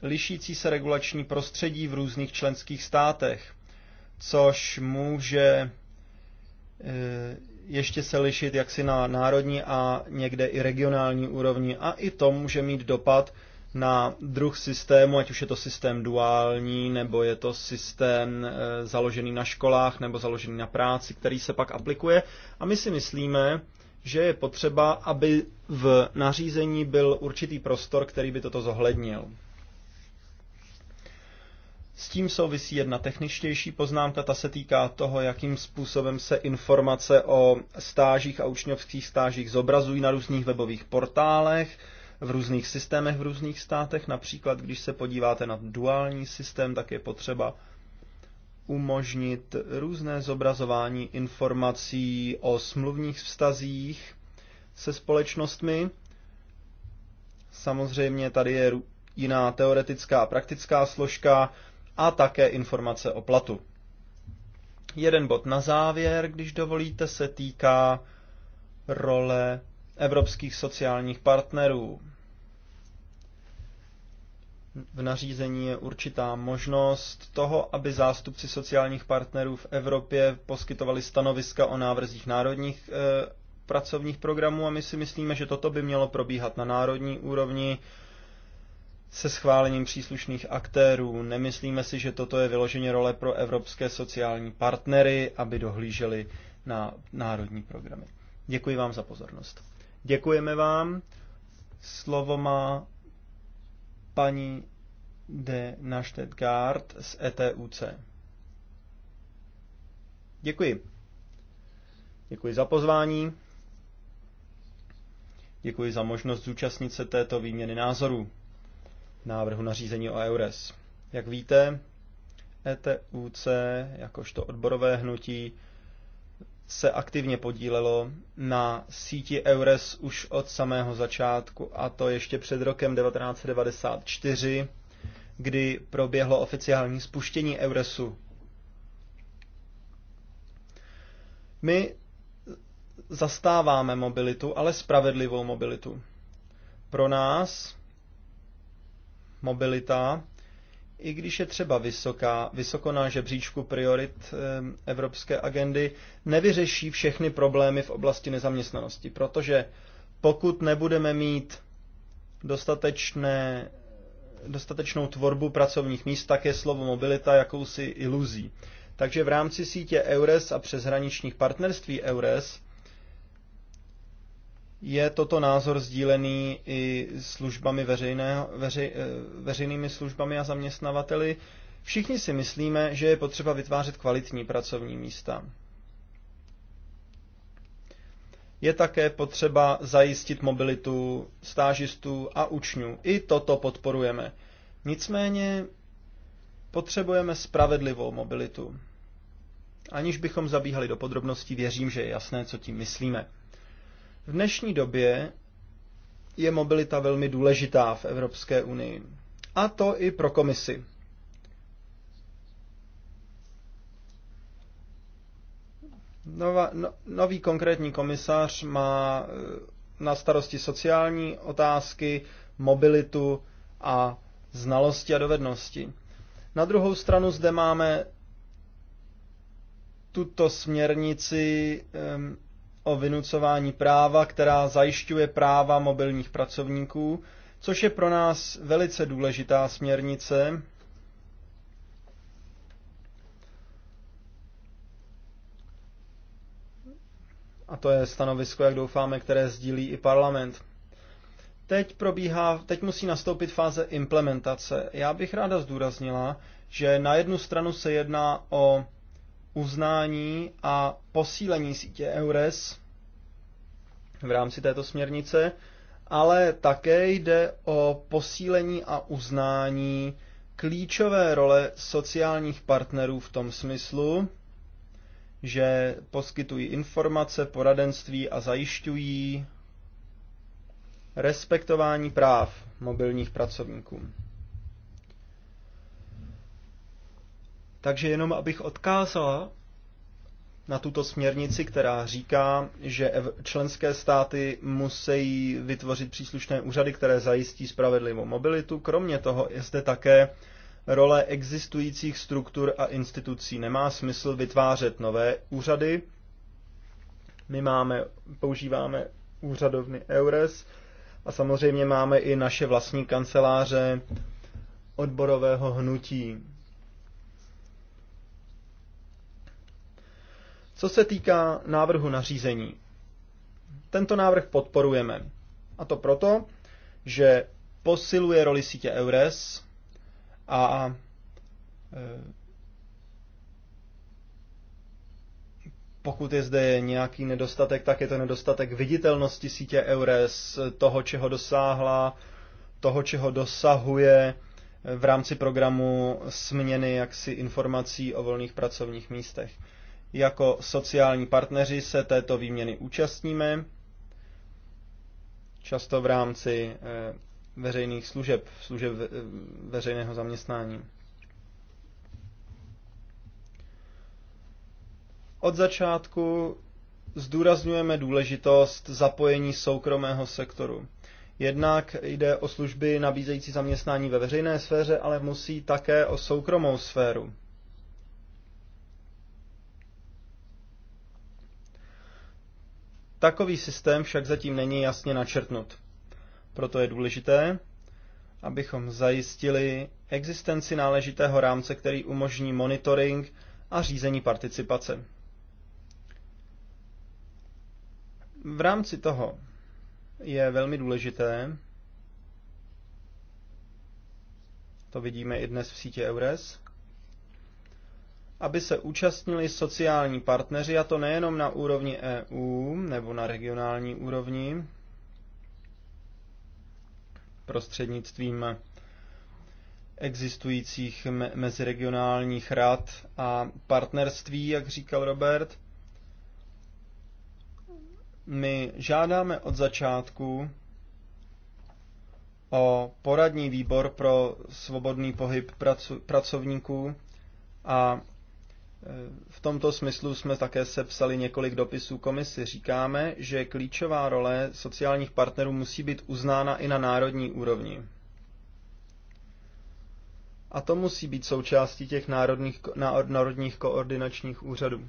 lišící se regulační prostředí v různých členských státech, což může eh, ještě se lišit jaksi na národní a někde i regionální úrovni a i to může mít dopad na druh systému, ať už je to systém duální, nebo je to systém eh, založený na školách, nebo založený na práci, který se pak aplikuje. A my si myslíme, že je potřeba, aby v nařízení byl určitý prostor, který by toto zohlednil. S tím souvisí jedna techničtější poznámka, ta se týká toho, jakým způsobem se informace o stážích a učňovských stážích zobrazují na různých webových portálech, v různých systémech v různých státech. Například, když se podíváte na duální systém, tak je potřeba umožnit různé zobrazování informací o smluvních vztazích se společnostmi. Samozřejmě tady je jiná teoretická a praktická složka a také informace o platu. Jeden bod na závěr, když dovolíte, se týká role evropských sociálních partnerů. V nařízení je určitá možnost toho, aby zástupci sociálních partnerů v Evropě poskytovali stanoviska o návrzích národních e, pracovních programů a my si myslíme, že toto by mělo probíhat na národní úrovni se schválením příslušných aktérů. Nemyslíme si, že toto je vyloženě role pro evropské sociální partnery, aby dohlíželi na národní programy. Děkuji vám za pozornost. Děkujeme vám. Slovo má paní de Naštedgard z ETUC. Děkuji. Děkuji za pozvání. Děkuji za možnost zúčastnit se této výměny názorů návrhu nařízení o EURES. Jak víte, ETUC, jakožto odborové hnutí, se aktivně podílelo na síti EURES už od samého začátku, a to ještě před rokem 1994, kdy proběhlo oficiální spuštění EURESu. My zastáváme mobilitu, ale spravedlivou mobilitu. Pro nás mobilita, i když je třeba vysoká, vysoko na žebříčku priorit evropské agendy, nevyřeší všechny problémy v oblasti nezaměstnanosti, protože pokud nebudeme mít dostatečné, dostatečnou tvorbu pracovních míst, tak je slovo mobilita jakousi iluzí. Takže v rámci sítě EURES a přeshraničních partnerství EURES je toto názor sdílený i službami veřejné, veřej, eh, veřejnými službami a zaměstnavateli? Všichni si myslíme, že je potřeba vytvářet kvalitní pracovní místa. Je také potřeba zajistit mobilitu stážistů a učňů. I toto podporujeme. Nicméně potřebujeme spravedlivou mobilitu. Aniž bychom zabíhali do podrobností, věřím, že je jasné, co tím myslíme. V dnešní době je mobilita velmi důležitá v Evropské unii. A to i pro komisi. Nova, no, nový konkrétní komisař má eh, na starosti sociální otázky, mobilitu a znalosti a dovednosti. Na druhou stranu zde máme tuto směrnici o vynucování práva, která zajišťuje práva mobilních pracovníků, což je pro nás velice důležitá směrnice. A to je stanovisko, jak doufáme, které sdílí i parlament. Teď, probíhá, teď musí nastoupit fáze implementace. Já bych ráda zdůraznila, že na jednu stranu se jedná o uznání a posílení sítě EURES v rámci této směrnice, ale také jde o posílení a uznání klíčové role sociálních partnerů v tom smyslu, že poskytují informace, poradenství a zajišťují respektování práv mobilních pracovníků. Takže jenom abych odkázala na tuto směrnici, která říká, že členské státy musí vytvořit příslušné úřady, které zajistí spravedlivou mobilitu. Kromě toho je zde také role existujících struktur a institucí. Nemá smysl vytvářet nové úřady. My máme, používáme úřadovny EURES a samozřejmě máme i naše vlastní kanceláře odborového hnutí. Co se týká návrhu nařízení, tento návrh podporujeme. A to proto, že posiluje roli sítě EURES a e, pokud je zde nějaký nedostatek, tak je to nedostatek viditelnosti sítě EURES, toho, čeho dosáhla, toho, čeho dosahuje e, v rámci programu směny jaksi informací o volných pracovních místech. Jako sociální partneři se této výměny účastníme, často v rámci eh, veřejných služeb, služeb eh, veřejného zaměstnání. Od začátku zdůrazňujeme důležitost zapojení soukromého sektoru. Jednak jde o služby nabízející zaměstnání ve veřejné sféře, ale musí také o soukromou sféru. Takový systém však zatím není jasně načrtnut. Proto je důležité, abychom zajistili existenci náležitého rámce, který umožní monitoring a řízení participace. V rámci toho je velmi důležité, to vidíme i dnes v síti EURES, aby se účastnili sociální partneři, a to nejenom na úrovni EU nebo na regionální úrovni, prostřednictvím existujících me- meziregionálních rad a partnerství, jak říkal Robert. My žádáme od začátku o poradní výbor pro svobodný pohyb pracu- pracovníků a v tomto smyslu jsme také sepsali několik dopisů komisi. Říkáme, že klíčová role sociálních partnerů musí být uznána i na národní úrovni. A to musí být součástí těch národních, národních koordinačních úřadů.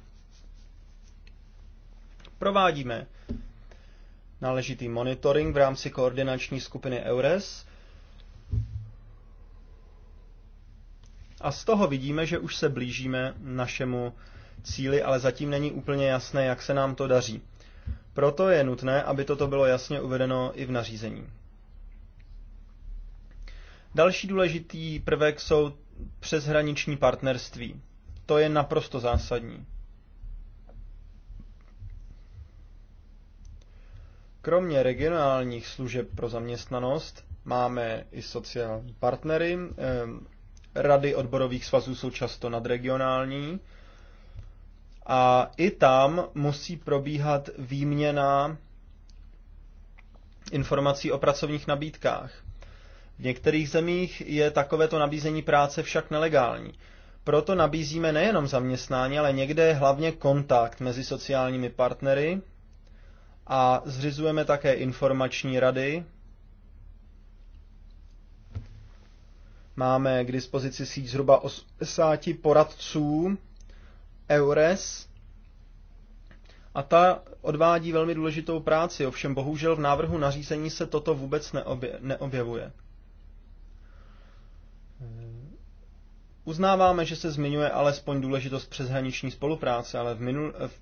Provádíme náležitý monitoring v rámci koordinační skupiny EURES A z toho vidíme, že už se blížíme našemu cíli, ale zatím není úplně jasné, jak se nám to daří. Proto je nutné, aby toto bylo jasně uvedeno i v nařízení. Další důležitý prvek jsou přeshraniční partnerství. To je naprosto zásadní. Kromě regionálních služeb pro zaměstnanost máme i sociální partnery, ehm, Rady odborových svazů jsou často nadregionální. A i tam musí probíhat výměna informací o pracovních nabídkách. V některých zemích je takovéto nabízení práce však nelegální. Proto nabízíme nejenom zaměstnání, ale někde hlavně kontakt mezi sociálními partnery a zřizujeme také informační rady, Máme k dispozici síť zhruba 80 poradců EURES a ta odvádí velmi důležitou práci, ovšem bohužel v návrhu nařízení se toto vůbec neobje, neobjevuje. Uznáváme, že se zmiňuje alespoň důležitost přeshraniční spolupráce, ale v, minul, v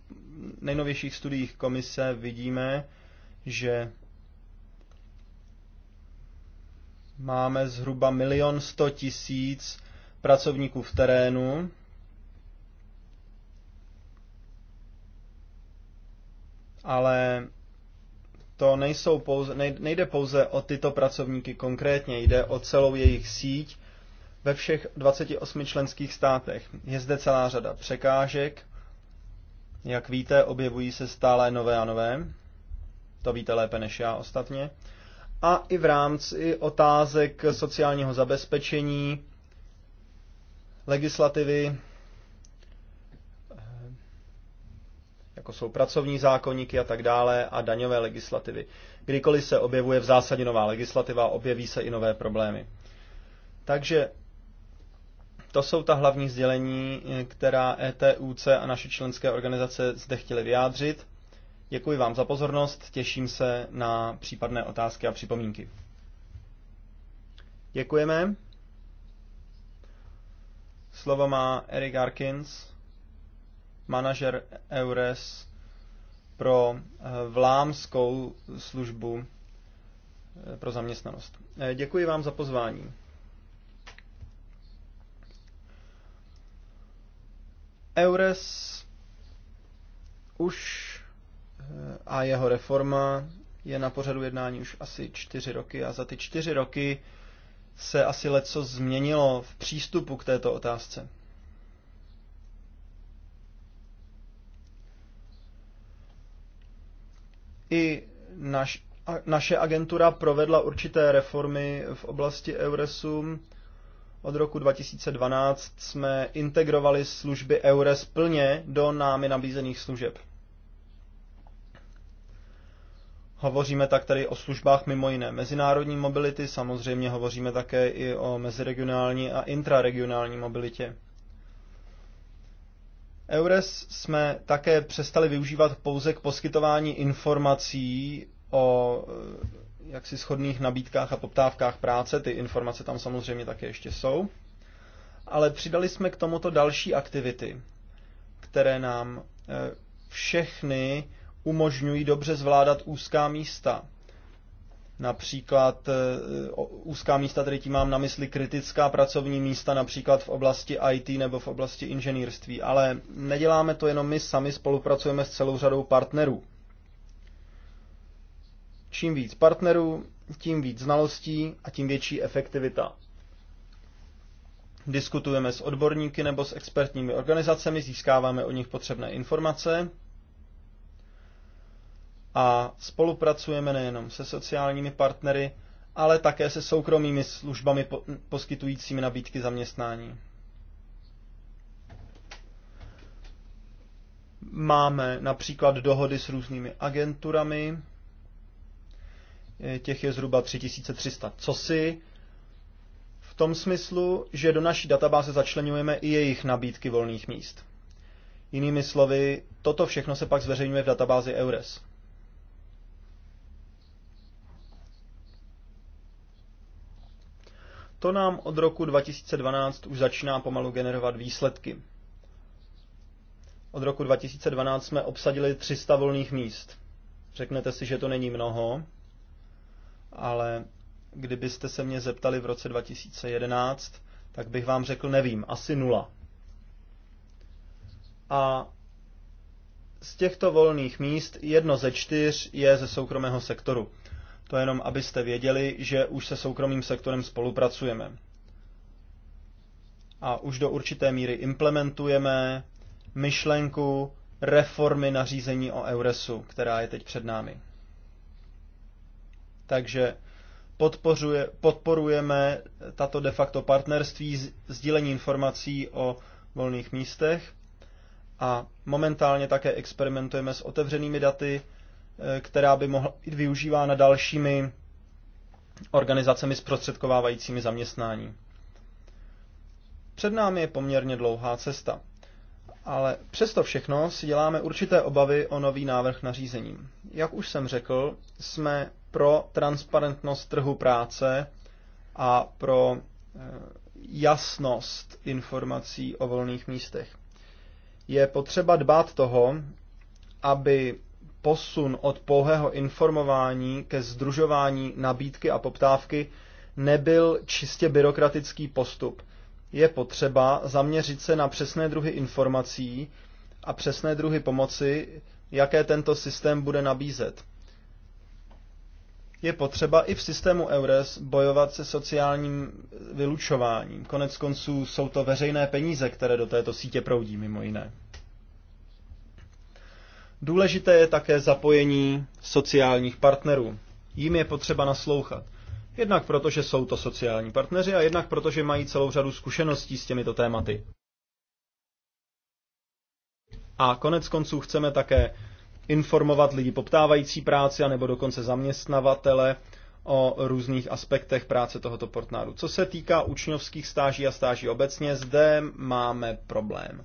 nejnovějších studiích komise vidíme, že máme zhruba milion sto tisíc pracovníků v terénu. Ale to nejsou pouze, nejde pouze o tyto pracovníky konkrétně, jde o celou jejich síť ve všech 28 členských státech. Je zde celá řada překážek. Jak víte, objevují se stále nové a nové. To víte lépe než já ostatně a i v rámci otázek sociálního zabezpečení, legislativy, eh, jako jsou pracovní zákonníky a tak dále, a daňové legislativy. Kdykoliv se objevuje v zásadě nová legislativa, objeví se i nové problémy. Takže to jsou ta hlavní sdělení, eh, která ETUC a naše členské organizace zde chtěly vyjádřit. Děkuji vám za pozornost, těším se na případné otázky a připomínky. Děkujeme. Slovo má Eric Arkins, manažer EURES pro eh, vlámskou službu eh, pro zaměstnanost. Eh, děkuji vám za pozvání. EURES už a jeho reforma je na pořadu jednání už asi čtyři roky a za ty čtyři roky se asi leco změnilo v přístupu k této otázce. I naš, a, naše agentura provedla určité reformy v oblasti Euresu. Od roku 2012 jsme integrovali služby Eures plně do námi nabízených služeb. Hovoříme tak tady o službách mimo jiné mezinárodní mobility, samozřejmě hovoříme také i o meziregionální a intraregionální mobilitě. EURES jsme také přestali využívat pouze k poskytování informací o eh, jaksi schodných nabídkách a poptávkách práce. Ty informace tam samozřejmě také ještě jsou. Ale přidali jsme k tomuto další aktivity, které nám eh, všechny umožňují dobře zvládat úzká místa. Například eh, úzká místa, tedy tím mám na mysli kritická pracovní místa, například v oblasti IT nebo v oblasti inženýrství. Ale neděláme to jenom my sami, spolupracujeme s celou řadou partnerů. Čím víc partnerů, tím víc znalostí a tím větší efektivita. Diskutujeme s odborníky nebo s expertními organizacemi, získáváme o nich potřebné informace a spolupracujeme nejenom se sociálními partnery, ale také se soukromými službami poskytujícími nabídky zaměstnání. Máme například dohody s různými agenturami, těch je zhruba 3300 cosi, v tom smyslu, že do naší databáze začlenujeme i jejich nabídky volných míst. Jinými slovy, toto všechno se pak zveřejňuje v databázi EURES. To nám od roku 2012 už začíná pomalu generovat výsledky. Od roku 2012 jsme obsadili 300 volných míst. Řeknete si, že to není mnoho, ale kdybyste se mě zeptali v roce 2011, tak bych vám řekl, nevím, asi nula. A z těchto volných míst jedno ze čtyř je ze soukromého sektoru. To jenom, abyste věděli, že už se soukromým sektorem spolupracujeme. A už do určité míry implementujeme myšlenku reformy nařízení o Euresu, která je teď před námi. Takže podporujeme tato de facto partnerství, sdílení informací o volných místech a momentálně také experimentujeme s otevřenými daty, Eh, která by mohla být využívána dalšími organizacemi zprostředkovávajícími zaměstnání. Před námi je poměrně dlouhá cesta, ale přesto všechno si děláme určité obavy o nový návrh nařízení. Jak už jsem řekl, jsme pro transparentnost trhu práce a pro eh, jasnost informací o volných místech. Je potřeba dbát toho, aby posun od pouhého informování ke združování nabídky a poptávky nebyl čistě byrokratický postup. Je potřeba zaměřit se na přesné druhy informací a přesné druhy pomoci, jaké tento systém bude nabízet. Je potřeba i v systému EURES bojovat se sociálním vylučováním. Konec konců jsou to veřejné peníze, které do této sítě proudí mimo jiné. Důležité je také zapojení sociálních partnerů. Jím je potřeba naslouchat. Jednak proto, že jsou to sociální partneři a jednak proto, že mají celou řadu zkušeností s těmito tématy. A konec konců chceme také informovat lidi poptávající práci, nebo dokonce zaměstnavatele o různých aspektech práce tohoto portnáru. Co se týká učňovských stáží a stáží obecně, zde máme problém.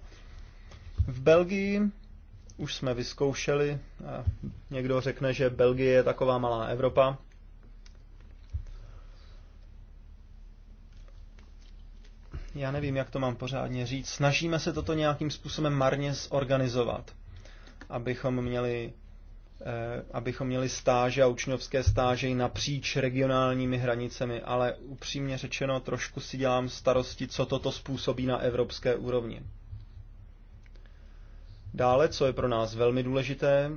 V Belgii už jsme vyzkoušeli. Eh, někdo řekne, že Belgie je taková malá Evropa. Já nevím, jak to mám pořádně říct. Snažíme se toto nějakým způsobem marně zorganizovat, abychom měli eh, abychom měli stáže a učňovské stáže napříč regionálními hranicemi, ale upřímně řečeno trošku si dělám starosti, co toto způsobí na evropské úrovni. Dále, co je pro nás velmi důležité,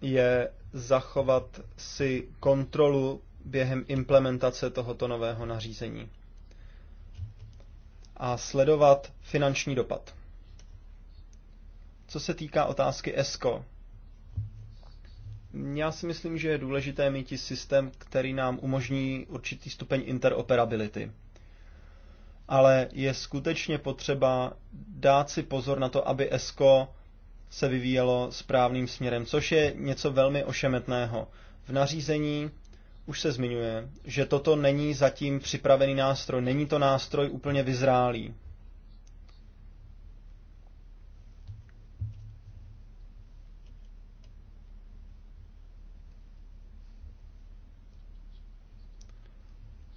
je zachovat si kontrolu během implementace tohoto nového nařízení a sledovat finanční dopad. Co se týká otázky ESCO, já si myslím, že je důležité mít i systém, který nám umožní určitý stupeň interoperability. Ale je skutečně potřeba dát si pozor na to, aby ESCO se vyvíjelo správným směrem, což je něco velmi ošemetného. V nařízení už se zmiňuje, že toto není zatím připravený nástroj, není to nástroj úplně vyzrálý.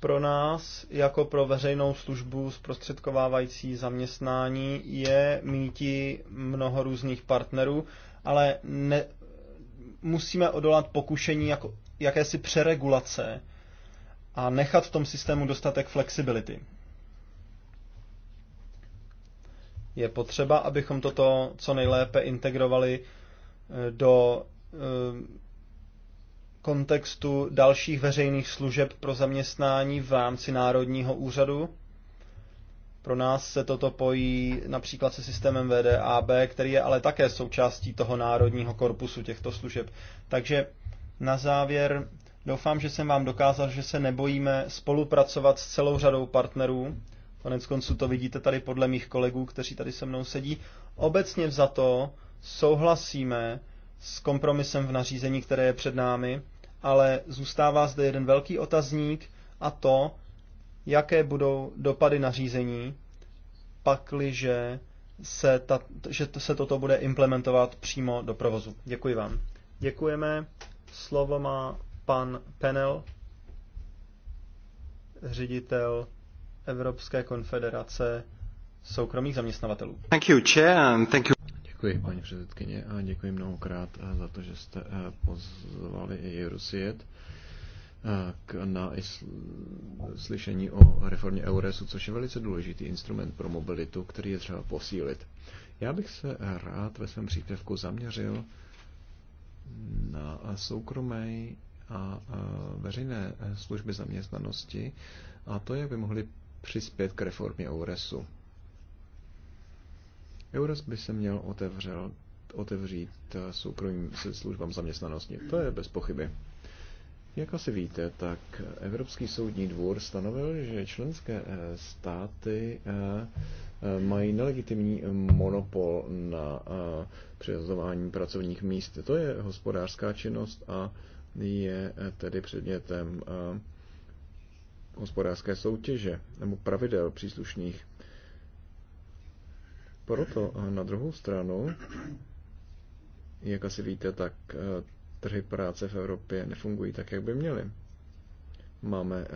pro nás, jako pro veřejnou službu zprostředkovávající zaměstnání, je míti mnoho různých partnerů, ale ne, musíme odolat pokušení jako, jakési přeregulace a nechat v tom systému dostatek flexibility. Je potřeba, abychom toto co nejlépe integrovali eh, do eh, kontextu dalších veřejných služeb pro zaměstnání v rámci Národního úřadu. Pro nás se toto pojí například se systémem VDAB, který je ale také součástí toho národního korpusu těchto služeb. Takže na závěr doufám, že jsem vám dokázal, že se nebojíme spolupracovat s celou řadou partnerů. Konec konců to vidíte tady podle mých kolegů, kteří tady se mnou sedí. Obecně za to souhlasíme s kompromisem v nařízení, které je před námi ale zůstává zde jeden velký otazník a to, jaké budou dopady na řízení, pakliže se, ta, že se toto bude implementovat přímo do provozu. Děkuji vám. Děkujeme. Slovo má pan Penel, ředitel Evropské konfederace soukromých zaměstnavatelů. Thank you, chair, and thank you. Děkuji, paní předsedkyně, a děkuji mnohokrát eh, za to, že jste eh, pozvali i Rusiet eh, k, na slyšení o reformě EURESu, což je velice důležitý instrument pro mobilitu, který je třeba posílit. Já bych se rád ve svém příspěvku zaměřil na soukromé a veřejné služby zaměstnanosti a to, jak by mohly přispět k reformě EURESu. Euras by se měl otevřel, otevřít eh, soukromým službám zaměstnanosti. To je bez pochyby. Jak asi víte, tak Evropský soudní dvůr stanovil, že členské eh, státy eh, mají nelegitimní monopol na přihazování pracovních míst. To je hospodářská činnost a je tedy předmětem hospodářské soutěže nebo pravidel příslušných proto na druhou stranu, jak asi víte, tak eh, trhy práce v Evropě nefungují tak, jak by měly. Máme eh,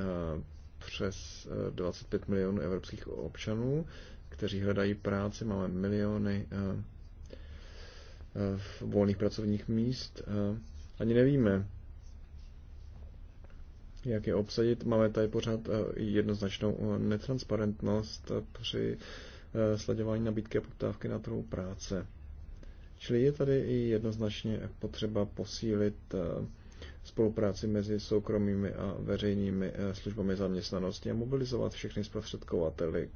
přes 25 eh, milionů evropských občanů, kteří hledají práci, máme miliony volných pracovních míst. Ani nevíme, jak je obsadit. Máme tady pořád jednoznačnou netransparentnost při Eh, sledování nabídky a poptávky na trhu práce. Čili je tady i jednoznačně potřeba posílit eh, spolupráci mezi soukromými a veřejnými eh, službami zaměstnanosti a mobilizovat všechny zprostředkovateli,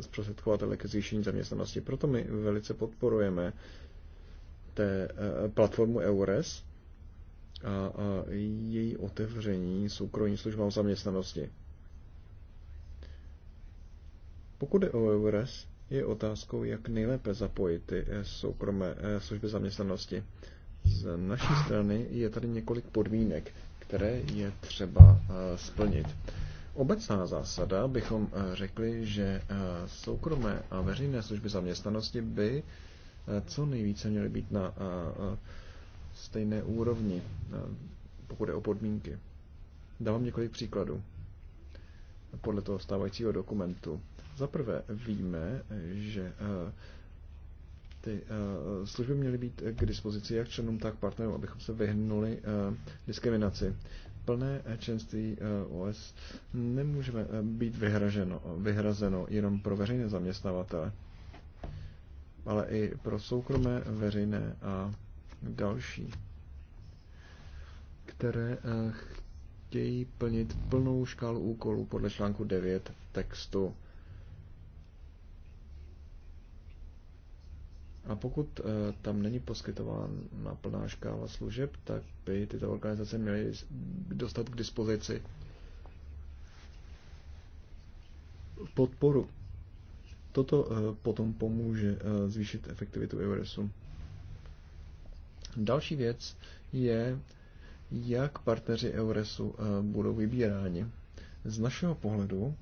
zprostředkovateli ke zvýšení zaměstnanosti. Proto my velice podporujeme té platformu EURES a její otevření soukromým službám zaměstnanosti. Pokud je o EURES, je otázkou, jak nejlépe zapojit ty eh, soukromé eh, služby zaměstnanosti. Z naší strany je tady několik podmínek, které je třeba eh, splnit. Obecná zásada bychom řekli, že soukromé a veřejné služby zaměstnanosti by co nejvíce měly být na stejné úrovni, pokud je o podmínky. Dávám několik příkladů podle toho stávajícího dokumentu za prvé víme, že eh, ty eh, služby měly být k dispozici jak členům, tak partnerům, abychom se vyhnuli eh, diskriminaci. Plné členství OS nemůžeme být vyhraženo, vyhrazeno jenom pro veřejné zaměstnavatele, ale i pro soukromé, veřejné a další, které chtějí plnit plnou škálu úkolů podle článku 9 textu A pokud eh, tam není poskytována plná škála služeb, tak by tyto organizace měly dostat k dispozici podporu. Toto eh, potom pomůže eh, zvýšit efektivitu Everesu. Další věc je, jak partneři Euresu budou vybíráni. Z našeho pohledu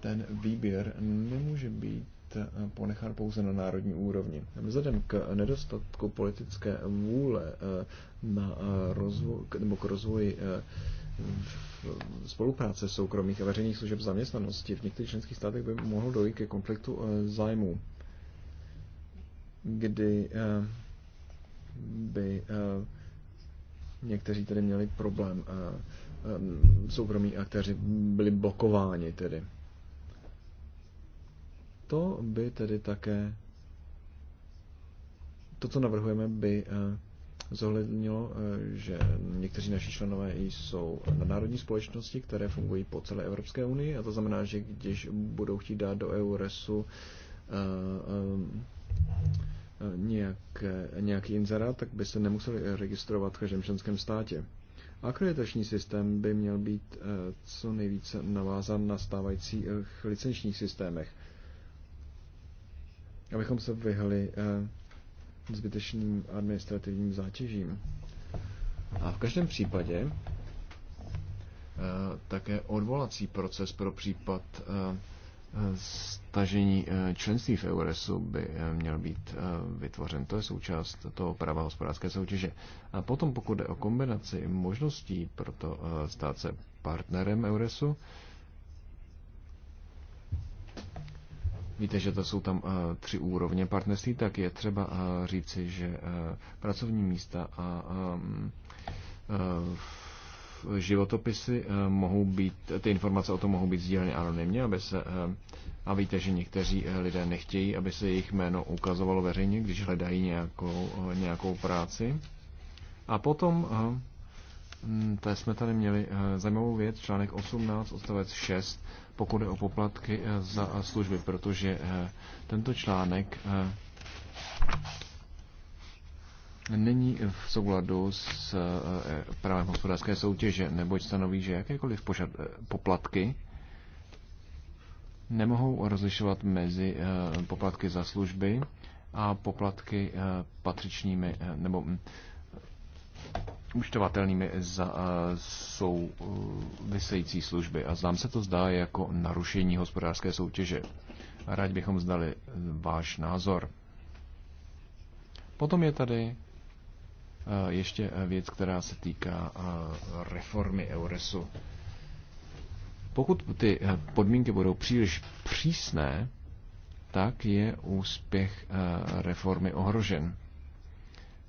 ten výběr nemůže být Eh, ponechán pouze na národní úrovni. Vzhledem k nedostatku politické vůle eh, na eh, rozvoj, nebo k rozvoji spolupráce soukromých a veřejných služeb zaměstnanosti v některých členských státech by mohlo dojít ke konfliktu zájmů, kdy by někteří tedy měli problém, soukromí aktéři byli blokováni tedy to by tedy také to, co navrhujeme, by eh, zohlednilo, eh, že někteří naši členové jsou na národní společnosti, které fungují po celé Evropské unii a to znamená, že když budou chtít dát do EURESu eh, nějak, nějaký inzerát, tak by se nemuseli registrovat v každém členském státě. Akreditační systém by měl být co nejvíce navázan na stávajících licenčních systémech abychom se vyhli eh, zbytečným administrativním zátěžím. A v každém případě eh, také odvolací proces pro případ eh, stažení členství v Euresu by měl být vytvořen. To je součást toho práva hospodářské soutěže. A potom, pokud jde o kombinaci možností pro to stát se partnerem Euresu, Víte, že to jsou tam eh, tři úrovně partnerství, tak je třeba eh, říci, že eh, pracovní místa a ehm, životopisy mohou být, ty informace o tom mohou být sdíleny anonymně, aby se, a víte, že někteří lidé nechtějí, aby se jejich jméno ukazovalo veřejně, když hledají nějakou, nějakou práci. A potom, hm, tady jsme tady měli zajímavou věc, článek 18, odstavec 6, pokud je o poplatky eh, za eh, služby, protože eh, tento článek není v souladu s právem hospodářské soutěže, neboť stanoví, že jakékoliv požad, poplatky nemohou rozlišovat mezi poplatky za služby a poplatky patřičními nebo mm, účtovatelnými za uh, vysející služby a znám se to zdá jako narušení hospodářské soutěže. Rád bychom zdali uh, váš názor. Potom je tady uh, ještě věc, která se týká reformy Euresu. Pokud ty podmínky budou příliš přísné, tak je úspěch reformy ohrožen.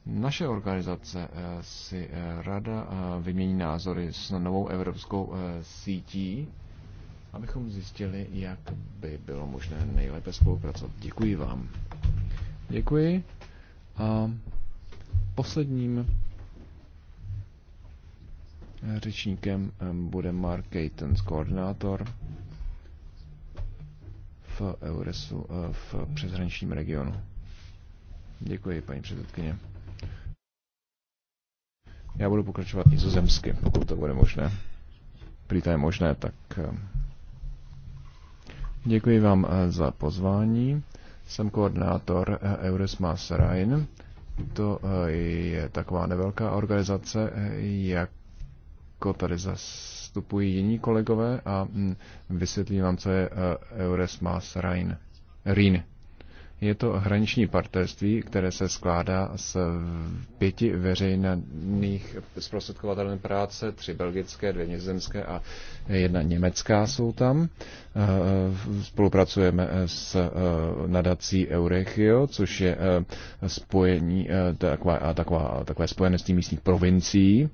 Naše organizace eh, si eh, rada eh, vymění názory s novou evropskou sítí, abychom zjistili, jak by bylo možné nejlépe spolupracovat. Děkuji vám. Děkuji. A posledním řečníkem bude Mark Keitens, koordinátor v Euresu v přeshraničním regionu. Děkuji, paní předsedkyně. Já budu pokračovat nizozemsky, pokud to bude možné. Prý to je možné, tak eh, děkuji vám eh, za pozvání. Jsem koordinátor eh, Eurismas Rhein. To je taková nevelká organizace, jako tady zastupují jiní kolegové a hm, vysvětlím vám, co je Eurismas Rhein. Rhein. Je to hraniční partnerství, které se skládá z pěti veřejných zprostředkovatelů práce, tři belgické, dvě nizozemské a jedna německá jsou tam. Eh, eh, spolupracujeme s eh, nadací Eurechio, což je spojení, taková, taková, takové spojenectví místních provincií,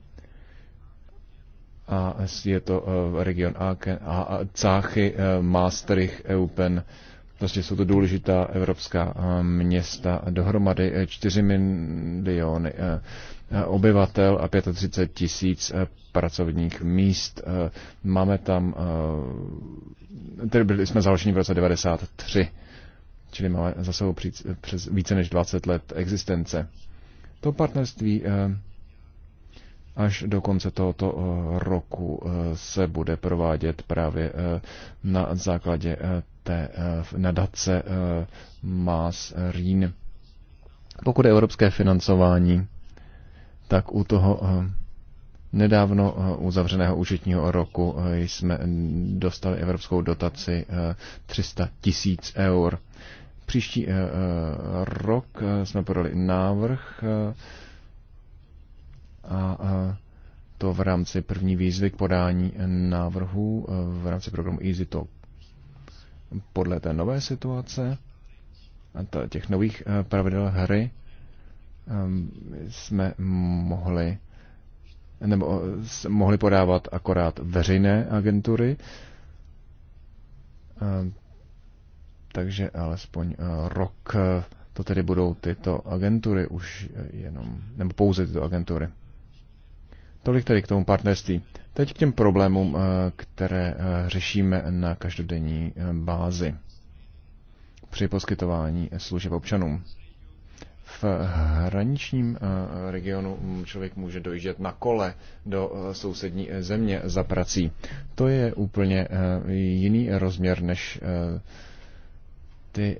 a je to region Aachen, a Cáchy, Maastricht, Eupen, Prostě jsou to důležitá evropská eh, města, dohromady 4 eh, miliony eh, obyvatel a 35 tisíc pracovních míst. Máme tam, tedy byli jsme založeni v roce 93, čili máme za sebou přes více než 20 let existence. To partnerství až do konce tohoto roku se bude provádět právě na základě té eh, nadace eh, Maas Rín. Pokud je evropské financování, tak u toho eh, nedávno uzavřeného účetního roku jsme dostali evropskou dotaci 300 tisíc eur. Příští rok jsme podali návrh a to v rámci první výzvy k podání návrhů v rámci programu Easy Talk podle té nové situace a těch nových eh, pravidel hry ehm, jsme mohli nebo eh, mohli podávat akorát veřejné agentury, ehm, takže alespoň eh, rok to tedy budou tyto agentury už jenom, nebo pouze tyto agentury. Tolik tedy k tomu partnerství. Teď k těm problémům, eh, které eh, řešíme na každodenní eh, bázi při poskytování služeb občanům. V hraničním regionu hm, člověk může dojíždět na kole do sousední země za prací. To je úplně jiný rozměr než ty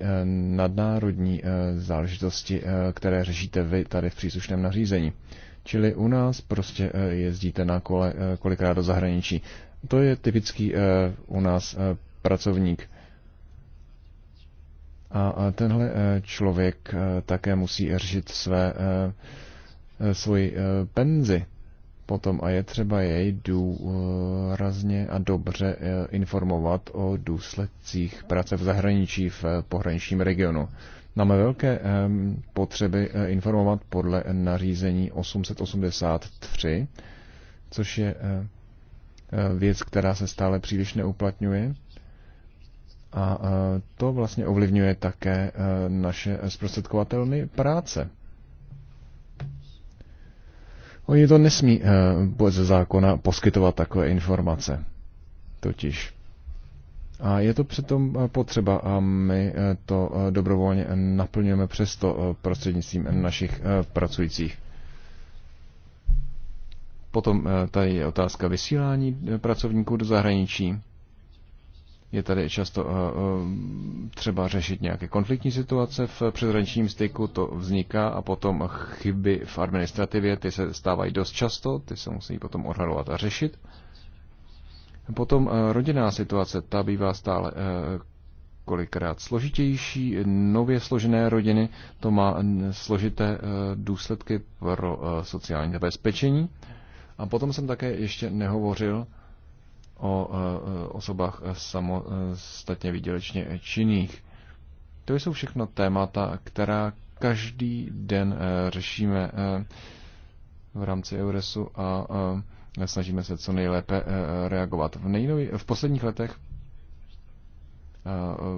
nadnárodní záležitosti, které řešíte vy tady v příslušném nařízení. Čili u nás prostě eh, jezdíte na kole eh, kolikrát do zahraničí. To je typický eh, u nás pracovník. A tenhle člověk také musí řešit své, svoji penzi potom a je třeba jej důrazně a dobře informovat o důsledcích práce v zahraničí v pohraničním regionu máme velké ehm, potřeby eh, informovat podle nařízení 883, což je eh, eh, věc, která se stále příliš neuplatňuje. A to vlastně ovlivňuje také naše zprostředkovatelny práce. Oni to nesmí ze zákona poskytovat takové informace. Totiž a je to přitom eh, potřeba a my eh, to eh, dobrovolně naplňujeme přesto prostřednictvím našich pracujících. Potom tady je otázka vysílání pracovníků do zahraničí. Je tady často třeba řešit nějaké konfliktní situace v přeshraničním styku, to vzniká a potom chyby v administrativě, ty se stávají dost často, ty se musí potom odhadovat a řešit. Potom eh, rodinná situace, ta bývá stále eh, kolikrát složitější. Nově složené rodiny, to má složité eh, důsledky pro sociální zabezpečení. A potom jsem také ještě nehovořil o osobách samostatně výdělečně činných. To jsou všechno témata, která každý den řešíme v rámci Euresu a snažíme se co nejlépe eh, reagovat. V, nejnovi, v posledních letech eh,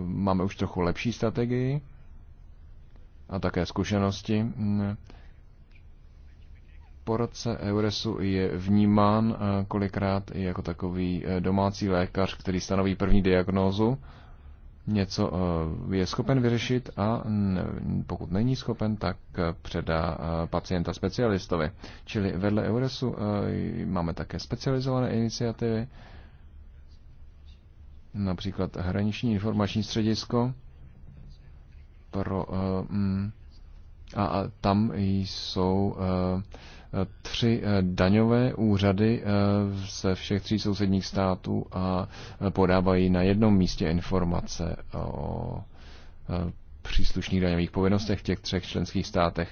máme už trochu lepší strategii a také zkušenosti. Poradce Euresu je vnímán eh, kolikrát i jako takový domácí lékař, který stanoví první diagnózu něco eh, je schopen vyřešit a pokud není schopen, tak eh, předá eh, pacienta specialistovi. Čili vedle Euresu máme také specializované iniciativy, například hraniční informační středisko pro mm, a, a tam jsou tři eh, daňové úřady eh, ze všech tří sousedních států a eh, podávají na jednom místě informace o příslušných daňových povinnostech v těch třech členských státech.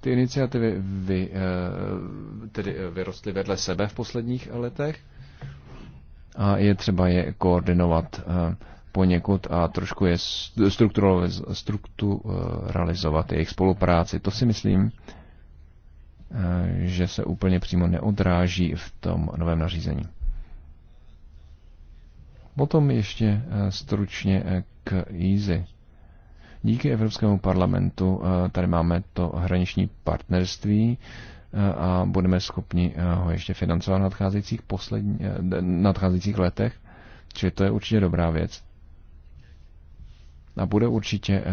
Ty iniciativy vy, tedy vyrostly vedle sebe v posledních letech a je třeba je koordinovat poněkud a trošku je strukturalizovat jejich spolupráci. To si myslím, Eh, že se úplně přímo neodráží v tom novém nařízení. Potom ještě eh, stručně eh, k EASY. Díky Evropskému parlamentu tady máme to hraniční partnerství a budeme schopni ho ještě financovat v nadcházejících, poslední, nadcházejících letech, čili to je určitě dobrá věc. A bude určitě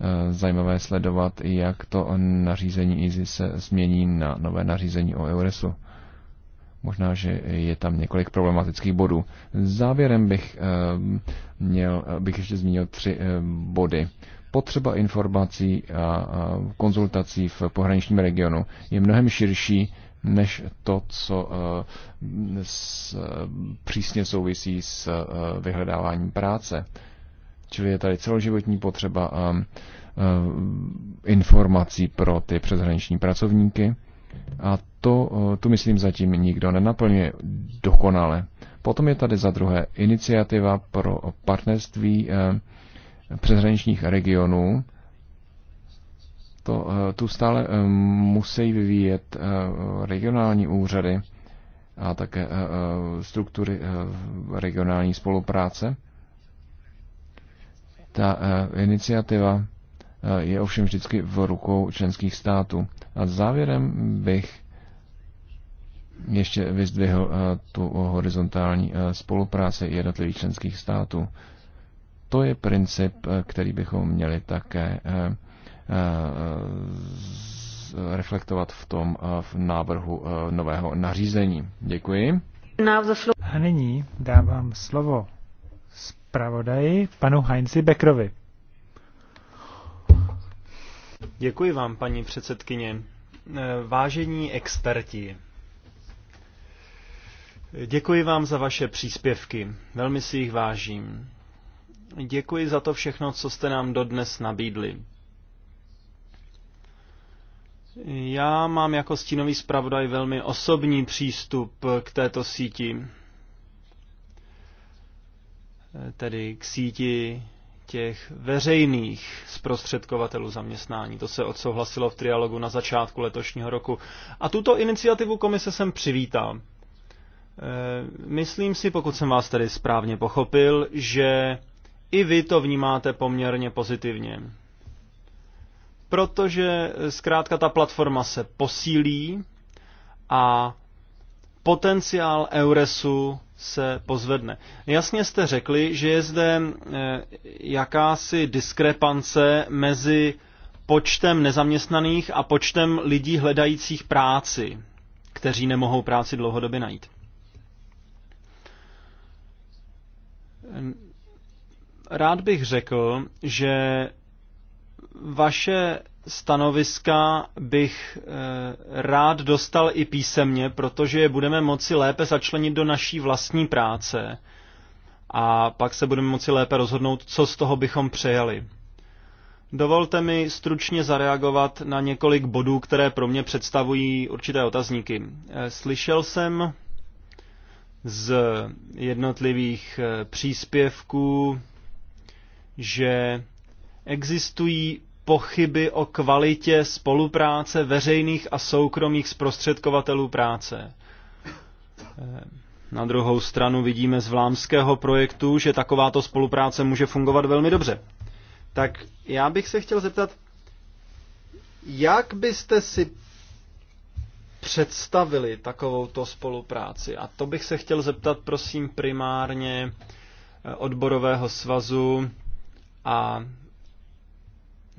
Eh, zajímavé sledovat, jak to nařízení EASY se změní na nové nařízení o Euresu. Možná, že je tam několik problematických bodů. Závěrem bych, eh, měl, eh, bych ještě zmínil tři body. Potřeba informací a konzultací v pohraničním regionu je mnohem širší než to, co přísně souvisí s vyhledáváním práce. Čili je tady celoživotní potřeba a um, um, informací pro ty přeshraniční pracovníky. A to, uh, tu myslím, zatím nikdo nenaplňuje dokonale. Potom je tady za druhé iniciativa pro partnerství uh, přeshraničních regionů. To, uh, tu stále musí vyvíjet regionální úřady a také struktury regionální spolupráce. Ta eh, iniciativa eh, je ovšem vždycky v rukou členských států. A závěrem bych ještě vyzdvihl eh, tu horizontální spolupráci jednotlivých členských států. To je princip, který bychom měli také reflektovat v tom v návrhu nového nařízení. Děkuji. A nyní dávám slovo zpravodaji, panu Heinzi Bekrovi. Děkuji vám, paní předsedkyně. Eh, vážení experti, děkuji vám za vaše příspěvky. Velmi si jich vážím. Děkuji za to všechno, co jste nám dodnes nabídli. Já mám jako stínový zpravodaj velmi osobní přístup k této síti tedy k síti těch veřejných zprostředkovatelů zaměstnání. To se odsouhlasilo v trialogu na začátku letošního roku. A tuto iniciativu komise jsem přivítal. E, myslím si, pokud jsem vás tady správně pochopil, že i vy to vnímáte poměrně pozitivně. Protože zkrátka ta platforma se posílí a potenciál Euresu se pozvedne. Jasně jste řekli, že je zde eh, jakási diskrepance mezi počtem nezaměstnaných a počtem lidí hledajících práci, kteří nemohou práci dlouhodobě najít. Rád bych řekl, že vaše stanoviska bych eh, rád dostal i písemně, protože je budeme moci lépe začlenit do naší vlastní práce a pak se budeme moci lépe rozhodnout, co z toho bychom přejali. Dovolte mi stručně zareagovat na několik bodů, které pro mě představují určité otazníky. Eh, slyšel jsem z jednotlivých eh, příspěvků, že existují pochyby o kvalitě spolupráce veřejných a soukromých zprostředkovatelů práce. Eh, na druhou stranu vidíme z vlámského projektu, že takováto spolupráce může fungovat velmi dobře. Tak já bych se chtěl zeptat, jak byste si představili takovouto spolupráci? A to bych se chtěl zeptat, prosím, primárně eh, odborového svazu a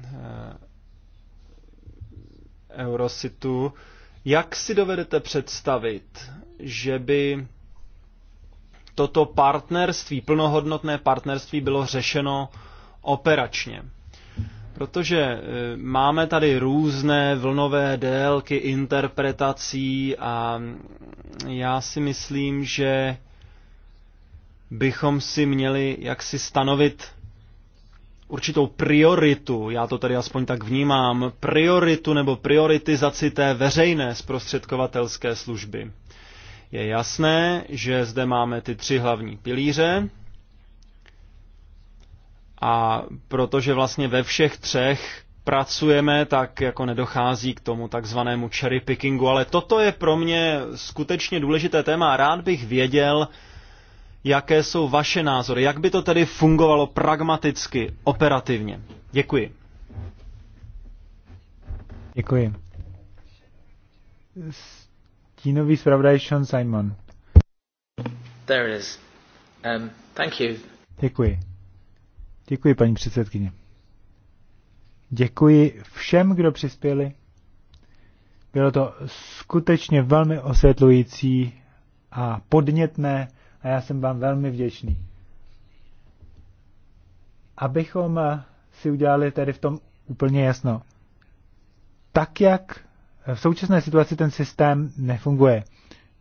Eh, Eurositu. Jak si dovedete představit, že by toto partnerství, plnohodnotné partnerství bylo řešeno operačně? Protože eh, máme tady různé vlnové délky interpretací a já si myslím, že bychom si měli jaksi stanovit určitou prioritu, já to tady aspoň tak vnímám, prioritu nebo prioritizaci té veřejné zprostředkovatelské služby. Je jasné, že zde máme ty tři hlavní pilíře a protože vlastně ve všech třech pracujeme, tak jako nedochází k tomu takzvanému cherry pickingu, ale toto je pro mě skutečně důležité téma a rád bych věděl, jaké jsou vaše názory. Jak by to tedy fungovalo pragmaticky, operativně? Děkuji. Děkuji. Stínový zpravodaj Sean Simon. There it is. Um, thank you. Děkuji. Děkuji, paní předsedkyně. Děkuji všem, kdo přispěli. Bylo to skutečně velmi osvětlující a podnětné a já jsem vám velmi vděčný. Abychom eh, si udělali tedy v tom úplně jasno. Tak, jak eh, v současné situaci ten systém nefunguje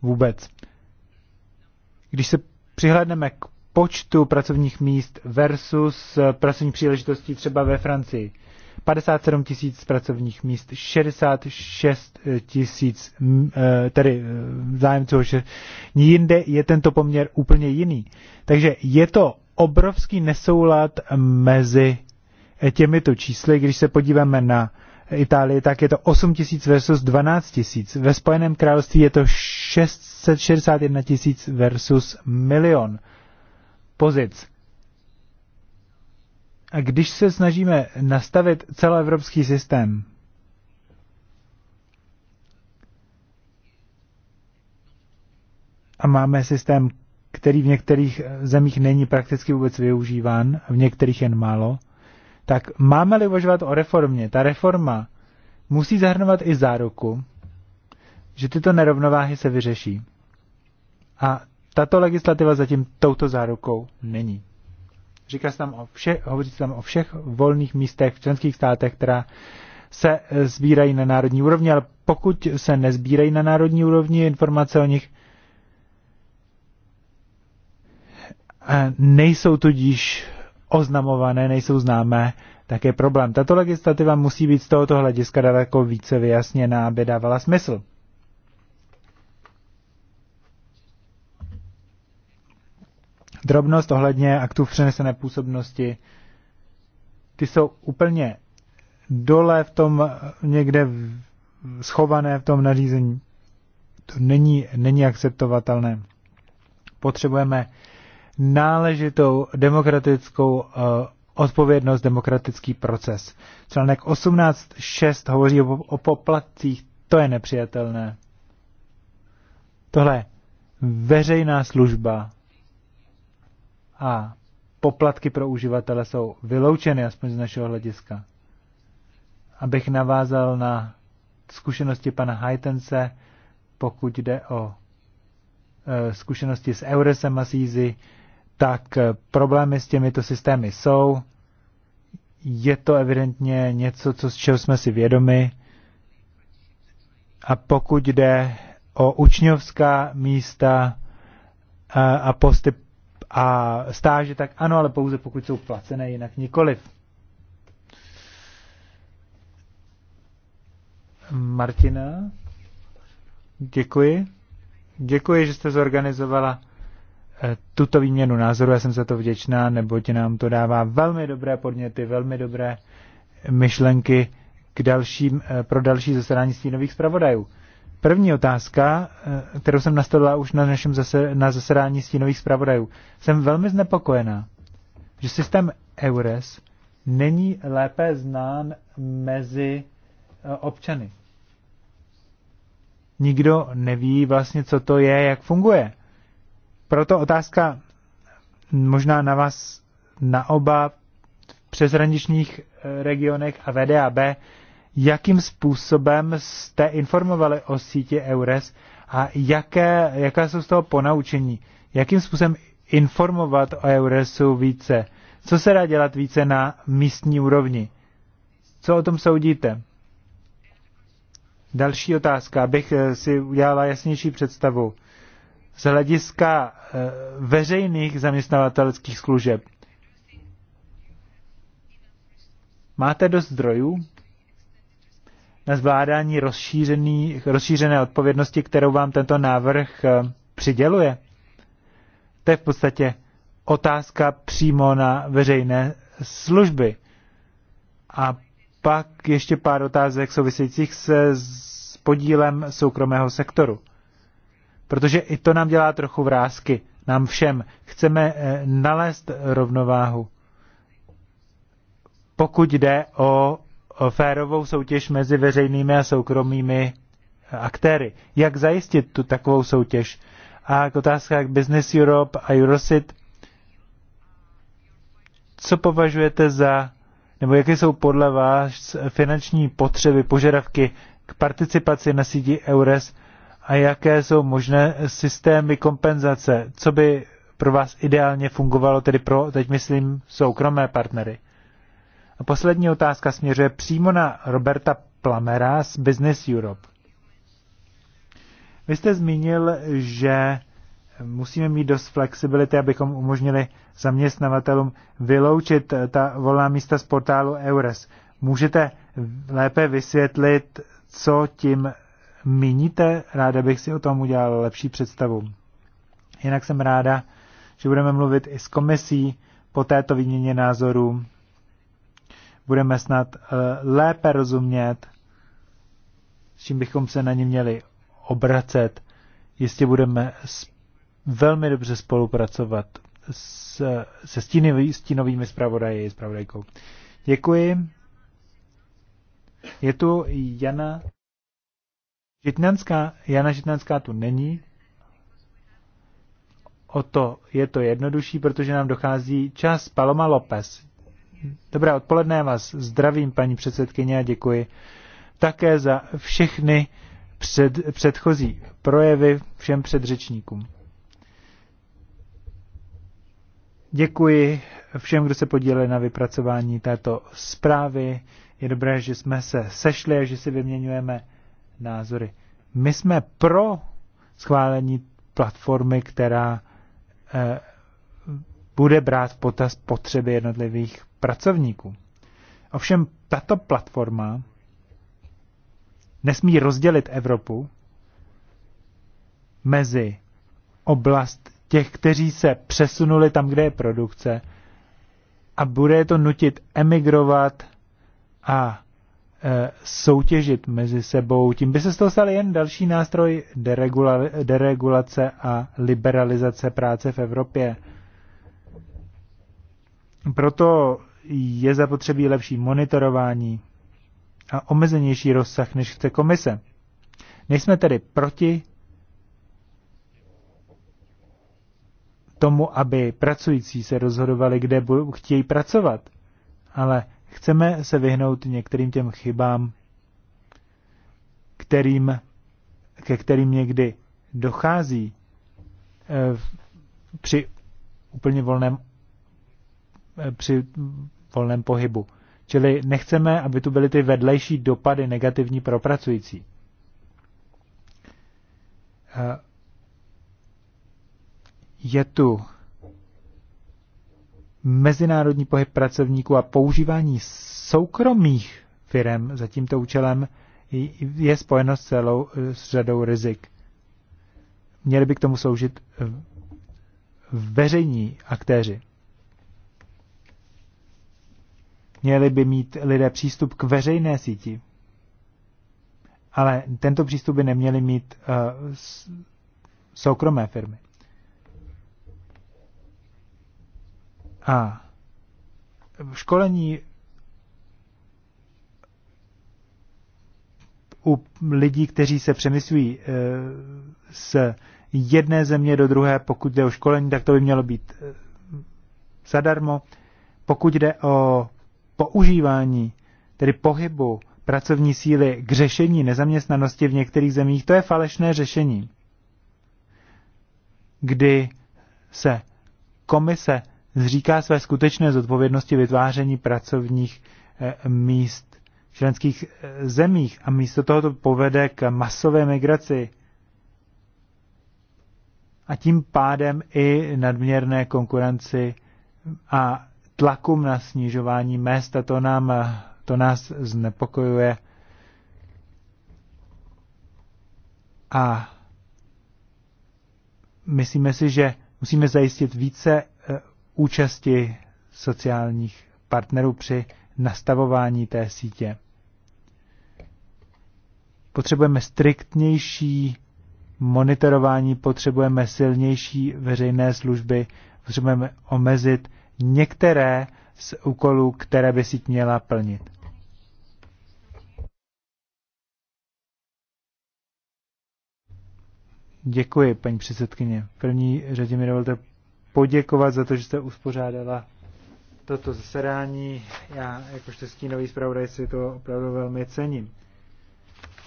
vůbec. Když se přihlédneme k počtu pracovních míst versus eh, pracovní příležitostí třeba ve Francii, 57 tisíc pracovních míst, 66 eh, tisíc, eh, tedy eh, zájemců, jinde je tento poměr úplně jiný. Takže je to obrovský nesoulad mezi těmito čísly. Když se podíváme na Itálii, tak je to 8 tisíc versus 12 tisíc. Ve Spojeném království je to 661 tisíc versus milion pozic. A když se snažíme nastavit celoevropský systém, a máme systém, který v některých zemích není prakticky vůbec využíván, v některých jen málo, tak máme-li uvažovat o reformě, ta reforma musí zahrnovat i záruku, že tyto nerovnováhy se vyřeší. A tato legislativa zatím touto zárukou není. Říká se tam o vše, hovoří se tam o všech volných místech v členských státech, která se eh, sbírají na národní úrovni, ale pokud se nezbírají na národní úrovni informace o nich, eh, nejsou tudíž oznamované, nejsou známé, tak je problém. Tato legislativa musí být z tohoto hlediska daleko více vyjasněná, aby dávala smysl. drobnost ohledně aktů v přenesené působnosti. Ty jsou úplně dole v tom někde schované v tom nařízení. To není, není akceptovatelné. Potřebujeme náležitou demokratickou eh, odpovědnost, demokratický proces. Článek 18.6 hovoří o, o poplatcích, to je nepřijatelné. Tohle je veřejná služba a poplatky pro uživatele jsou vyloučeny, aspoň z našeho hlediska. Abych navázal na zkušenosti pana Hajtence, pokud jde o e, zkušenosti s Euresem a Sýzy, tak e, problémy s těmito systémy jsou. Je to evidentně něco, co, z čeho jsme si vědomi. A pokud jde o učňovská místa a, e, a posty a stáže, tak ano, ale pouze pokud jsou placené, jinak nikoliv. Martina, děkuji. Děkuji, že jste zorganizovala eh, tuto výměnu názoru. Já jsem za to vděčná, neboť nám to dává velmi dobré podněty, velmi dobré myšlenky k dalším, eh, pro další zasedání stínových zpravodajů. První otázka, eh, kterou jsem nastavila už na našem zase, na zasedání stínových zpravodajů. Jsem velmi znepokojená, že systém EURES není lépe znán mezi eh, občany. Nikdo neví vlastně, co to je, jak funguje. Proto otázka možná na vás, na oba, v přezraničních eh, regionech a VDAB jakým způsobem jste informovali o síti EURES a jaké, jaká jsou z toho ponaučení. Jakým způsobem informovat o EURESu více? Co se dá dělat více na místní úrovni? Co o tom soudíte? Další otázka, abych eh, si udělala jasnější představu. Z hlediska eh, veřejných zaměstnavatelských služeb. Máte dost zdrojů? na zvládání rozšířené odpovědnosti, kterou vám tento návrh eh, přiděluje? To je v podstatě otázka přímo na veřejné služby. A pak ještě pár otázek souvisejících se s podílem soukromého sektoru. Protože i to nám dělá trochu vrázky, nám všem. Chceme eh, nalézt rovnováhu, pokud jde o férovou soutěž mezi veřejnými a soukromými aktéry. Jak zajistit tu takovou soutěž? A k otázkách Business Europe a Eurosit, co považujete za, nebo jaké jsou podle vás finanční potřeby, požadavky k participaci na síti EURES a jaké jsou možné systémy kompenzace, co by pro vás ideálně fungovalo, tedy pro, teď myslím, soukromé partnery. A poslední otázka směřuje přímo na Roberta Plamera z Business Europe. Vy jste zmínil, že musíme mít dost flexibility, abychom umožnili zaměstnavatelům vyloučit ta volná místa z portálu EURES. Můžete lépe vysvětlit, co tím míníte? Ráda bych si o tom udělal lepší představu. Jinak jsem ráda, že budeme mluvit i s komisí po této výměně názorů budeme snad eh, lépe rozumět, s čím bychom se na ně měli obracet. Jistě budeme velmi dobře spolupracovat s, se stínový, stínovými zpravodaji, zpravodajkou. Děkuji. Je tu Jana Žitňanská. Jana Žitňanská tu není. O to je to jednodušší, protože nám dochází čas. Paloma López. Dobré odpoledne, vás zdravím, paní předsedkyně, a děkuji také za všechny před, předchozí projevy všem předřečníkům. Děkuji všem, kdo se podíleli na vypracování této zprávy. Je dobré, že jsme se sešli a že si vyměňujeme názory. My jsme pro schválení platformy, která eh, bude brát v potaz potřeby jednotlivých pracovníků. Ovšem tato platforma nesmí rozdělit Evropu mezi oblast těch, kteří se přesunuli tam, kde je produkce a bude to nutit emigrovat a e, soutěžit mezi sebou. Tím by se z toho stal jen další nástroj deregula, deregulace a liberalizace práce v Evropě. Proto je zapotřebí lepší monitorování a omezenější rozsah, než chce komise. Nejsme tedy proti tomu, aby pracující se rozhodovali, kde chtějí pracovat, ale chceme se vyhnout některým těm chybám, kterým, ke kterým někdy dochází eh, při úplně volném eh, při volném pohybu. Čili nechceme, aby tu byly ty vedlejší dopady negativní pro pracující. Eh, je tu mezinárodní pohyb pracovníků a používání soukromých firm za tímto účelem je spojeno s celou s řadou rizik. Měli by k tomu sloužit eh, veřejní aktéři. Měli by mít lidé přístup k veřejné síti. Ale tento přístup by neměli mít uh, soukromé firmy. A školení u lidí, kteří se přemyslují eh, z jedné země do druhé, pokud jde o školení, tak to by mělo být eh, zadarmo. Pokud jde o používání, tedy pohybu pracovní síly k řešení nezaměstnanosti v některých zemích, to je falešné řešení. Kdy se komise zříká své skutečné zodpovědnosti vytváření pracovních eh, míst v členských eh, zemích a místo toho to povede k masové migraci a tím pádem i nadměrné konkurenci a tlakům na snižování mest a to, nám, to nás znepokojuje. A myslíme si, že musíme zajistit více e, účasti sociálních partnerů při nastavování té sítě. Potřebujeme striktnější monitorování, potřebujeme silnější veřejné služby, potřebujeme omezit některé z úkolů, které by si měla plnit. Děkuji, paní předsedkyně. V první řadě mi dovolte poděkovat za to, že jste uspořádala toto zasedání. Já jakožto stínový zpravodaj si to opravdu velmi cením.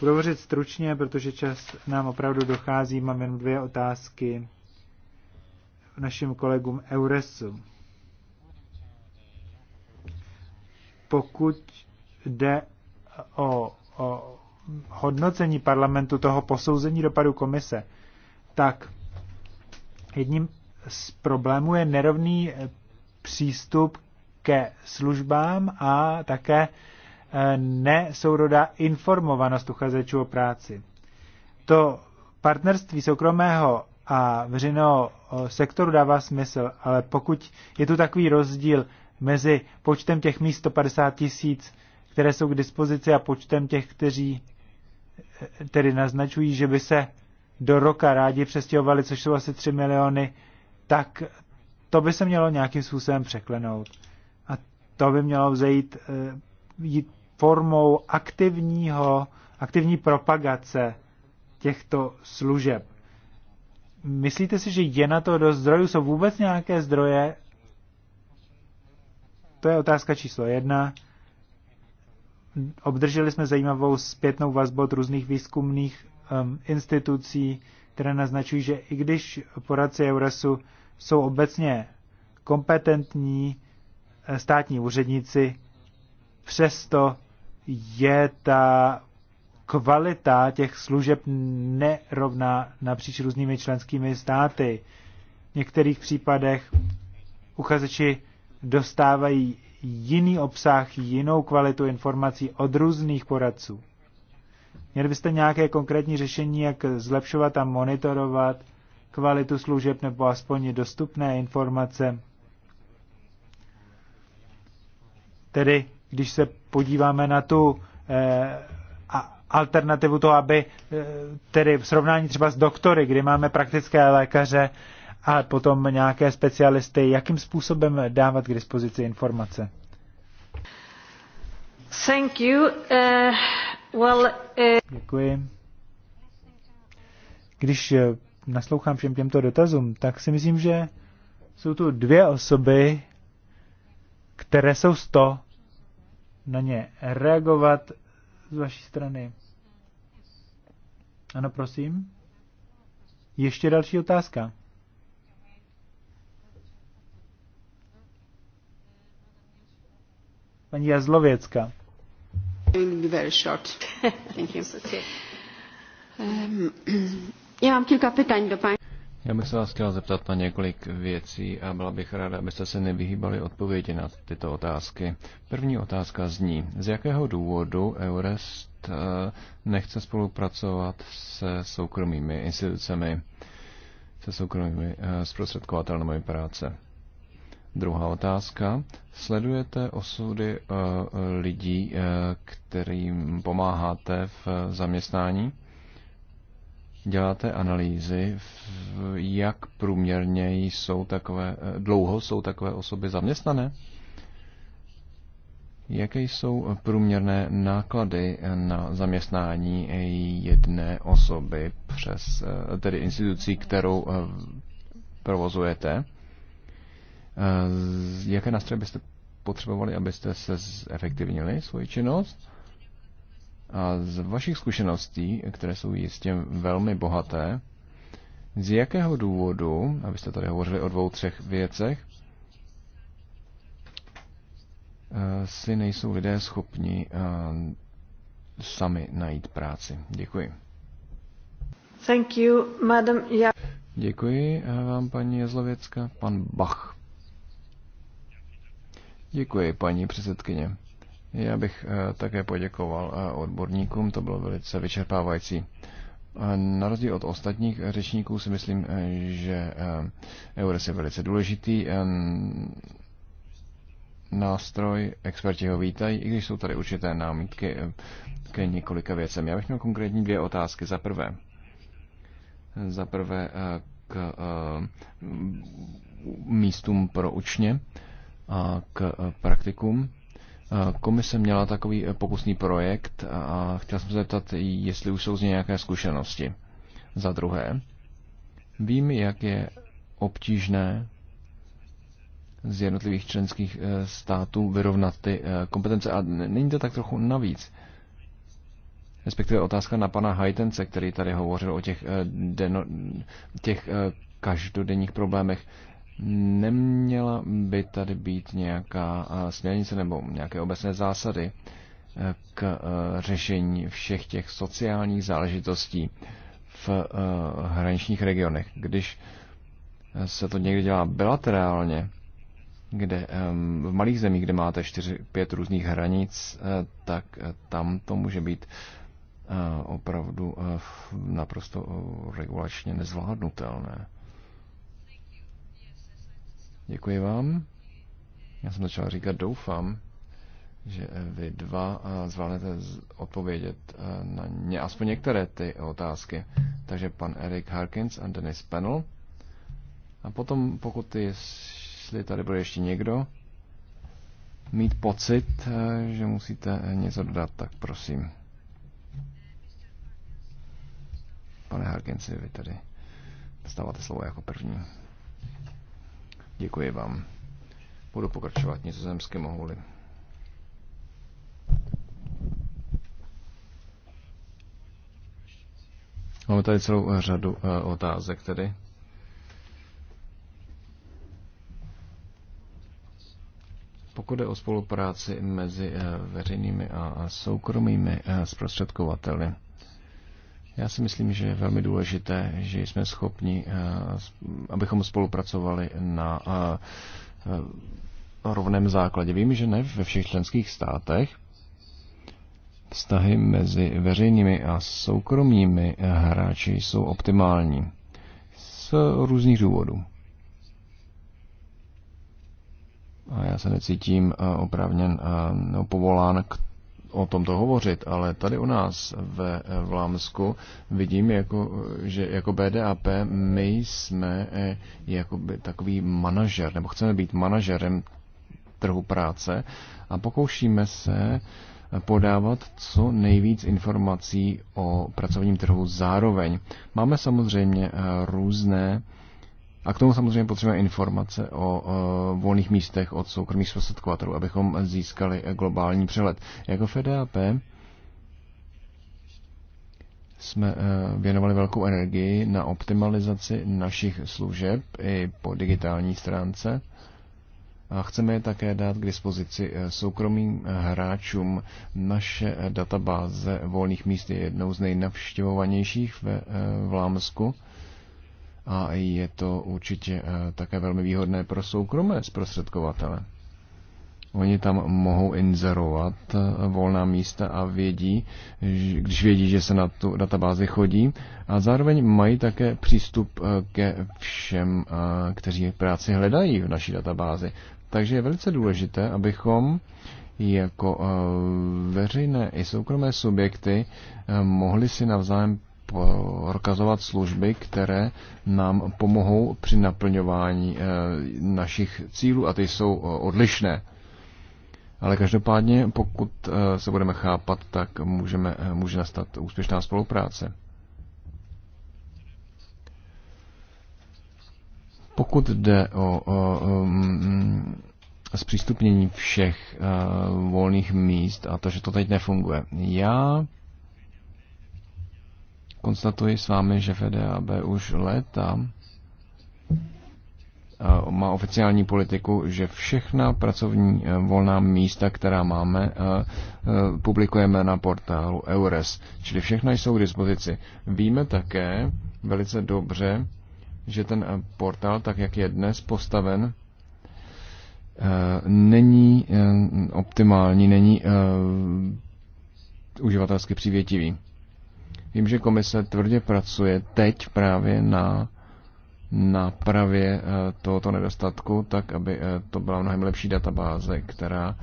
Budu hovořit stručně, protože čas nám opravdu dochází. Mám jen dvě otázky našim kolegům Euresu. pokud jde o, o hodnocení parlamentu toho posouzení dopadu komise, tak jedním z problémů je nerovný eh, přístup ke službám a také eh, nesourodá informovanost uchazečů o práci. To partnerství soukromého a veřejného eh, sektoru dává smysl, ale pokud je tu takový rozdíl mezi počtem těch míst 150 tisíc, které jsou k dispozici a počtem těch, kteří eh, tedy naznačují, že by se do roka rádi přestěhovali, což jsou asi 3 miliony, tak to by se mělo nějakým způsobem překlenout. A to by mělo vzejít eh, jít formou aktivního, aktivní propagace těchto služeb. Myslíte si, že je na to dost zdrojů? Jsou vůbec nějaké zdroje to je otázka číslo jedna. Obdrželi jsme zajímavou zpětnou vazbu od různých výzkumných um, institucí, které naznačují, že i když poradci Eurasu jsou obecně kompetentní eh, státní úředníci, přesto je ta kvalita těch služeb nerovná napříč různými členskými státy. V některých případech uchazeči dostávají jiný obsah, jinou kvalitu informací od různých poradců. Měli byste nějaké konkrétní řešení, jak zlepšovat a monitorovat kvalitu služeb nebo aspoň dostupné informace? Tedy, když se podíváme na tu eh, alternativu to, aby eh, tedy v srovnání třeba s doktory, kdy máme praktické lékaře, eh, a potom nějaké specialisty, jakým způsobem dávat k dispozici informace. Thank you. Uh, well, uh... Děkuji. Když eh, naslouchám všem těmto dotazům, tak si myslím, že jsou tu dvě osoby, které jsou z to na ně reagovat z vaší strany. Ano, prosím. Ještě další otázka. Paní Jazlověcka. Um, já mám kilka pytań do paní. Já bych se vás chtěla zeptat na několik věcí a byla bych ráda, abyste se nevyhýbali odpovědi na tyto otázky. První otázka zní, z jakého důvodu Eurest eh, nechce spolupracovat se soukromými institucemi, se soukromými eh, zprostředkovatelnými práce? Druhá otázka. Sledujete osudy eh, lidí, eh, kterým pomáháte v zaměstnání? Děláte analýzy, jak průměrně jsou takové, eh, dlouho jsou takové osoby zaměstnané? Jaké jsou průměrné náklady na zaměstnání jedné osoby přes tedy institucí, kterou provozujete? Eh, jaké nástroje byste potřebovali, abyste se zefektivnili svoji činnost? A z vašich zkušeností, které jsou jistě velmi bohaté, z jakého důvodu, abyste tady hovořili o dvou, třech věcech, eh, si nejsou lidé schopni eh, sami najít práci. Děkuji. Thank you, madam. Yeah. Děkuji vám, paní Jezlověcka. Pan Bach. Děkuji, paní předsedkyně. Já bych eh, také poděkoval eh, odborníkům, to bylo velice vyčerpávající. Na rozdíl od ostatních řečníků si myslím, eh, že EURES je velice důležitý nástroj, experti ho vítají, i když jsou tady určité námitky ke několika věcem. Já bych měl konkrétní dvě otázky. Za prvé, za prvé k místům pro učně k e, praktikum. E, komise měla takový e, pokusný projekt a chtěl jsem se zeptat, jestli už jsou z něj nějaké zkušenosti. Za druhé, vím, jak je obtížné z jednotlivých členských států vyrovnat ty kompetence. A není to tak trochu navíc. Respektive otázka na pana Hajtence, který tady hovořil o těch, deno, těch každodenních problémech. Neměla by tady být nějaká eh, směrnice nebo nějaké obecné zásady eh, k eh, řešení všech těch sociálních záležitostí v hraničních regionech. Když se to někdy dělá bilaterálně, kde ehm, v malých zemích, kde máte 4-5 různých hranic, tak tam to může být opravdu naprosto regulačně nezvládnutelné. Děkuji vám. Já jsem začal říkat, doufám, že vy dva eh, zvládnete odpovědět eh, na ně, aspoň některé ty otázky. Takže pan Erik Harkins a Dennis Pennell. A potom, pokud jestli tady bude ještě někdo mít pocit, eh, že musíte něco dodat, tak prosím. Pane Harkinsi, vy tady dostáváte slovo jako první. Děkuji vám. Budu pokračovat nizozemsky mohu-li. Máme tady celou řadu eh, otázek tedy. Pokud jde o spolupráci mezi eh, veřejnými a soukromými eh, zprostředkovateli, já si myslím, že je velmi důležité, že jsme schopni, eh, abychom spolupracovali na eh, rovném základě. Vím, že ne ve všech členských státech vztahy mezi veřejnými a soukromými eh, hráči jsou optimální z různých důvodů. A já se necítím oprávněn povolán k o tomto hovořit, ale tady u nás ve eh, Vlámsku vidím, jako, eh, že jako BDAP my jsme eh, jakoby takový manažer, nebo chceme být manažerem trhu práce a pokoušíme se podávat co nejvíc informací o pracovním trhu zároveň. Máme samozřejmě různé a k tomu samozřejmě potřebujeme informace o volných místech od soukromých zprostředkovatelů, abychom získali globální přehled. Jako FDAP jsme eh, věnovali velkou energii na optimalizaci našich služeb i po digitální stránce. A chceme je také dát k dispozici eh, soukromým eh, hráčům. Naše databáze volných míst je jednou z nejnavštěvovanějších ve lámsku a je to určitě eh, také velmi výhodné pro soukromé zprostředkovatele. Oni tam mohou inzerovat eh, volná místa a vědí, když vědí, že se na tu databázi chodí a zároveň mají také přístup eh, ke všem, kteří práci hledají v naší databázi. Takže je velice důležité, abychom jako veřejné i soukromé subjekty mohli si navzájem prokazovat služby, které nám pomohou při naplňování eh, našich cílů a ty jsou eh, odlišné. Ale každopádně, pokud eh, se budeme chápat, tak můžeme, může nastat úspěšná spolupráce. Pokud jde o, o um, zpřístupnění všech uh, volných míst a to, že to teď nefunguje, já konstatuji s vámi, že FDAB už léta má oficiální politiku, že všechna pracovní e, volná místa, která máme, e, e, publikujeme na portálu EURES. Čili všechna jsou k dispozici. Víme také velice dobře, že ten portál, tak jak je dnes postaven, není optimální, není uživatelsky přívětivý. Vím, že komise tvrdě pracuje teď právě na nápravě eh, tohoto nedostatku, tak aby eh, to byla mnohem lepší databáze, která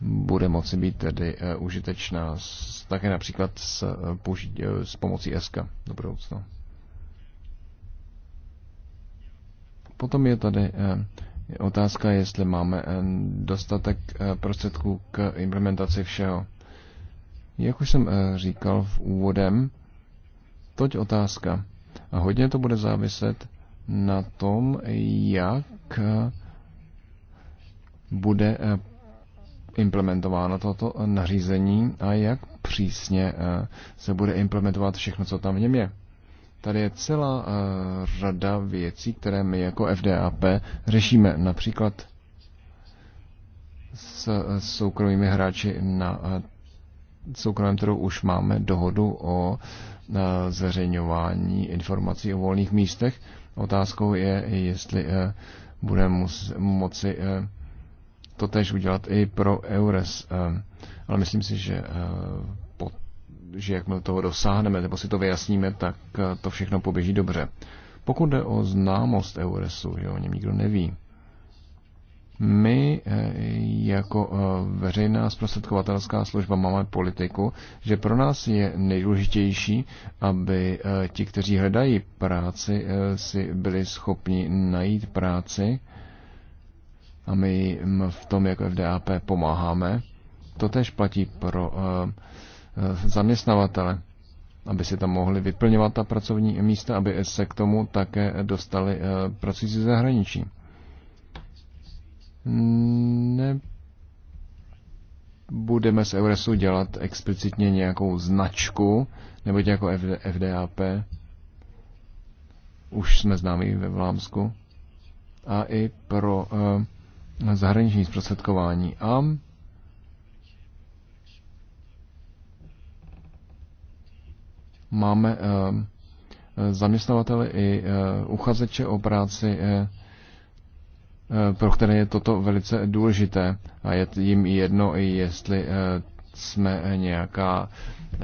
bude moci být tedy eh, užitečná s, také například s, s pomocí SK do budoucna. Potom je tady otázka, jestli máme dostatek prostředků k implementaci všeho. Jak už jsem eh, říkal v úvodem, toť otázka. A hodně to bude záviset na tom, jak eh, bude eh, implementováno toto nařízení a jak přísně se bude implementovat všechno, co tam v něm je. Tady je celá řada věcí, které my jako FDAP řešíme. Například s soukromými hráči na soukromém trhu už máme dohodu o eh, zveřejňování informací o volných místech. Otázkou je, jestli eh, budeme moci eh, to tež udělat i pro EURES. Ale myslím si, že že jakmile toho dosáhneme nebo si to vyjasníme, tak to všechno poběží dobře. Pokud jde o známost Euresu, že o něm nikdo neví, my eh, jako eh, veřejná zprostředkovatelská služba máme politiku, že pro nás je nejdůležitější, aby eh, ti, kteří hledají práci, si byli schopni najít práci a my jim v tom jako FDAP pomáháme. To tež platí pro zaměstnavatele aby si tam mohli vyplňovat ta pracovní místa, aby se k tomu také dostali pracující zahraničí ne budeme z Euresu dělat explicitně nějakou značku, nebo jako FDAP. Už jsme známí ve Vlámsku. A i pro uh, zahraniční zprostředkování. A máme uh, zaměstnavatele i uh, uchazeče o práci uh, Eh, pro které je toto velice důležité a je jim i jedno, i jestli eh, jsme nějaká eh,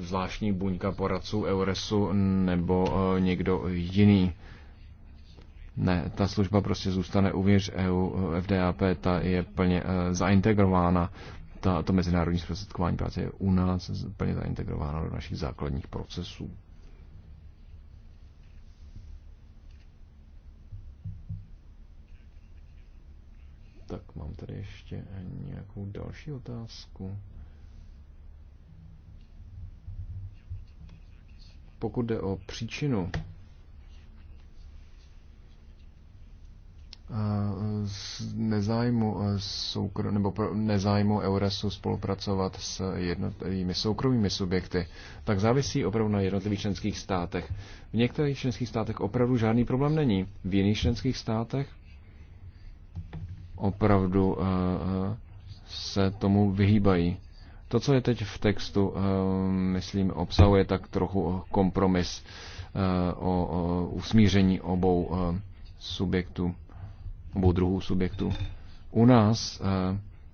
zvláštní buňka poradců Euresu nebo někdo jiný. Ne, ta služba prostě zůstane uvnitř EU, FDAP, ta je plně zaintegrována. Ta, to mezinárodní zprostředkování práce je u nás plně zaintegrováno do našich základních procesů. Tak mám tady ještě nějakou další otázku. Pokud jde o příčinu nezájmu e, soukro, nebo nezájmu Euresu spolupracovat s jednotlivými soukromými subjekty, tak závisí opravdu na jednotlivých členských státech. V některých členských státech opravdu žádný problém není. V jiných členských státech opravdu eh, eh, se tomu vyhýbají. To, co je teď v textu, eh, myslím, obsahuje tak trochu kompromis o usmíření obou subjektů, obou druhů subjektů. U nás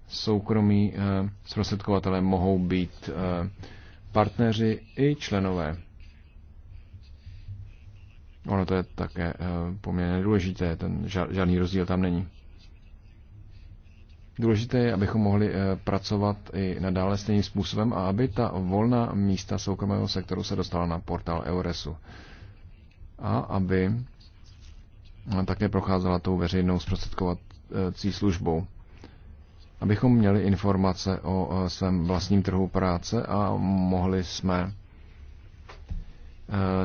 soukromí zprostředkovatele mohou být partneři i členové. Ono to je také poměrně důležité, ten žádný rozdíl tam není. Důležité je, abychom mohli eh, pracovat i nadále stejným způsobem a aby ta volná místa soukromého sektoru se dostala na portál Euresu. A aby eh, také procházela tou veřejnou zprostředkovací službou. Abychom měli informace o eh, svém vlastním trhu práce a mohli jsme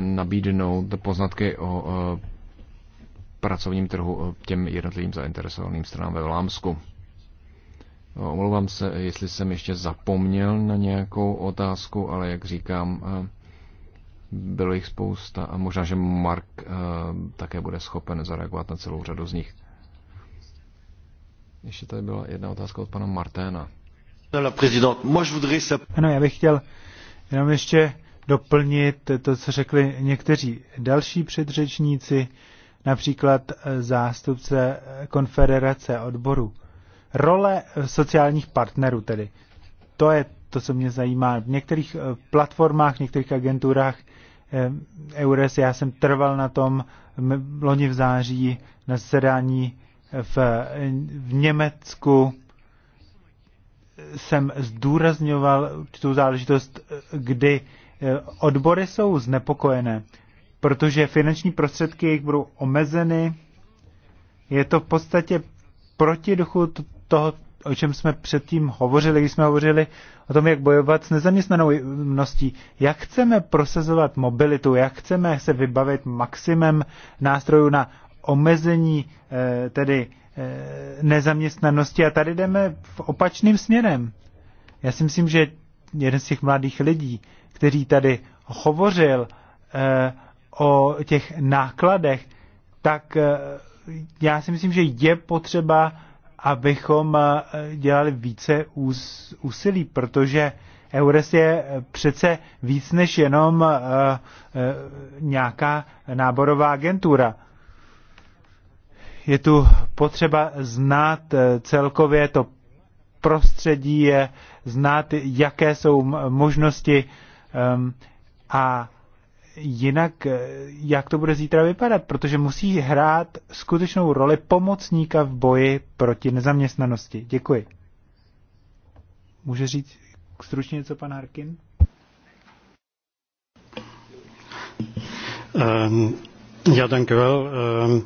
nabídnout poznatky o pracovním trhu těm jednotlivým zainteresovaným stranám ve Vlámsku. No, omlouvám se, jestli jsem ještě zapomněl na nějakou otázku, ale jak říkám, eh, bylo jich spousta a možná, že Mark eh, také bude schopen zareagovat na celou řadu z nich. Ještě tady byla jedna otázka od pana Marténa. Ano, já bych chtěl jenom ještě doplnit to, co řekli někteří další předřečníci, například eh, zástupce konfederace odboru. Role eh, sociálních partnerů tedy. To je to, co mě zajímá. V některých eh, platformách, v některých agenturách eh, EURES, já jsem trval na tom loni v září na zasedání v, v Německu, jsem zdůrazňoval tu záležitost, kdy odbory jsou znepokojené, protože finanční prostředky jich budou omezeny. Je to v podstatě proti duchu toho, o čem jsme předtím hovořili, když jsme hovořili o tom, jak bojovat s nezaměstnaností, jak chceme prosazovat mobilitu, jak chceme se vybavit maximem nástrojů na omezení eh, tedy eh, nezaměstnanosti a tady jdeme v opačným směrem. Já si myslím, že jeden z těch mladých lidí, který tady hovořil eh, o těch nákladech, tak já si myslím, že je potřeba abychom eh, dělali více úsilí, protože EURES je eh, přece víc než jenom eh, nějaká náborová agentura. Je tu potřeba znát celkově to prostředí, znát, jaké jsou možnosti ehm, a jinak eh, jak to bude zítra vypadat, protože musí hrát skutečnou roli pomocníka v boji proti nezaměstnanosti. Děkuji. Může říct stručně něco pan Harkin? Um, já děkuji. Um,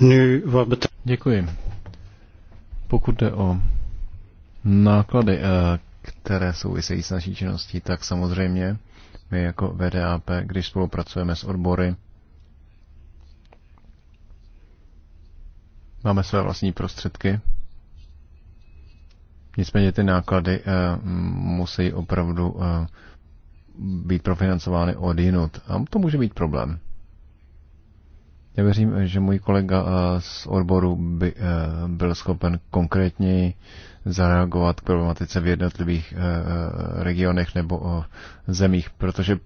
ehm, nu wat Děkuji. Pokud jde o náklady, eh, které souvisejí s naší činností, tak samozřejmě my jako VDAP, když spolupracujeme s odbory, máme své vlastní prostředky. Nicméně ty náklady eh, musí opravdu eh, být profinancovány od jinut. A to může být problém. Já věřím, že můj kolega eh, z odboru by eh, byl schopen konkrétněji zareagovat k problematice v jednotlivých eh, regionech nebo zemích, protože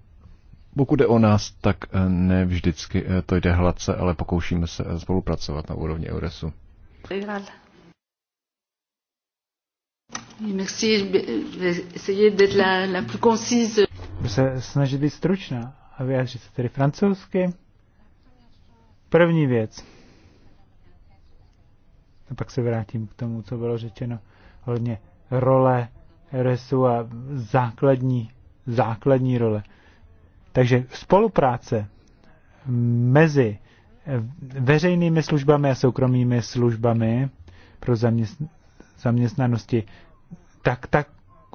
pokud jde o nás, tak ne vždycky to jde hladce, ale pokoušíme se spolupracovat na úrovni Euresu. Merci, se snažit být stručná a vyjádřit se tedy francouzsky. První věc. A pak se vrátím k tomu, co bylo řečeno hodně role RSU a základní, základní role. Takže spolupráce mezi veřejnými službami a soukromými službami pro zaměstn zaměstnanosti, tak, tak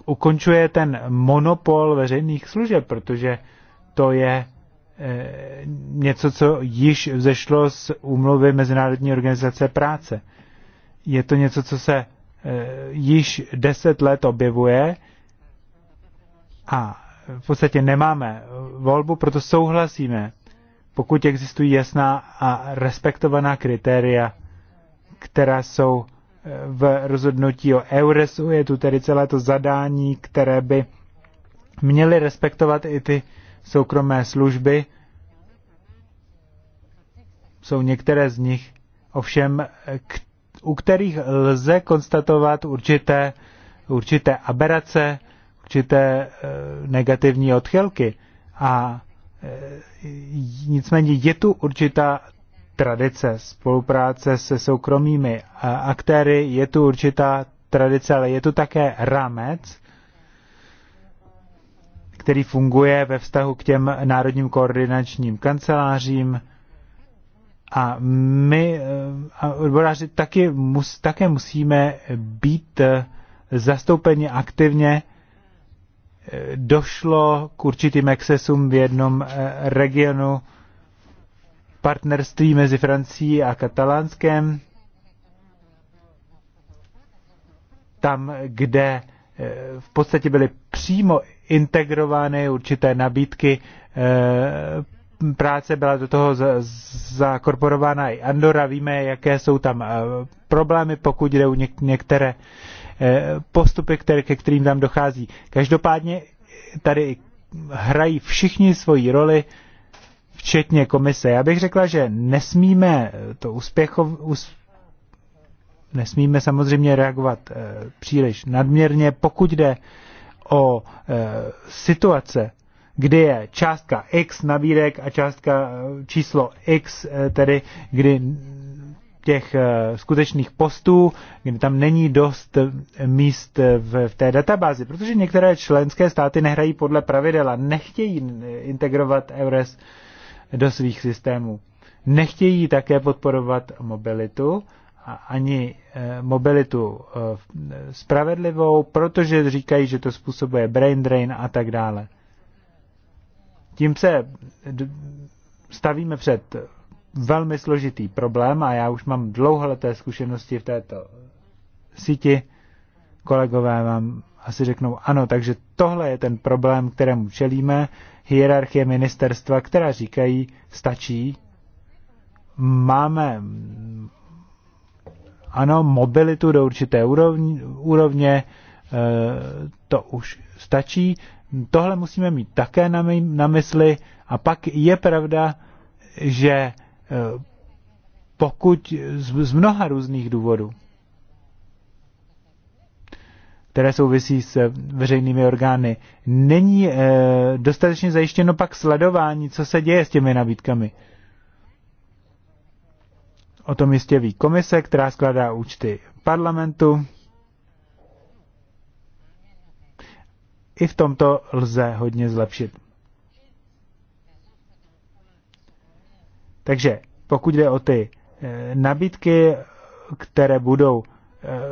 ukončuje ten monopol veřejných služeb, protože to je Eh, něco, co již vzešlo z úmluvy Mezinárodní organizace práce. Je to něco, co se eh, již deset let objevuje a v podstatě nemáme volbu, proto souhlasíme, pokud existují jasná a respektovaná kritéria, která jsou eh, v rozhodnutí o Euresu, je tu tedy celé to zadání, které by měly respektovat i ty soukromé služby. Jsou některé z nich, ovšem, u kterých lze konstatovat určité, určité aberace, určité eh, negativní odchylky. A eh, nicméně je tu určitá tradice spolupráce se soukromými eh, aktéry, je tu určitá tradice, ale je tu také rámec, který funguje ve vztahu k těm národním koordinačním kancelářím. A my, eh, odboráři, taky, mus, také musíme být eh, zastoupeni aktivně. Eh, došlo k určitým excesům v jednom regionu partnerství mezi Francií a Katalánskem. Tam, kde v podstatě byly přímo integrované určité nabídky eh, práce, byla do toho zakorporována i Andora, víme, jaké jsou tam eh, problémy, pokud jde o některé eh, postupy, které, ke kterým tam dochází. Každopádně tady hrají všichni svoji roli, včetně komise. Já bych řekla, že nesmíme to úspěchov, us, nesmíme samozřejmě reagovat e, příliš nadměrně, pokud jde o e, situace, kdy je částka x nabídek a částka e, číslo x, e, tedy kdy těch skutečných postů, kdy tam není dost míst v, v té databázi, protože některé členské státy nehrají podle pravidel a nechtějí integrovat EURES do svých systémů. Nechtějí také podporovat mobilitu ani eh, mobilitu eh, spravedlivou, protože říkají, že to způsobuje brain drain a tak dále. Tím se eh, stavíme před velmi složitý problém a já už mám dlouholeté zkušenosti v této síti. Kolegové vám asi řeknou ano, takže tohle je ten problém, kterému čelíme. Hierarchie ministerstva, která říkají, stačí, máme ano, mobilitu do určité úrovně, úrovně e, to už stačí. Tohle musíme mít také na, my, na mysli. A pak je pravda, že e, pokud z, z mnoha různých důvodů, které souvisí s veřejnými orgány, není e, dostatečně zajištěno pak sledování, co se děje s těmi nabídkami. O tom jistě ví komise, která skládá účty parlamentu. I v tomto lze hodně zlepšit. Takže pokud jde o ty eh, nabídky, které budou eh,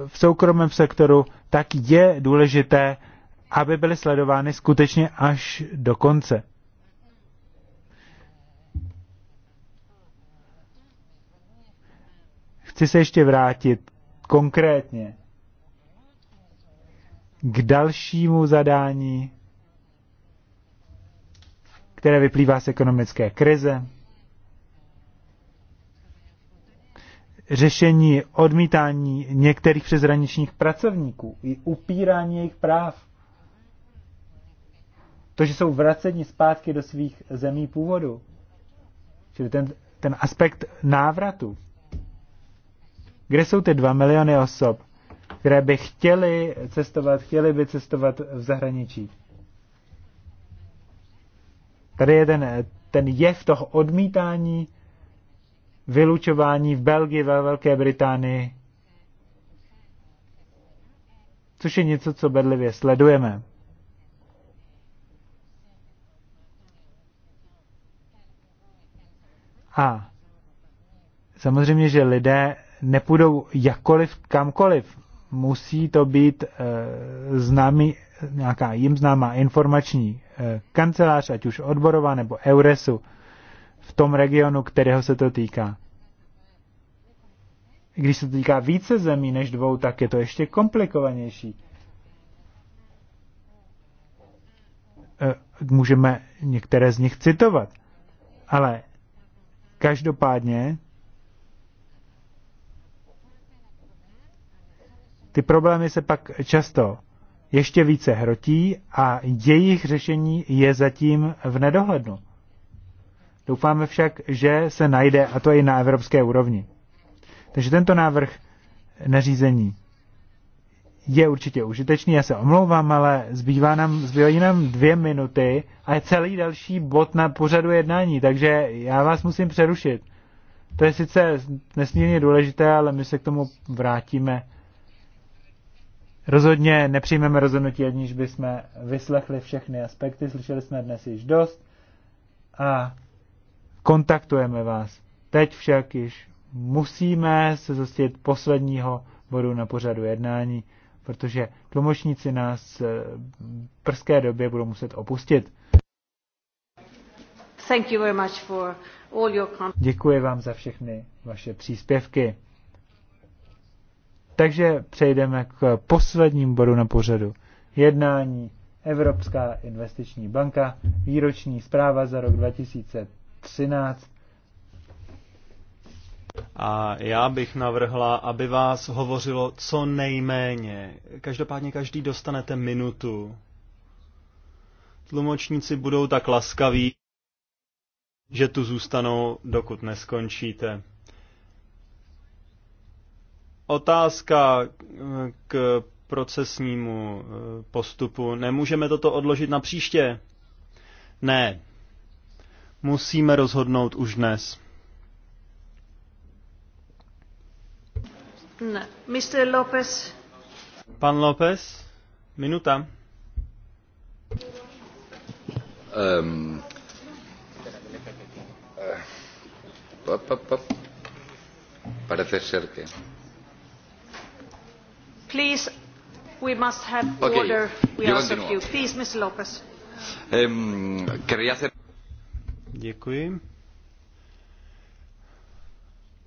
v soukromém sektoru, tak je důležité, aby byly sledovány skutečně až do konce. Chci se ještě vrátit konkrétně k dalšímu zadání, které vyplývá z ekonomické krize. Řešení odmítání některých přezraničních pracovníků i upírání jejich práv. To, že jsou vraceni zpátky do svých zemí původu. Čili ten, ten aspekt návratu kde jsou ty dva miliony osob, které by chtěly cestovat, chtěly by cestovat v zahraničí? Tady je ten, ten jev toho odmítání, vylučování v Belgii, ve Velké Británii, což je něco, co bedlivě sledujeme. A samozřejmě, že lidé nepůjdou jakkoliv kamkoliv. Musí to být e, známý, nějaká jim známá informační e, kancelář, ať už odborová nebo Euresu, v tom regionu, kterého se to týká. Když se to týká více zemí než dvou, tak je to ještě komplikovanější. E, můžeme některé z nich citovat, ale každopádně Ty problémy se pak často ještě více hrotí a jejich řešení je zatím v nedohlednu. Doufáme však, že se najde, a to i na evropské úrovni. Takže tento návrh nařízení je určitě užitečný, já se omlouvám, ale zbývá nám, zbývají nám dvě minuty a je celý další bod na pořadu jednání, takže já vás musím přerušit. To je sice nesmírně důležité, ale my se k tomu vrátíme Rozhodně nepřijmeme rozhodnutí, aniž jsme vyslechli všechny aspekty, slyšeli jsme dnes již dost a kontaktujeme vás. Teď však již musíme se zastit posledního bodu na pořadu jednání, protože tlumočníci nás eh, v prské době budou muset opustit. Děkuji vám za všechny vaše příspěvky. Takže přejdeme k posledním bodu na pořadu. Jednání Evropská investiční banka, výroční zpráva za rok 2013. A já bych navrhla, aby vás hovořilo co nejméně. Každopádně každý dostanete minutu. Tlumočníci budou tak laskaví, že tu zůstanou, dokud neskončíte. Otázka eh, k procesnímu eh, postupu. Nemůžeme toto odložit na příště? Ne. Musíme rozhodnout už dnes. Ne. Mr. López. Pan López, minuta. Um, pa, pa, pa. Parece ser que.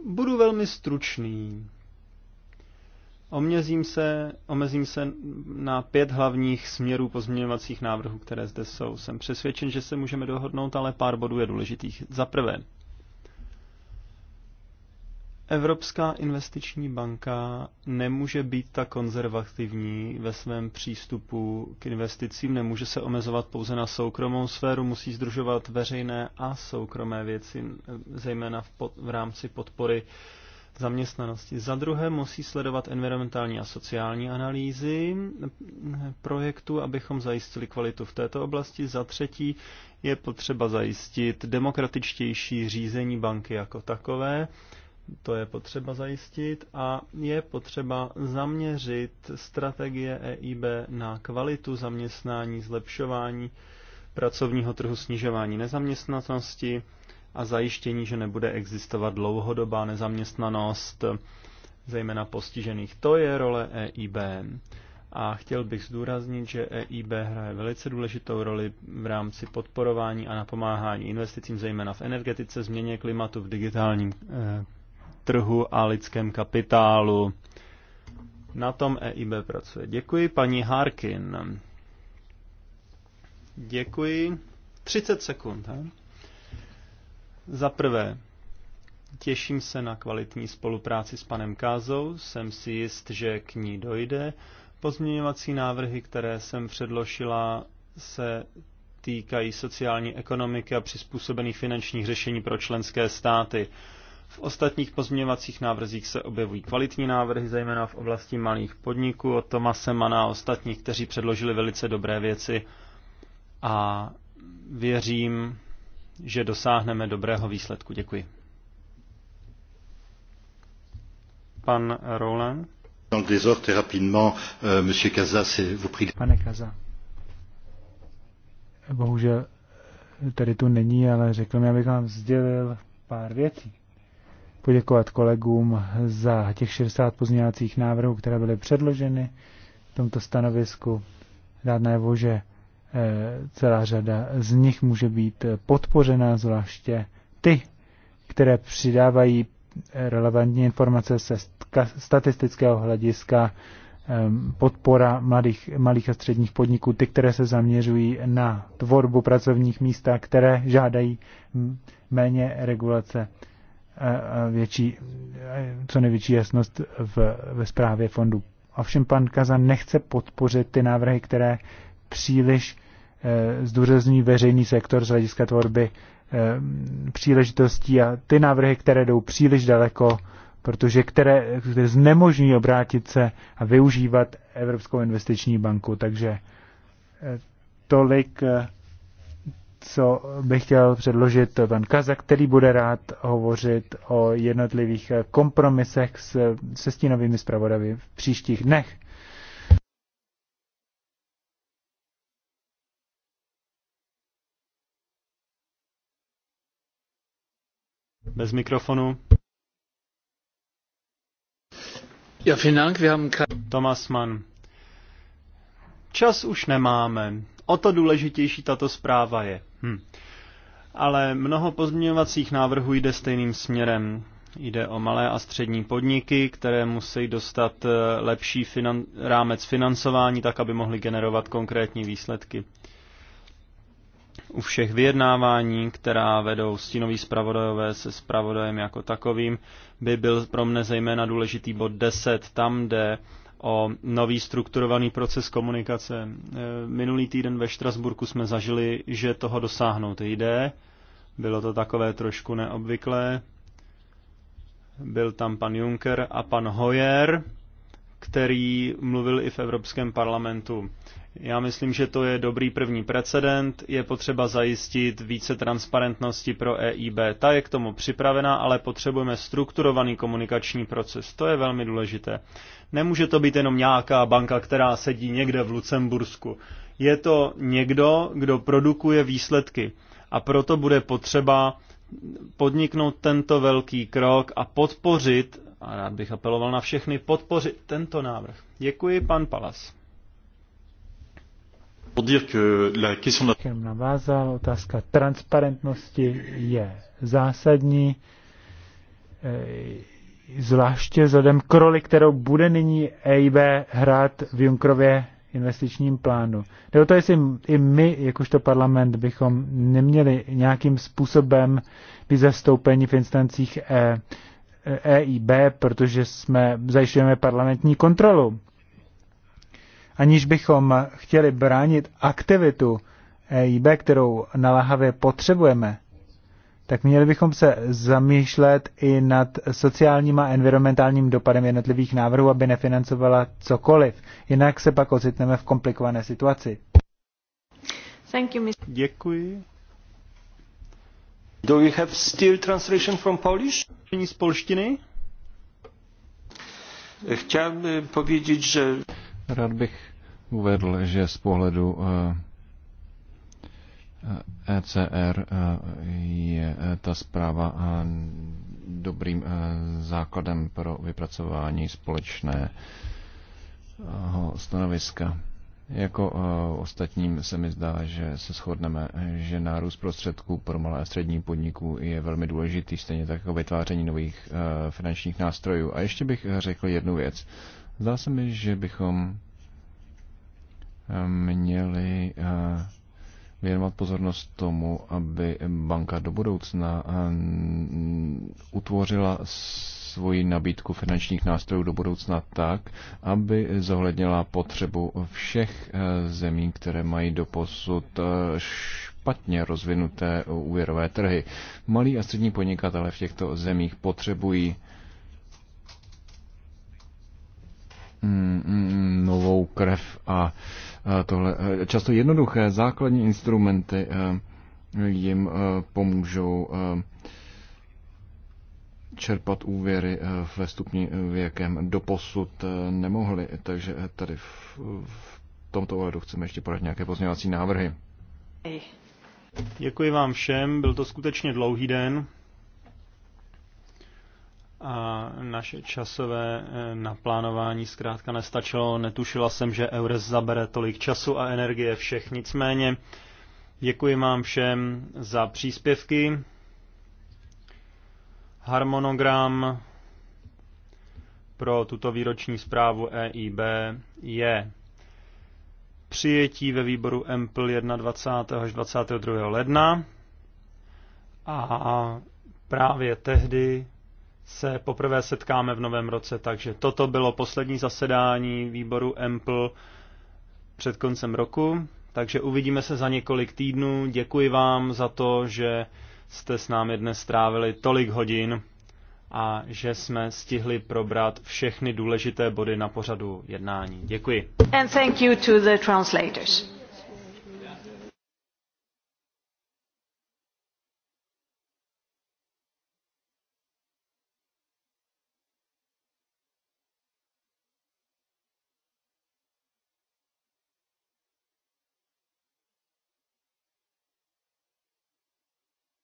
Budu velmi stručný. Omezím se, omezím se na pět hlavních směrů pozměňovacích návrhů, které zde jsou. Jsem přesvědčen, že se můžeme dohodnout, ale pár bodů je důležitých. Za prvé, Evropská investiční banka nemůže být tak konzervativní ve svém přístupu k investicím, nemůže se omezovat pouze na soukromou sféru, musí združovat veřejné a soukromé věci, zejména v, pod, v rámci podpory zaměstnanosti. Za druhé musí sledovat environmentální a sociální analýzy projektu, abychom zajistili kvalitu v této oblasti. Za třetí je potřeba zajistit demokratičtější řízení banky jako takové to je potřeba zajistit a je potřeba zaměřit strategie EIB na kvalitu zaměstnání, zlepšování pracovního trhu, snižování nezaměstnanosti a zajištění, že nebude existovat dlouhodobá nezaměstnanost, zejména postižených. To je role EIB. A chtěl bych zdůraznit, že EIB hraje velice důležitou roli v rámci podporování a napomáhání investicím, zejména v energetice, změně klimatu, v digitálním eh, trhu a lidském kapitálu. Na tom EIB pracuje. Děkuji, paní Harkin. Děkuji. 30 sekund. He? Za prvé, těším se na kvalitní spolupráci s panem Kázou. Jsem si jist, že k ní dojde. Pozměňovací návrhy, které jsem předložila, se týkají sociální ekonomiky a přizpůsobených finančních řešení pro členské státy. V ostatních pozměňovacích návrzích se objevují kvalitní návrhy, zejména v oblasti malých podniků od Tomase Mana a ostatních, kteří předložili velice dobré věci a věřím, že dosáhneme dobrého výsledku. Děkuji. Pan Roland. Euh, Pane Kaza, bohužel eh, tady tu není, ale řekl mi, abych vám sdělil pár věcí poděkovat kolegům za těch 60 pozměňovacích návrhů, které byly předloženy v tomto stanovisku. Dát najevo, že eh, celá řada z nich může být eh, podpořena, zvláště ty, které přidávají eh, relevantní informace se statistického hlediska, ehm, podpora mladých, malých a středních podniků, ty, které se zaměřují na tvorbu pracovních míst a které žádají méně regulace větší, co největší jasnost v, ve zprávě fondu. Ovšem pan Kazan nechce podpořit ty návrhy, které příliš e, zdůrazní veřejný sektor z hlediska tvorby e, příležitostí a ty návrhy, které jdou příliš daleko, protože které, které znemožní obrátit se a využívat Evropskou investiční banku. Takže e, tolik co bych chtěl předložit pan Kazak, který bude rád hovořit o jednotlivých kompromisech s, se stínovými zpravodavy v příštích dnech. Bez mikrofonu. Ja, vielen Dank, wir haben Thomas Mann. Čas už nemáme. O to důležitější tato zpráva je. Hm. Ale mnoho pozměňovacích návrhů jde stejným směrem. Jde o malé a střední podniky, které musí dostat eh, lepší finan- rámec financování, tak aby mohly generovat konkrétní výsledky. U všech vyjednávání, která vedou stínoví zpravodajové se zpravodajem jako takovým, by byl pro mne zejména důležitý bod 10, tam, kde o nový strukturovaný proces komunikace. E, minulý týden ve Štrasburku jsme zažili, že toho dosáhnout jde. Bylo to takové trošku neobvyklé. Byl tam pan Juncker a pan Hoyer, který mluvil i v Evropském parlamentu. Já myslím, že to je dobrý první precedent. Je potřeba zajistit více transparentnosti pro EIB. Ta je k tomu připravená, ale potřebujeme strukturovaný komunikační proces. To je velmi důležité. Nemůže to být jenom nějaká banka, která sedí někde v Lucembursku. Je to někdo, kdo produkuje výsledky. A proto bude potřeba podniknout tento velký krok a podpořit, a rád bych apeloval na všechny, podpořit tento návrh. Děkuji, pan Palas. Jsem navázal, otázka transparentnosti je zásadní, e, zvláště vzhledem k roli, kterou bude nyní EIB hrát v Junkrově investičním plánu. Jde o to, jestli i my, jakožto parlament, bychom neměli nějakým způsobem být zastoupeni v instancích EIB, e protože jsme zajišťujeme parlamentní kontrolu aniž bychom chtěli bránit aktivitu EIB, kterou naléhavě potřebujeme, tak měli bychom se zamýšlet i nad sociálním a environmentálním dopadem jednotlivých návrhů, aby nefinancovala cokoliv. Jinak se pak ocitneme v komplikované situaci. Thank you, Mr. Děkuji. Do we have still translation from Polish? z polštiny? Chtěl bych powiedzieć, že... Rád bych uvedl, že z pohledu ECR eh, eh, e eh, je ta zpráva dobrým základem pro vypracování společného stanoviska. Jako ostatním se mi zdá, že se shodneme, že nárůst prostředků pro malé a střední podniků je velmi důležitý, stejně tak jako vytváření nových finančních nástrojů. A ještě bych řekl jednu věc. Zdá se mi, že bychom měli eh, věnovat pozornost tomu, aby banka do budoucna eh, utvořila svoji nabídku finančních nástrojů do budoucna tak, aby zohlednila potřebu všech eh, zemí, které mají doposud špatně rozvinuté úvěrové trhy. Malí a střední podnikatele v těchto zemích potřebují mm, mm, novou krev a uh, Eh, tohle eh, často jednoduché základní instrumenty eh, jim pomůžou čerpat úvěry ve stupni, v jakém doposud nemohli. Takže tady v, v tomto ohledu chceme ještě podat nějaké pozměňovací návrhy. Děkuji vám všem, byl to skutečně dlouhý den a naše časové eh, naplánování zkrátka nestačilo. Netušila jsem, že EURES zabere tolik času a energie všech. Nicméně děkuji vám všem za příspěvky. Harmonogram pro tuto výroční zprávu EIB je přijetí ve výboru EMPL 21. až 22. ledna a právě tehdy se poprvé setkáme v novém roce, takže toto bylo poslední zasedání výboru EMPL před koncem roku, takže uvidíme se za několik týdnů. Děkuji vám za to, že jste s námi dnes strávili tolik hodin a že jsme stihli probrat všechny důležité body na pořadu jednání. Děkuji. And thank you to the translators.